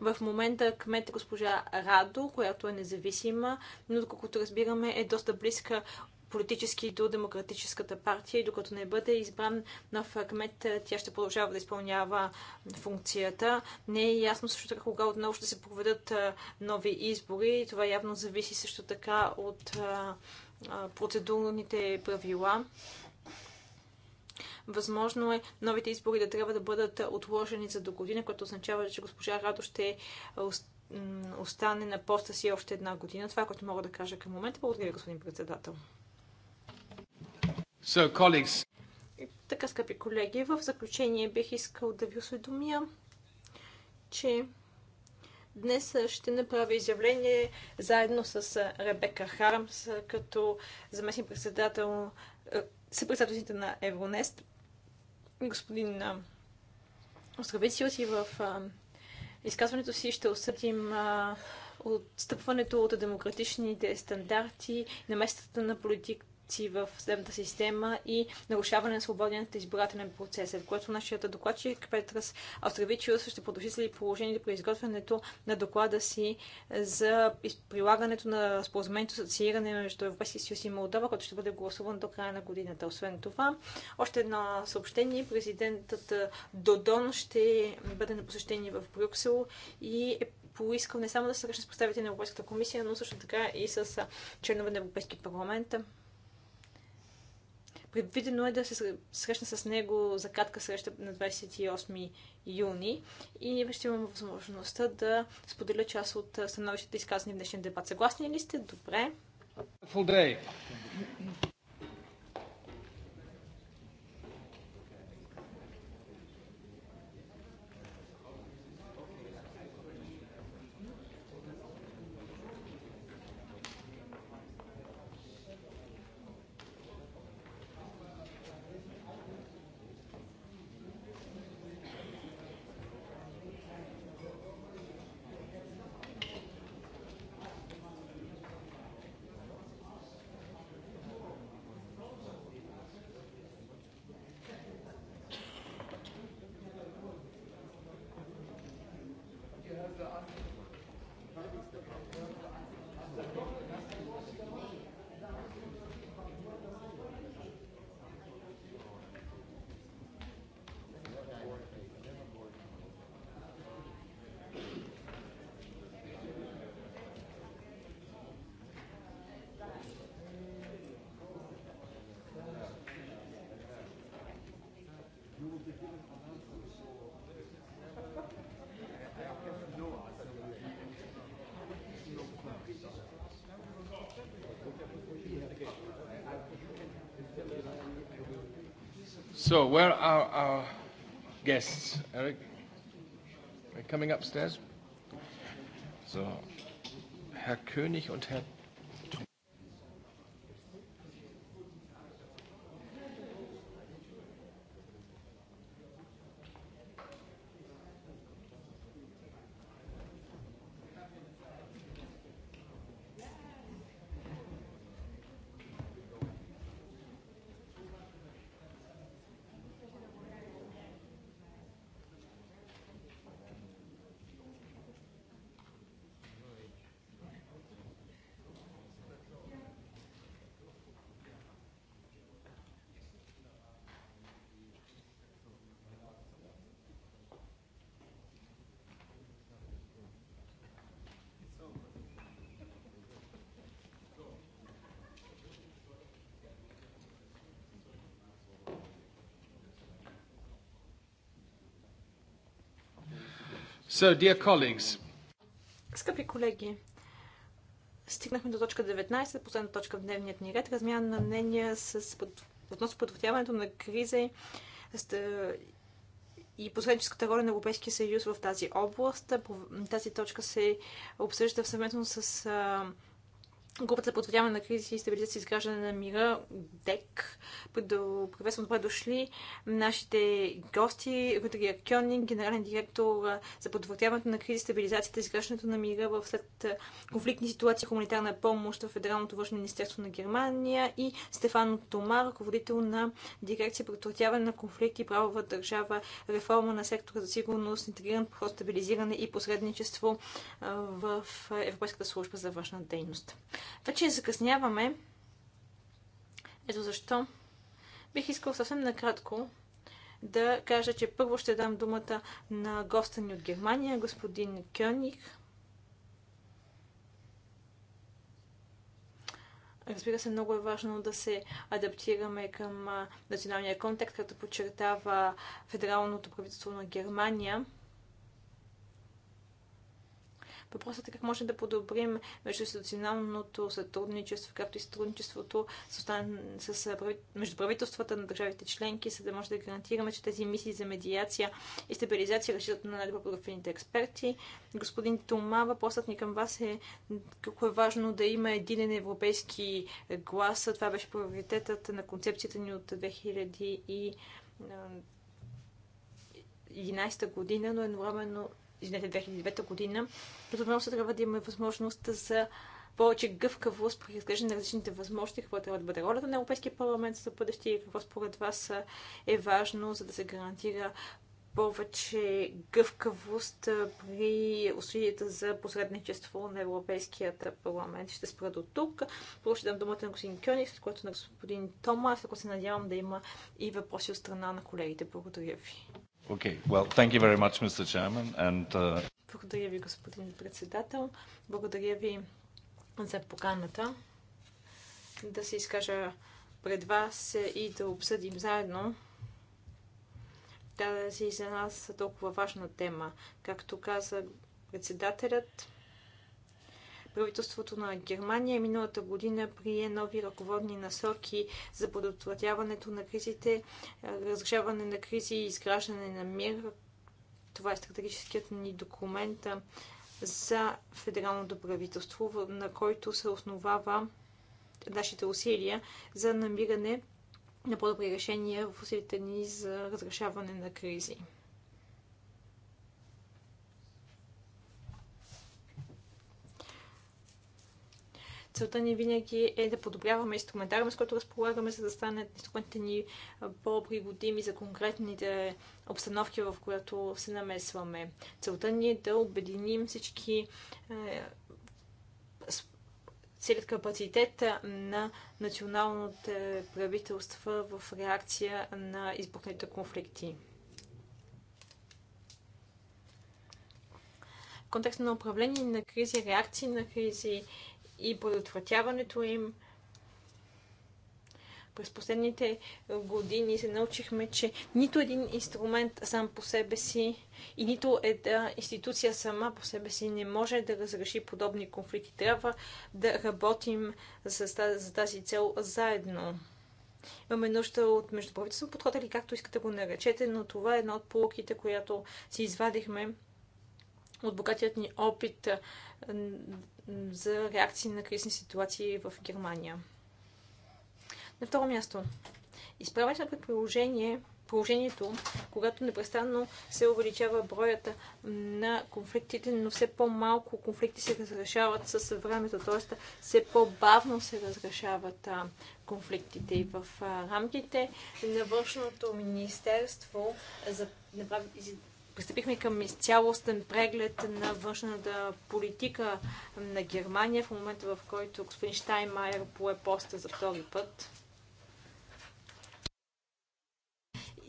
в момента кмет е госпожа Радо, която е независима, но доколкото разбираме е доста близка политически до Демократическата партия и докато не бъде избран нов кмет, тя ще продължава да изпълнява функцията. Не е ясно също така кога отново ще се проведат нови избори. Това явно зависи също така от процедурните правила. Възможно е новите избори да трябва да бъдат отложени за до година, което означава, че госпожа Радо ще е, остане на поста си още една година. Това е което мога да кажа към момента. Благодаря, господин председател. So, colleagues. Така, скъпи колеги, в заключение бих искал да ви осведомя, че Днес ще направя изявление заедно с Ребека Хармс като заместник председател е, съпредседателите на Евронест, господин Остравициус и в изказването си ще осъдим отстъпването от демократичните стандарти на местата на политик, корупции в съдебната система и нарушаване на свободният избирателен процес, в което нашият докладчик Петрас Австравичиус ще продължи след положението при изготвянето на доклада си за прилагането на споразумението за асоцииране между Европейския съюз и Молдова, който ще бъде гласуван до края на годината. Освен това, още едно съобщение. Президентът Додон ще бъде на посещение в Брюксел и е поискал не само да се срещне с представители на Европейската комисия, но също така и с членове на Европейски парламент. Предвидено е да се срещна с него за кратка среща на 28 юни и ще имам възможността да споделя част от становищата изказани в днешния дебат. Съгласни ли сте? Добре. So, where are our guests? Eric, are coming upstairs? So, Herr König und Herr So, dear colleagues. Скъпи колеги, стигнахме до точка 19, последна точка в дневният ни ред. Размяна на мнения с, относно подвъртяването на криза и посредническата роля на Европейския съюз в тази област. Тази точка се обсъжда съвместно с Групата за потвърдяване на кризи и стабилизация и изграждане на мира, ДЕК. Приветствам добре дошли нашите гости, Рудрия Кьонин, генерален директор за потвърдяването на кризи, стабилизацията и изграждането на мира в след конфликтни ситуации, хуманитарна помощ в Федералното външно министерство на Германия и Стефан Тома, ръководител на дирекция потвърдяване на конфликти и правова държава, реформа на сектора за сигурност, интегриран подход, стабилизиране и посредничество в Европейската служба за външна дейност. Вече закъсняваме. Ето защо. Бих искал съвсем накратко да кажа, че първо ще дам думата на госта ни от Германия, господин Кьоник. Разбира се, много е важно да се адаптираме към националния контекст, като подчертава Федералното правителство на Германия – Въпросът е как можем да подобрим междуинституционалното сътрудничество, както и сътрудничеството с, остан... с между правителствата на държавите членки, за да може да гарантираме, че тези мисии за медиация и стабилизация решат на най-добро експерти. Господин Тома, въпросът ни към вас е колко е важно да има един европейски глас. Това беше приоритетът на концепцията ни от 2000 и 2011 година, но едновременно извинете, 2009 година, като отново се трябва да имаме възможност за повече гъвкавост при разглеждане на различните възможности, какво трябва да бъде ролята на Европейския парламент за бъдеще и какво според вас е важно, за да се гарантира повече гъвкавост при усилията за посредничество на Европейският парламент. Ще спра до тук. Първо дам думата на господин Кьони, след което на господин Томас. Ако се надявам да има и въпроси от страна на колегите. Благодаря ви. Okay. Well, thank you very much, Mr. Chairman, and, uh... Благодаря ви, господин председател. Благодаря ви за поканата да се изкажа пред вас и да обсъдим заедно тази за нас толкова важна тема. Както каза председателят, Правителството на Германия миналата година прие нови ръководни насоки за предотвратяването на кризите, разрешаване на кризи и изграждане на мир. Това е стратегическият ни документ за федералното правителство, на който се основава нашите усилия за намиране на по-добри решения в усилите ни за разрешаване на кризи. Целта ни винаги е да подобряваме инструментариума, с който разполагаме, за да станат инструментите ни по-пригодими за конкретните обстановки, в която се намесваме. Целта ни е да обединим всички е, целият капацитет на националните правителства в реакция на избухните конфликти. В контекста на управление на кризи, реакции на кризи и предотвратяването им. През последните години се научихме, че нито един инструмент сам по себе си и нито една институция сама по себе си не може да разреши подобни конфликти. Трябва да работим за тази цел заедно. Имаме нужда от междуправителствен подход или както искате го наречете, но това е една от полуките, която си извадихме от богатият ни опит за реакции на кризни ситуации в Германия. На второ място, Изправяйте се пред приложение, положението, когато непрестанно се увеличава броята на конфликтите, но все по-малко конфликти се разрешават с времето, т.е. все по-бавно се разрешават а, конфликтите. И в а, рамките на Външното министерство за, направи, пристъпихме към цялостен преглед на външната политика на Германия в момента, в който господин Штайнмайер пое поста за втори път.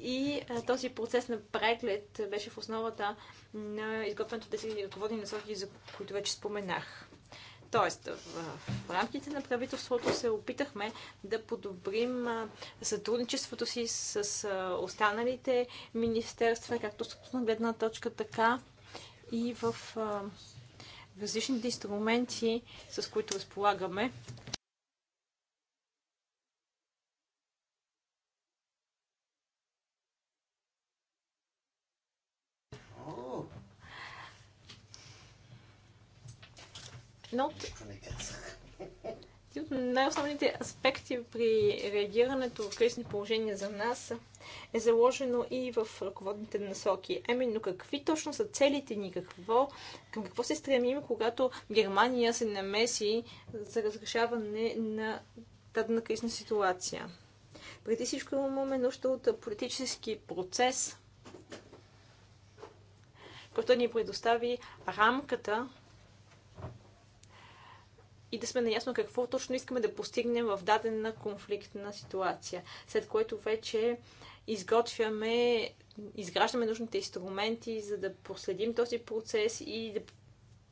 И този процес на преглед беше в основата на изготвянето 10 ръководни насоки, за които вече споменах. Тоест, в рамките на правителството се опитахме да подобрим сътрудничеството си с останалите министерства, както собствена гледна точка, така и в различните инструменти, с които разполагаме. Едно от, от най-основните аспекти при реагирането в кризни положения за нас е заложено и в ръководните насоки. А ами, именно какви точно са целите ни, какво, към какво се стремим, когато Германия се намеси за разрешаване на дадена кризна ситуация. Преди всичко имаме нужда от политически процес, който ни предостави рамката, и да сме наясно какво точно искаме да постигнем в дадена конфликтна ситуация. След което вече изготвяме, изграждаме нужните инструменти, за да проследим този процес и да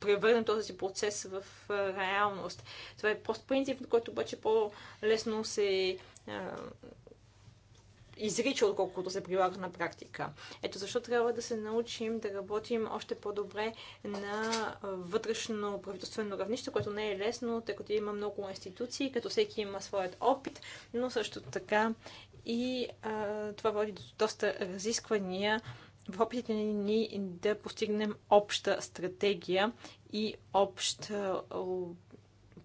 превърнем този процес в реалност. Това е прост принцип, който обаче по-лесно се изрича, отколкото се прилага на практика. Ето защо трябва да се научим да работим още по-добре на вътрешно правителствено равнище, което не е лесно, тъй като има много институции, като всеки има своят опит, но също така и а, това води до доста разисквания в опитите ни да постигнем обща стратегия и общ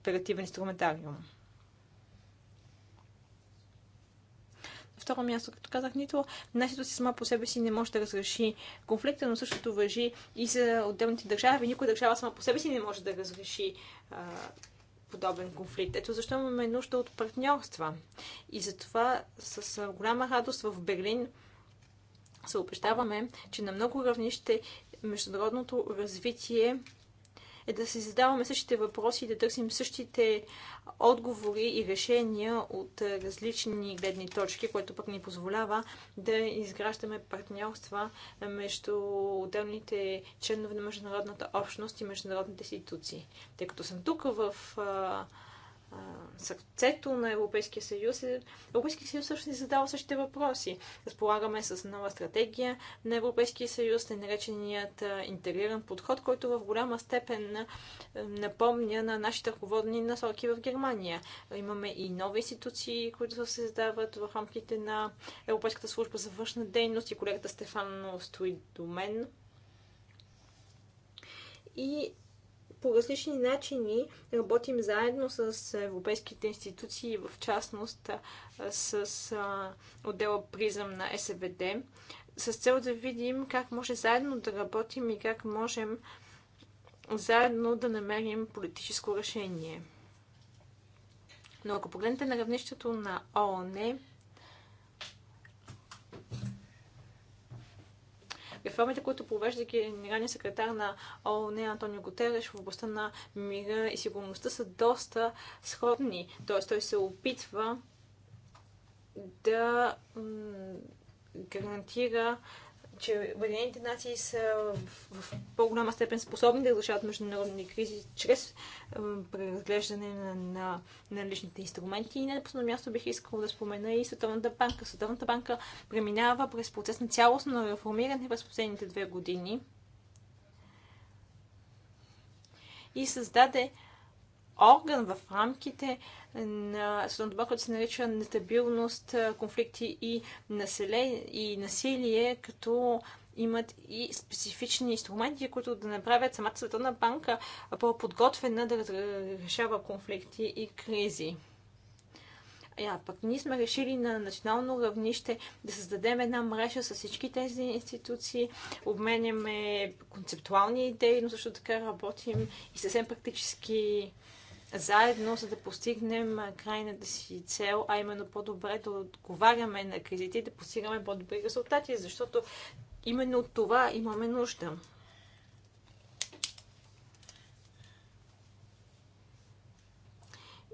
оперативен инструментариум. второ място, като казах, нито нашето си сама по себе си не може да разреши конфликта, но същото въжи и за отделните държави. Никоя държава сама по себе си не може да разреши а, подобен конфликт. Ето защо имаме нужда от партньорства. И затова с голяма радост в Берлин се обещаваме, че на много равнище международното развитие е да си задаваме същите въпроси и да търсим същите отговори и решения от различни гледни точки, което пък ни позволява да изграждаме партньорства между отделните членове на международната общност и международните институции. Тъй като съм тук в сърцето на Европейския съюз. Европейския съюз също ни задава същите въпроси. Разполагаме с нова стратегия на Европейския съюз, не нареченият интегриран подход, който в голяма степен напомня на нашите ръководни насоки в Германия. Имаме и нови институции, които се създават в рамките на Европейската служба за външна дейност и колегата Стефан стои до мен. И по различни начини работим заедно с европейските институции, в частност с отдела призъм на СВД, с цел да видим как може заедно да работим и как можем заедно да намерим политическо решение. Но ако погледнете на равнището на ООН, реформите, които провежда генералния секретар на ООН Антонио Гутереш в областта на мира и сигурността са доста сходни. Тоест той се опитва да гарантира че Въединените нации са в по-голяма степен способни да решават международни кризи чрез преразглеждане на, наличните на инструменти. И на последно място бих искала да спомена и Световната банка. Световната банка преминава през процес на цялостно реформиране през последните две години и създаде орган в рамките на съдба, което се нарича нестабилност, конфликти и, населе, и насилие, като имат и специфични инструменти, които да направят самата Световна банка по-подготвена да решава конфликти и кризи. А пък ние сме решили на национално равнище да създадем една мрежа с всички тези институции, обменяме концептуални идеи, но също така работим и съвсем практически заедно, за да постигнем крайната си цел, а именно по-добре да отговаряме на кризите и да постигаме по-добри резултати, защото именно от това имаме нужда.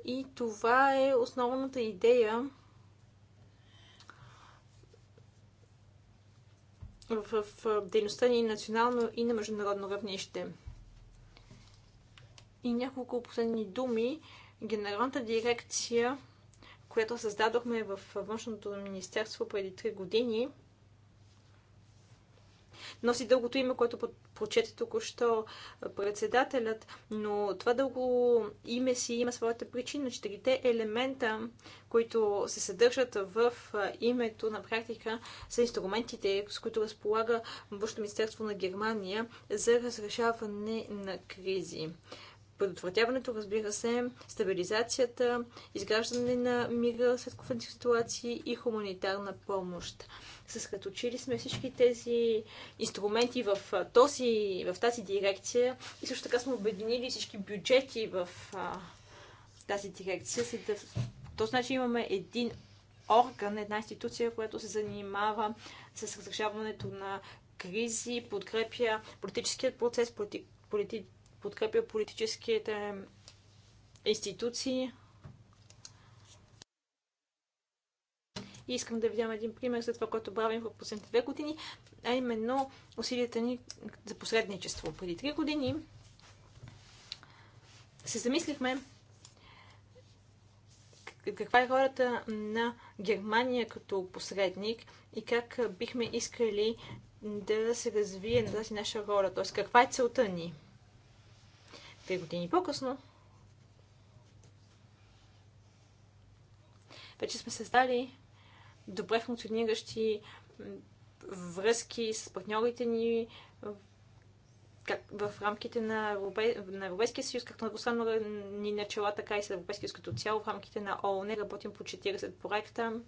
И това е основната идея в дейността ни национално и на международно равнище. И няколко последни думи. Генералната дирекция, която създадохме в Външното министерство преди 3 години, носи дългото име, което прочете току-що председателят, но това дълго име си има своята причина. Четирите елемента, които се съдържат в името на практика, са инструментите, с които разполага Външното министерство на Германия за разрешаване на кризи предотвратяването, разбира се, стабилизацията, изграждане на мига след конфликтни ситуации и хуманитарна помощ. Съсредоточили сме всички тези инструменти в, този, в тази дирекция и също така сме обединили всички бюджети в а, тази дирекция, Си да то значи имаме един орган, една институция, която се занимава с разрешаването на кризи, подкрепя политическият процес, полити, подкрепя политическите институции. И искам да ви дам един пример за това, което правим в последните две години, а именно усилията ни за посредничество. Преди три години се замислихме каква е ролята на Германия като посредник и как бихме искали да се развие на тази наша роля, т.е. каква е целта ни. 20-те години по-късно, вече сме създали добре функциониращи връзки с партньорите ни как, в рамките на, Европе, на Европейския съюз, както на двустранно ни начала, така и с Европейския съюз като цяло. В рамките на ООН работим по 40 проекта.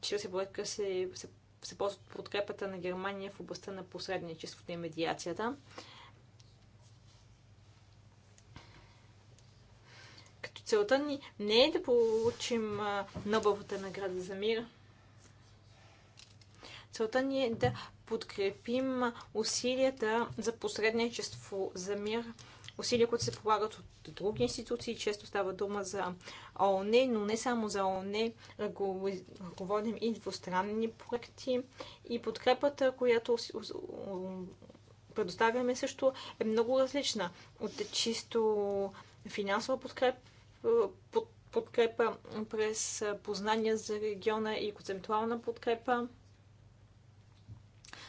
40 проекта се, се, се ползват подкрепата на Германия в областта на посредничеството и медиацията. Целта ни не е да получим Нобеловата награда за мир. Целта ни е да подкрепим усилията за посредничество за мир, усилия, които се полагат от други институции. Често става дума за ООН, но не само за ООН. Ръководим и двустранни проекти. И подкрепата, която предоставяме също е много различна от чисто финансова подкрепа подкрепа през познания за региона и концептуална подкрепа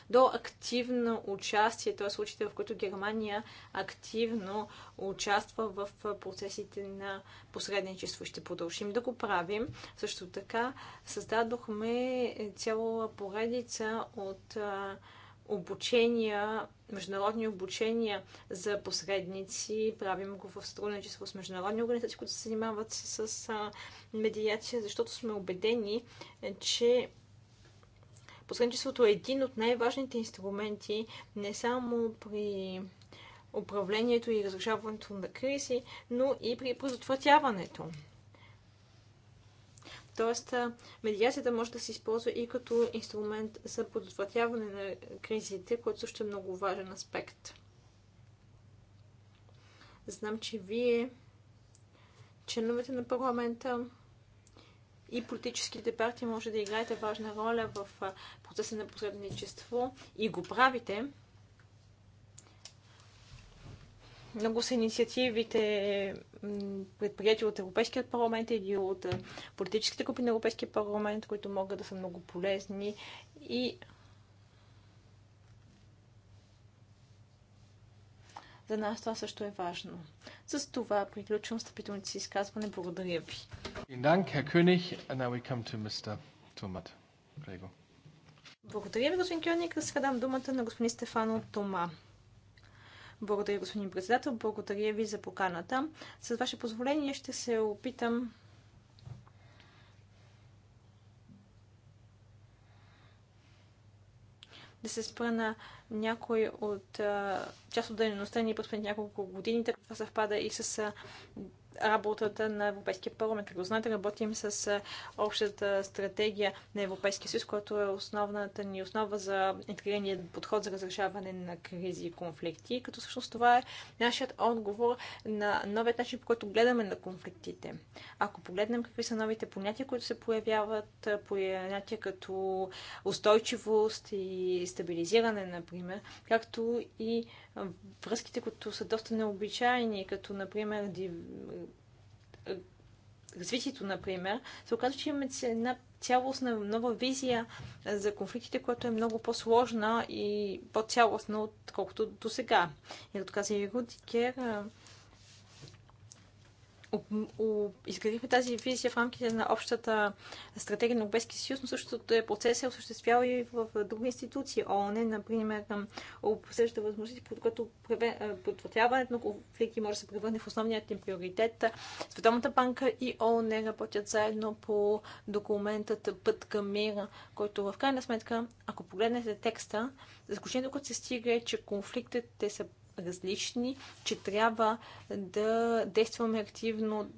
до активно участие, т.е. случаите, в които Германия активно участва в процесите на посредничество. Ще продължим да го правим. Също така създадохме цяла поредица от обучения, международни обучения за посредници. Правим го в сътрудничество с международни организации, които се занимават с медиация, защото сме убедени, е, че посредничеството е един от най-важните инструменти не само при управлението и разрешаването на кризи, но и при предотвратяването Тоест, медиацията може да се използва и като инструмент за предотвратяване на кризите, което също е много важен аспект. Знам, че вие, членовете на парламента и политическите партии може да играете важна роля в процеса на посредничество и го правите. Много са инициативите Предприятия от Европейският парламент или от е, политическите групи на Европейския парламент, които могат да са много полезни и За нас това също е важно. С това приключвам стъпителните си изказване. Благодаря ви. Благодаря ви, господин Кьоник. Да сега дам думата на господин Стефано Тома. Благодаря, господин председател. Благодаря ви за поканата. С ваше позволение ще се опитам да се спра на някой от а, част от дейността ни през няколко години. Това съвпада и с а, работата на Европейския парламент. Както знаете, работим с общата стратегия на Европейския съюз, която е основната ни основа за интегрирания подход за разрешаване на кризи и конфликти, като всъщност това е нашият отговор на новият начин, по който гледаме на конфликтите. Ако погледнем какви са новите понятия, които се появяват, понятия като устойчивост и стабилизиране, например, както и връзките, които са доста необичайни, като, например, развитието, например, се оказва, че имаме една цялостна нова визия за конфликтите, която е много по-сложна и по-цялостна, отколкото до сега. И като и Рудикер, изградихме тази визия в рамките на общата стратегия на Европейския съюз, но същото е процес се осъществява и в други институции. ООН, е, например, обсъжда възможности, под което предотвратяването на конфликти може да се превърне в основният им приоритет. Световната банка и ООН е работят заедно по документът Път към мира, който в крайна сметка, ако погледнете текста, заключението, което се стига е, че конфликтите са различни, че трябва да действаме активно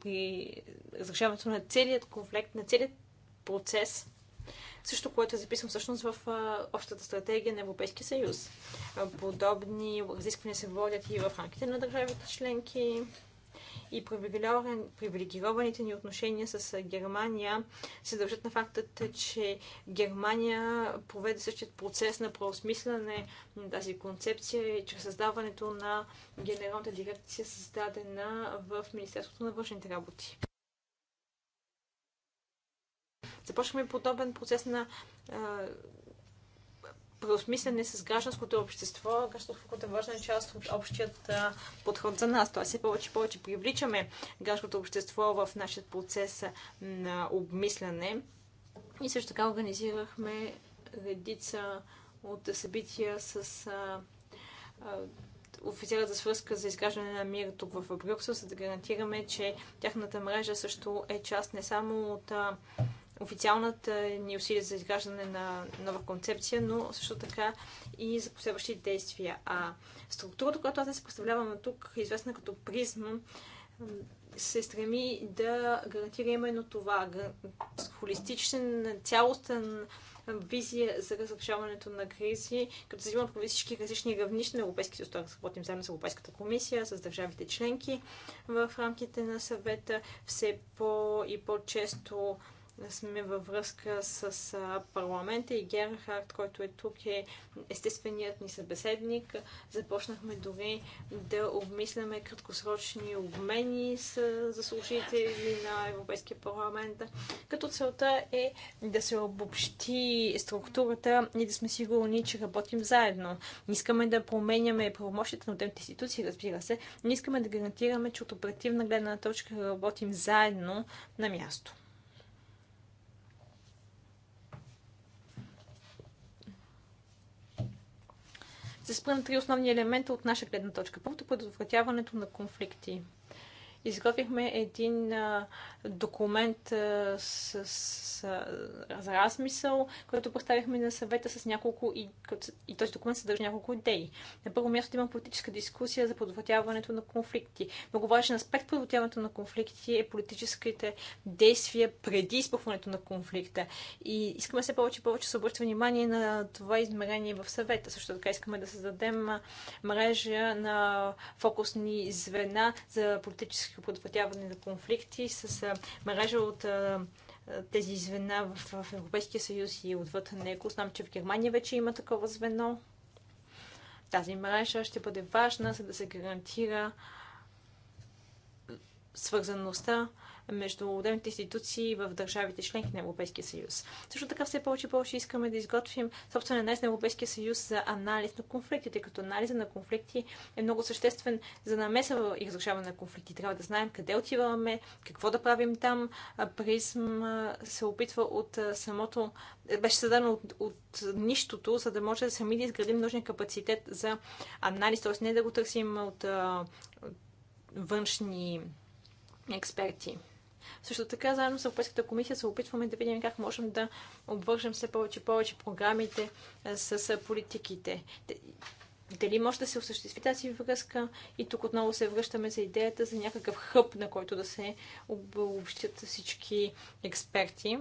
при разрешаването на целият конфликт, на целият процес, също което е записано всъщност в общата стратегия на Европейския съюз. Подобни разисквания се водят и в рамките на държавите членки и привилегированите ни отношения с Германия се дължат на фактът, че Германия проведе същият процес на преосмислене на тази концепция и чрез създаването на генералната дирекция, създадена в Министерството на външните работи. Започваме подобен процес на преосмислене с гражданското общество. Гражданското е важна част от общият а, подход за нас. Тоест, все повече и повече привличаме гражданското общество в нашия процес на обмисляне. И също така организирахме редица от събития с а, а, офицерата свързка за изграждане на мир тук в Брюксел, за да гарантираме, че тяхната мрежа също е част не само от а, официалната ни усилия за изграждане на нова концепция, но също така и за последващи действия. А структурата, която аз не се представлявам тук, известна като призма, се стреми да гарантира именно това холистичен, цялостен визия за разрешаването на кризи, като се взимат по всички различни равнища на Европейския да Работим заедно с Европейската комисия, с държавите членки в рамките на съвета. Все по- и по-често сме във връзка с парламента и Герхард, който е тук, е естественият ни събеседник. Започнахме дори да обмисляме краткосрочни обмени за служители на Европейския парламент, като целта е да се обобщи структурата и да сме сигурни, че работим заедно. Не искаме да променяме правомощите на отделните институции, разбира се, не искаме да гарантираме, че от оперативна гледна точка работим заедно на място. се спра на три основни елемента от наша гледна точка. Първото е предотвратяването на конфликти изготвихме един документ с, с, за размисъл, който представихме на съвета с няколко и, и този документ съдържа няколко идеи. На първо място има политическа дискусия за подвотяването на конфликти. Много важен аспект подвотяването на конфликти е политическите действия преди изпъхването на конфликта. И искаме все повече и повече се обръща внимание на това измерение в съвета. Също така искаме да създадем мрежа на фокусни звена за политически предотвратяване на конфликти с мрежа от тези звена в Европейския съюз и отвъд него. Знам, че в Германия вече има такова звено. Тази мрежа ще бъде важна, за да се гарантира свързаността между отделните институции в държавите членки на Европейския съюз. Също така все повече и повече искаме да изготвим собствен анализ на Европейския съюз за анализ на конфликтите, като анализа на конфликти е много съществен за намеса и разрешаване на конфликти. Трябва да знаем къде отиваме, какво да правим там. Призм се опитва от самото, беше създадено от, от нищото, за да може да сами да изградим нужния капацитет за анализ, т.е. не да го търсим от, от външни експерти. Също така, заедно с Европейската комисия се опитваме да видим как можем да обвържем все повече и повече програмите с политиките. Дали може да се осъществи тази връзка? И тук отново се връщаме за идеята за някакъв хъб, на който да се обобщат всички експерти.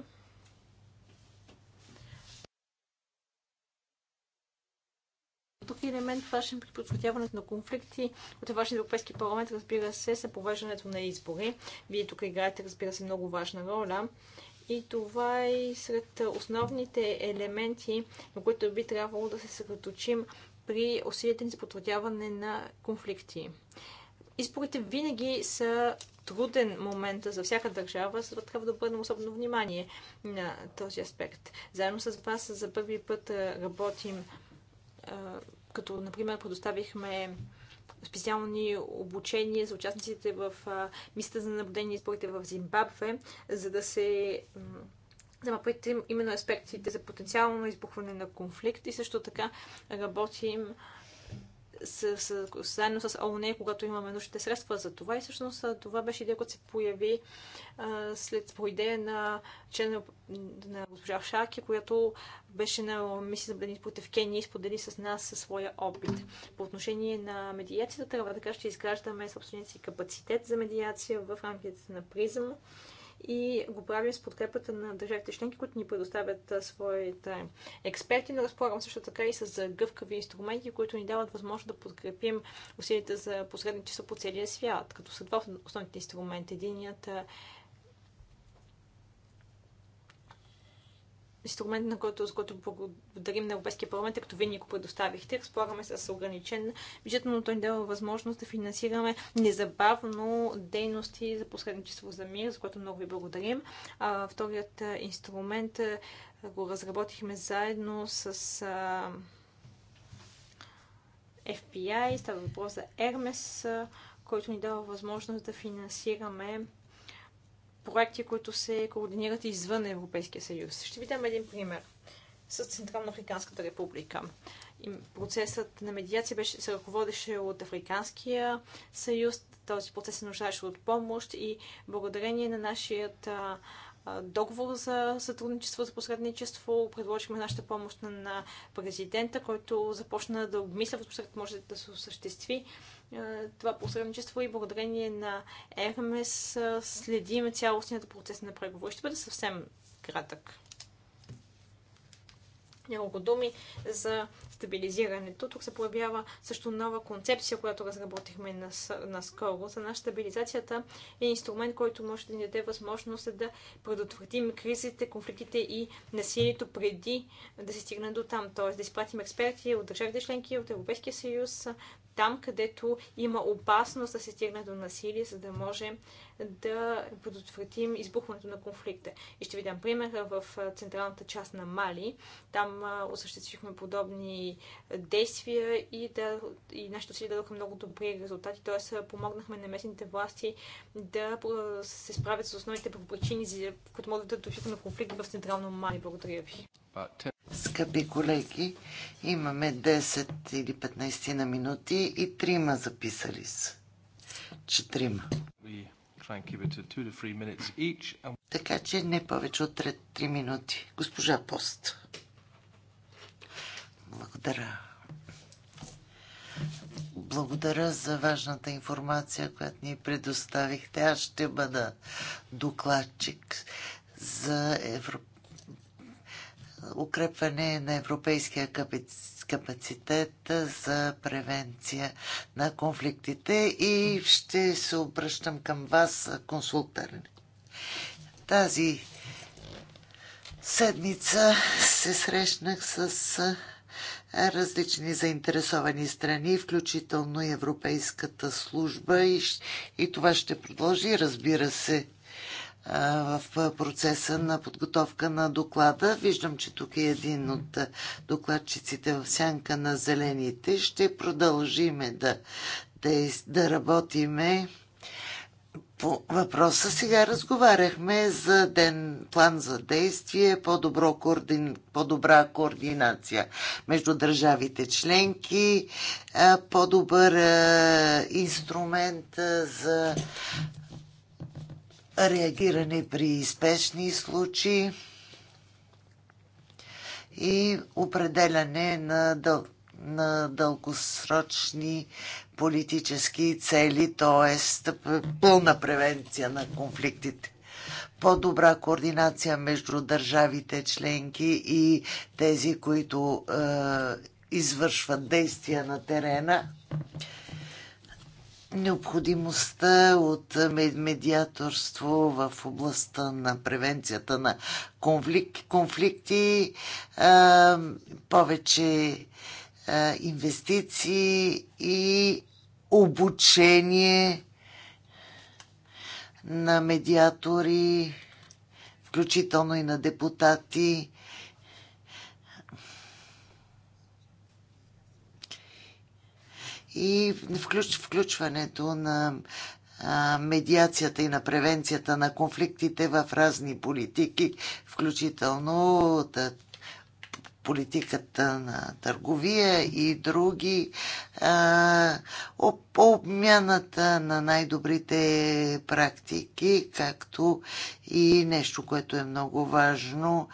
Друг елемент важен при подходяването на конфликти от важен Европейски парламент, разбира се, са провеждането на избори. Вие тук играете, разбира се, много важна роля. И това е и сред основните елементи, на които би трябвало да се съсредоточим при усилията ни за потвърдяване на конфликти. Изборите винаги са труден момент за всяка държава, затова трябва да бъдем особено внимание на този аспект. Заедно с вас за първи път работим като например предоставихме специални обучения за участниците в мисията за наблюдение на изборите в Зимбабве, за да се замапят именно аспектите за потенциално избухване на конфликт и също така работим заедно с ООН, когато имаме нужните средства за това. И всъщност това беше идея, която се появи а, след по идея на член на госпожа Шаки, която беше на мисия за бедни против Кения и сподели с нас със своя опит. По отношение на медиацията, трябва да кажа, че изграждаме собствения си капацитет за медиация в рамките на призъм и го правим с подкрепата на държавите членки, които ни предоставят своите експерти, но разполагам също така и с гъвкави инструменти, които ни дават възможност да подкрепим усилията за посредничество по целия свят, като са два основните инструмента. Единият инструмент, на който, с който благодарим на Европейския парламент, е като вие ни го предоставихте. Разполагаме с ограничен бюджет, но той ни дава възможност да финансираме незабавно дейности за посредничество за мир, за което много ви благодарим. А, вторият инструмент го разработихме заедно с а, FBI. Става въпрос за Hermes, който ни дава възможност да финансираме проекти, които се координират извън Европейския съюз. Ще ви дам един пример с Централно-Африканската република. И процесът на медиация беше, се ръководеше от Африканския съюз. Този процес се нуждаеше от помощ и благодарение на нашият а, договор за сътрудничество, за посредничество. Предложихме нашата помощ на президента, който започна да обмисля, как може да се осъществи това посредничество и благодарение на ЕРМЕС следим цялостният процес на преговори. Ще бъде съвсем кратък. Няколко думи за стабилизирането. Тук се появява също нова концепция, която разработихме наскоро. За нас стабилизацията е инструмент, който може да ни даде възможност да предотвратим кризите, конфликтите и насилието преди да се стигне до там. Тоест да изпратим експерти от държавите членки, от Европейския съюз, там, където има опасност да се стигне до насилие, за да може да предотвратим избухването на конфликта. И ще ви дам пример в централната част на Мали. Там осъществихме подобни действия и, да, и нашите усилия дадоха много добри резултати, т.е. помогнахме на местните власти да се справят с основните причини, които могат да доведат на конфликт в централно Мали. Благодаря ви. Скъпи колеги, имаме 10 или 15 на минути и трима записали са. Четирима. Така че не повече от 3 минути. Госпожа Пост. Благодаря. Благодаря за важната информация, която ни предоставихте. Аз ще бъда докладчик за Европа укрепване на европейския капацитет за превенция на конфликтите и ще се обръщам към вас, консултиране. Тази седмица се срещнах с различни заинтересовани страни, включително и Европейската служба и, и това ще продължи, разбира се, в процеса на подготовка на доклада. Виждам, че тук е един от докладчиците в сянка на зелените. Ще продължиме да, да, да работиме по въпроса. Сега разговаряхме за ден, план за действие, по-добро координ, по-добра координация между държавите членки, по-добър инструмент за реагиране при спешни случаи и определяне на, дъл... на дългосрочни политически цели, т.е. пълна превенция на конфликтите. По-добра координация между държавите членки и тези, които е, извършват действия на терена необходимостта от медиаторство в областта на превенцията на конфликти, конфликти повече инвестиции и обучение на медиатори, включително и на депутати, и включ, включването на а, медиацията и на превенцията на конфликтите в разни политики, включително политиката на търговия и други, обмяната на най-добрите практики, както и нещо, което е много важно,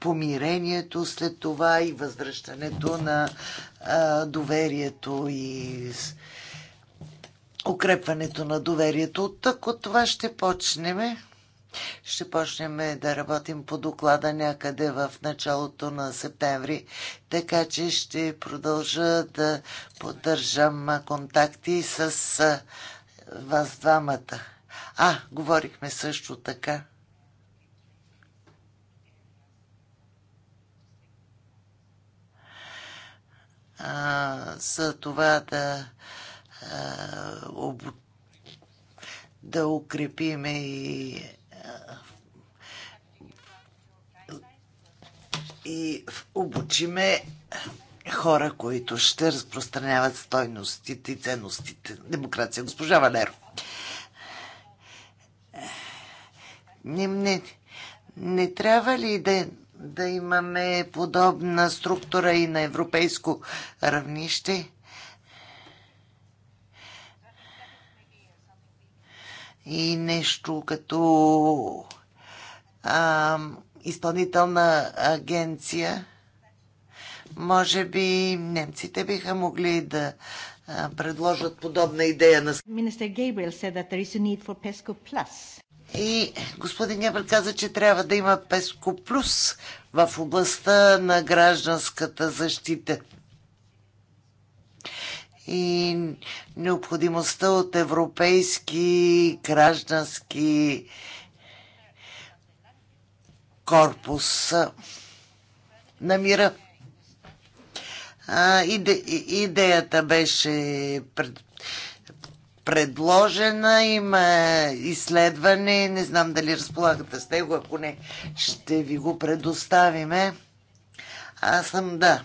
помирението след това и възвръщането на доверието и укрепването на доверието. От това ще почнеме. Ще почнем да работим по доклада някъде в началото на септември, така че ще продължа да поддържам контакти с вас двамата. А, говорихме също така. А, за това да а, об... да укрепиме и и обучиме хора, които ще разпространяват стойностите и ценностите. Демокрация. Госпожа Валеро. Не, не, не трябва ли да, да имаме подобна структура и на европейско равнище? И нещо като ам, изпълнителна агенция, може би немците биха могли да предложат подобна идея на... Министър Гейбриел said that there is a need for PESCO Plus. И господин Гебър каза, че трябва да има ПЕСКО Плюс в областта на гражданската защита и необходимостта от европейски граждански корпус на мира. Иде, идеята беше пред, предложена, има изследване, не знам дали разполагате с него, ако не, ще ви го предоставиме. Аз съм, да.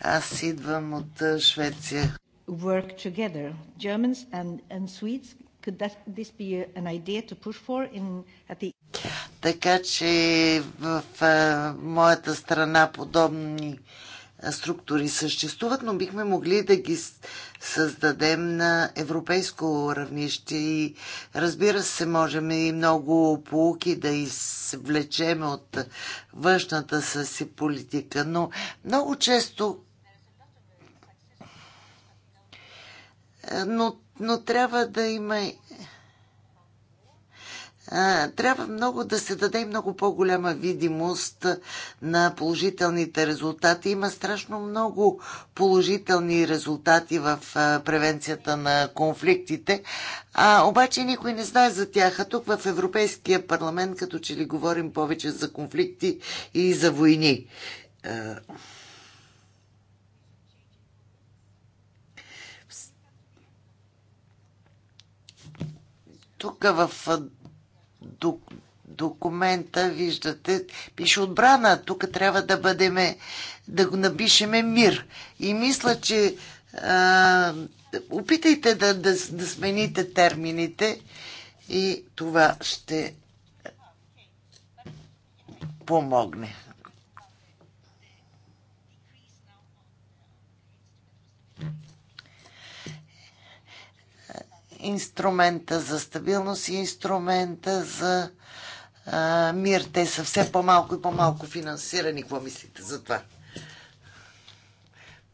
Аз идвам от Швеция. Work together. Germans and, and Swedes, could that, this be an idea to push for in, at the така че в моята страна подобни структури съществуват, но бихме могли да ги създадем на европейско равнище и разбира се, можем и много полуки да извлечем от външната си политика, но много често но, но трябва да има трябва много да се даде много по-голяма видимост на положителните резултати. Има страшно много положителни резултати в превенцията на конфликтите, а, обаче никой не знае за тях. А тук в Европейския парламент като че ли говорим повече за конфликти и за войни. Тук в документа, виждате, пише отбрана. Тук трябва да бъдеме, да го напишеме мир. И мисля, че а, опитайте да, да, да смените термините и това ще помогне. инструмента за стабилност и инструмента за а, мир. Те са все по-малко и по-малко финансирани. Какво мислите за това?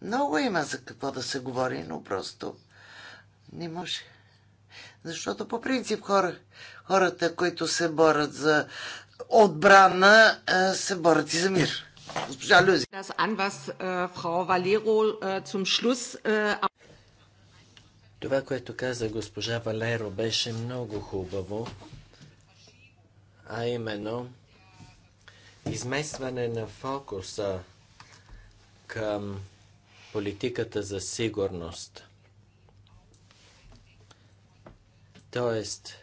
Много има за какво да се говори, но просто не може. Защото по принцип хора, хората, които се борят за отбрана, се борят и за мир. Госпожа Люзи. Äh, äh, äh, това, което каза госпожа Валеро, беше много хубаво, а именно изместване на фокуса към политиката за сигурност. Тоест,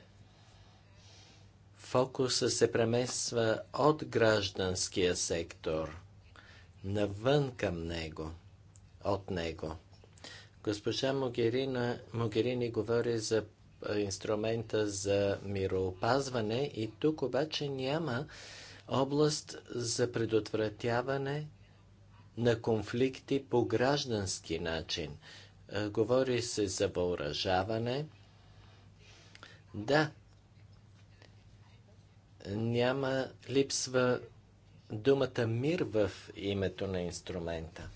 фокуса се премества от гражданския сектор навън към него, от него – Госпожа Могерина, Могерини говори за инструмента за мироопазване и тук обаче няма област за предотвратяване на конфликти по граждански начин. Говори се за въоръжаване. Да, няма липсва думата мир в името на инструмента.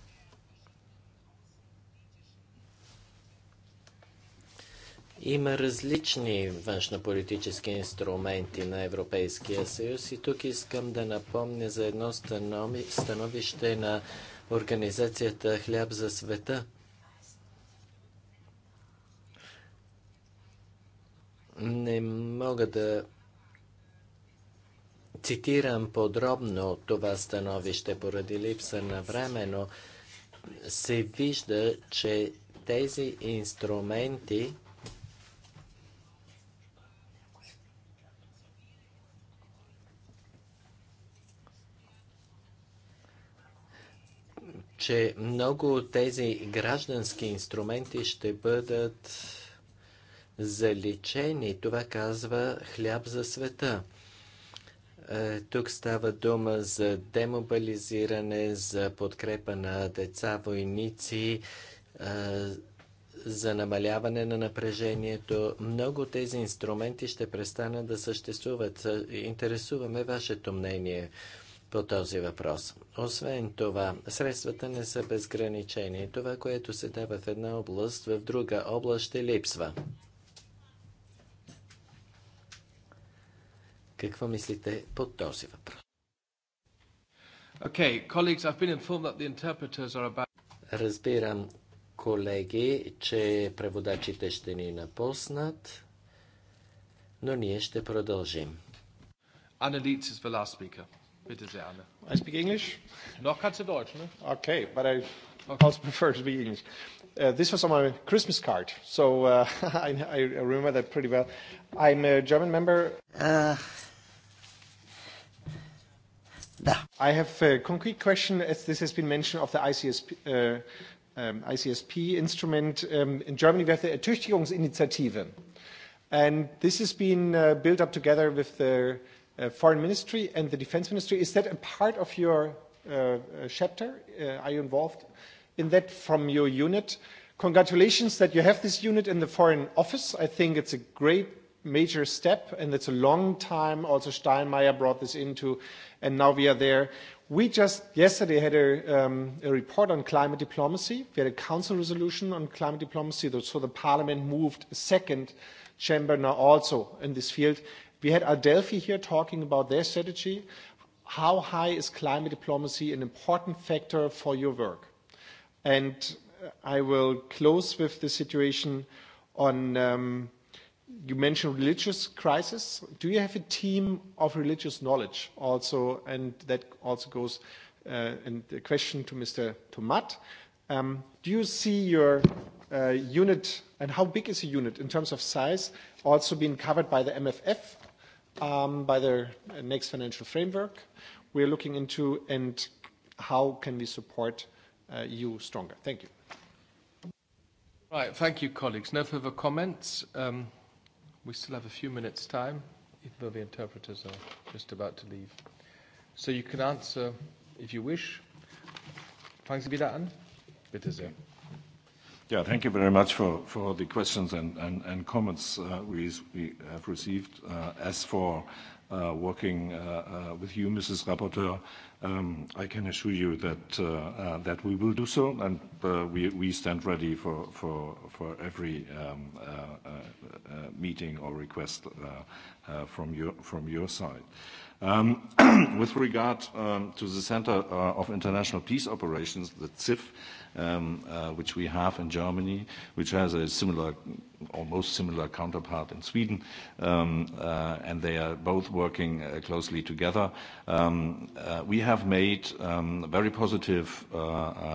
Има различни външнополитически инструменти на Европейския съюз и тук искам да напомня за едно становище на организацията Хляб за света. Не мога да цитирам подробно това становище поради липса на време, но се вижда, че тези инструменти че много от тези граждански инструменти ще бъдат заличени. Това казва хляб за света. Е, тук става дума за демобилизиране, за подкрепа на деца, войници, е, за намаляване на напрежението. Много тези инструменти ще престанат да съществуват. Е, интересуваме вашето мнение по този въпрос. Освен това, средствата не са безграничени. Това, което се дава в една област, в друга област ще липсва. Какво мислите по този въпрос? Okay, colleagues, I've been informed that the interpreters are about... Разбирам, колеги, че преводачите ще ни напуснат, но ние ще продължим. Annelies is the last speaker. Bitte sehr, Anne. I speak English? Noch kannst du Deutsch, ne? Okay, but I okay. also prefer to speak English. Uh, this was on my Christmas card, so uh, I, I remember that pretty well. I'm a German member. Uh, I have a concrete question, as this has been mentioned, of the ICSP, uh, um, ICSP instrument. Um, in Germany, we have the Ertüchtigungsinitiative, and this has been uh, built up together with the uh, foreign ministry and the defense ministry. Is that a part of your uh, chapter? Uh, are you involved in that from your unit? Congratulations that you have this unit in the foreign office. I think it's a great major step, and it's a long time. Also, Steinmeier brought this into, and now we are there. We just yesterday had a, um, a report on climate diplomacy. We had a council resolution on climate diplomacy, so the parliament moved a second chamber now also in this field. We had Adelphi here talking about their strategy. How high is climate diplomacy an important factor for your work? And I will close with the situation on um, you mentioned religious crisis. Do you have a team of religious knowledge also? And that also goes, uh, and the question to Mr. Tomat. Um, do you see your uh, unit, and how big is the unit in terms of size, also being covered by the MFF? um, by the next financial framework. We are looking into and how can we support uh, you stronger. Thank you. Right, thank you, colleagues. No further comments. Um, we still have a few minutes' time, even though the interpreters are just about to leave. So you can answer if you wish. Fangen Sie wieder an. Bitte sehr. Okay. Yeah, thank you very much for, for the questions and, and, and comments uh, we, we have received. Uh, as for uh, working uh, uh, with you, Mrs. Rapporteur, um, I can assure you that, uh, uh, that we will do so and uh, we, we stand ready for, for, for every um, uh, uh, uh, meeting or request uh, uh, from, your, from your side. Um, with regard um, to the Center of International Peace Operations, the CIF, um, uh, which we have in Germany, which has a similar, almost similar counterpart in Sweden, and they are both working uh, closely together. Um, we have made um, very positive uh,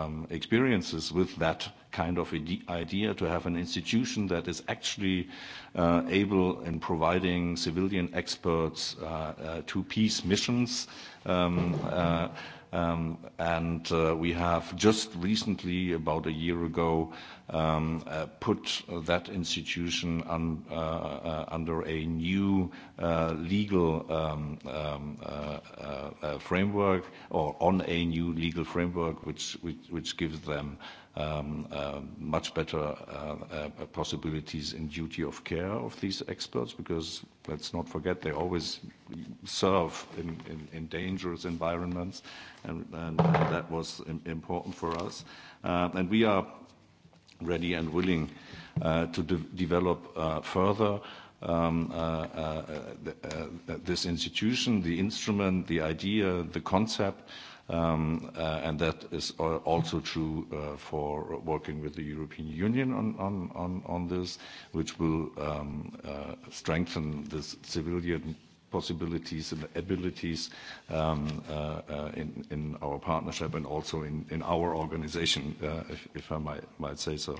um, experiences with that kind of idea to have an institution that is actually uh, able in providing civilian experts uh, uh, to peace missions um, uh, and we have just recently, about a year ago, put that institution under a new legal framework or on a new legal framework which, which, which gives them um, uh, much better uh, uh, possibilities in duty of care of these experts because let's not forget they always serve in, in, in dangerous environments and, and, that was important for us. Uh, and we are ready and willing uh, to develop uh, further um, uh, uh, uh, this institution, the instrument, the idea, the concept and that is also true for working with the European Union on this, which will strengthen the civilian possibilities and abilities in our partnership and also in our organization, if I might say so.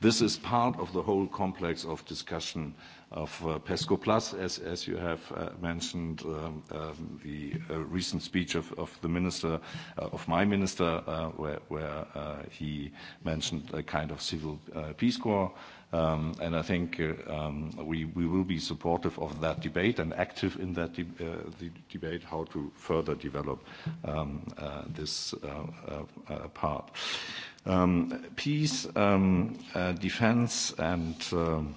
This is part of the whole complex of discussion of PESCO Plus, as, you have uh, mentioned, um, the uh, recent speech of, of the minister, uh, of my minister, uh, where, where uh, he mentioned a kind of civil peace corps. Um, and I think um, we, we will be supportive of that debate and active in that the debate how to further develop um, uh, this uh, uh, part. Um, peace, um, uh, defense, and um,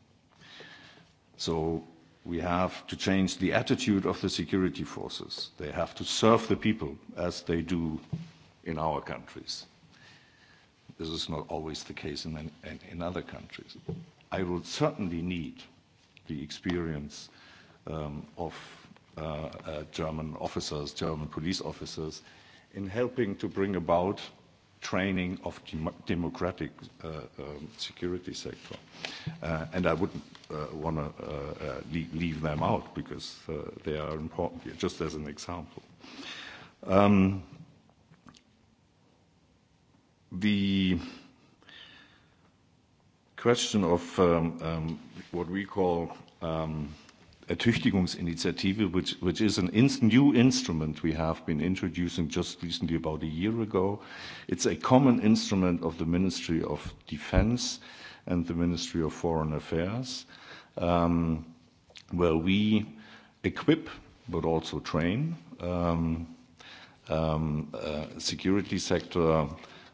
So we have to change the attitude of the security forces. They have to serve the people as they do in our countries. This is not always the case in, in, in other countries. I would certainly need the experience um, of uh, uh, German officers, German police officers, in helping to bring about training of democratic uh, um, security sector. Uh, and I wouldn't uh, want to uh, uh, leave, leave them out because uh, they are important here, just as an example. Um, the question of um, um, what we call um, – Ertüchtigungsinitiative, which, which is an ins new instrument we have been introducing just recently, about a year ago. It's a common instrument of the Ministry of Defense and the Ministry of Foreign Affairs, um, where we equip but also train um, um, uh, security sector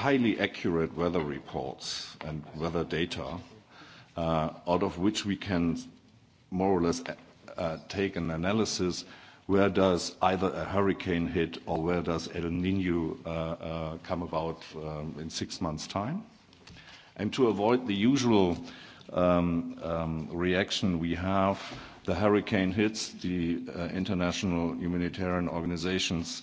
highly accurate weather reports and weather data out of which we can more or less take an analysis where does either a hurricane hit or where does El Nino come about in six months' time. And to avoid the usual um, reaction we have, the hurricane hits, the uh, international humanitarian organizations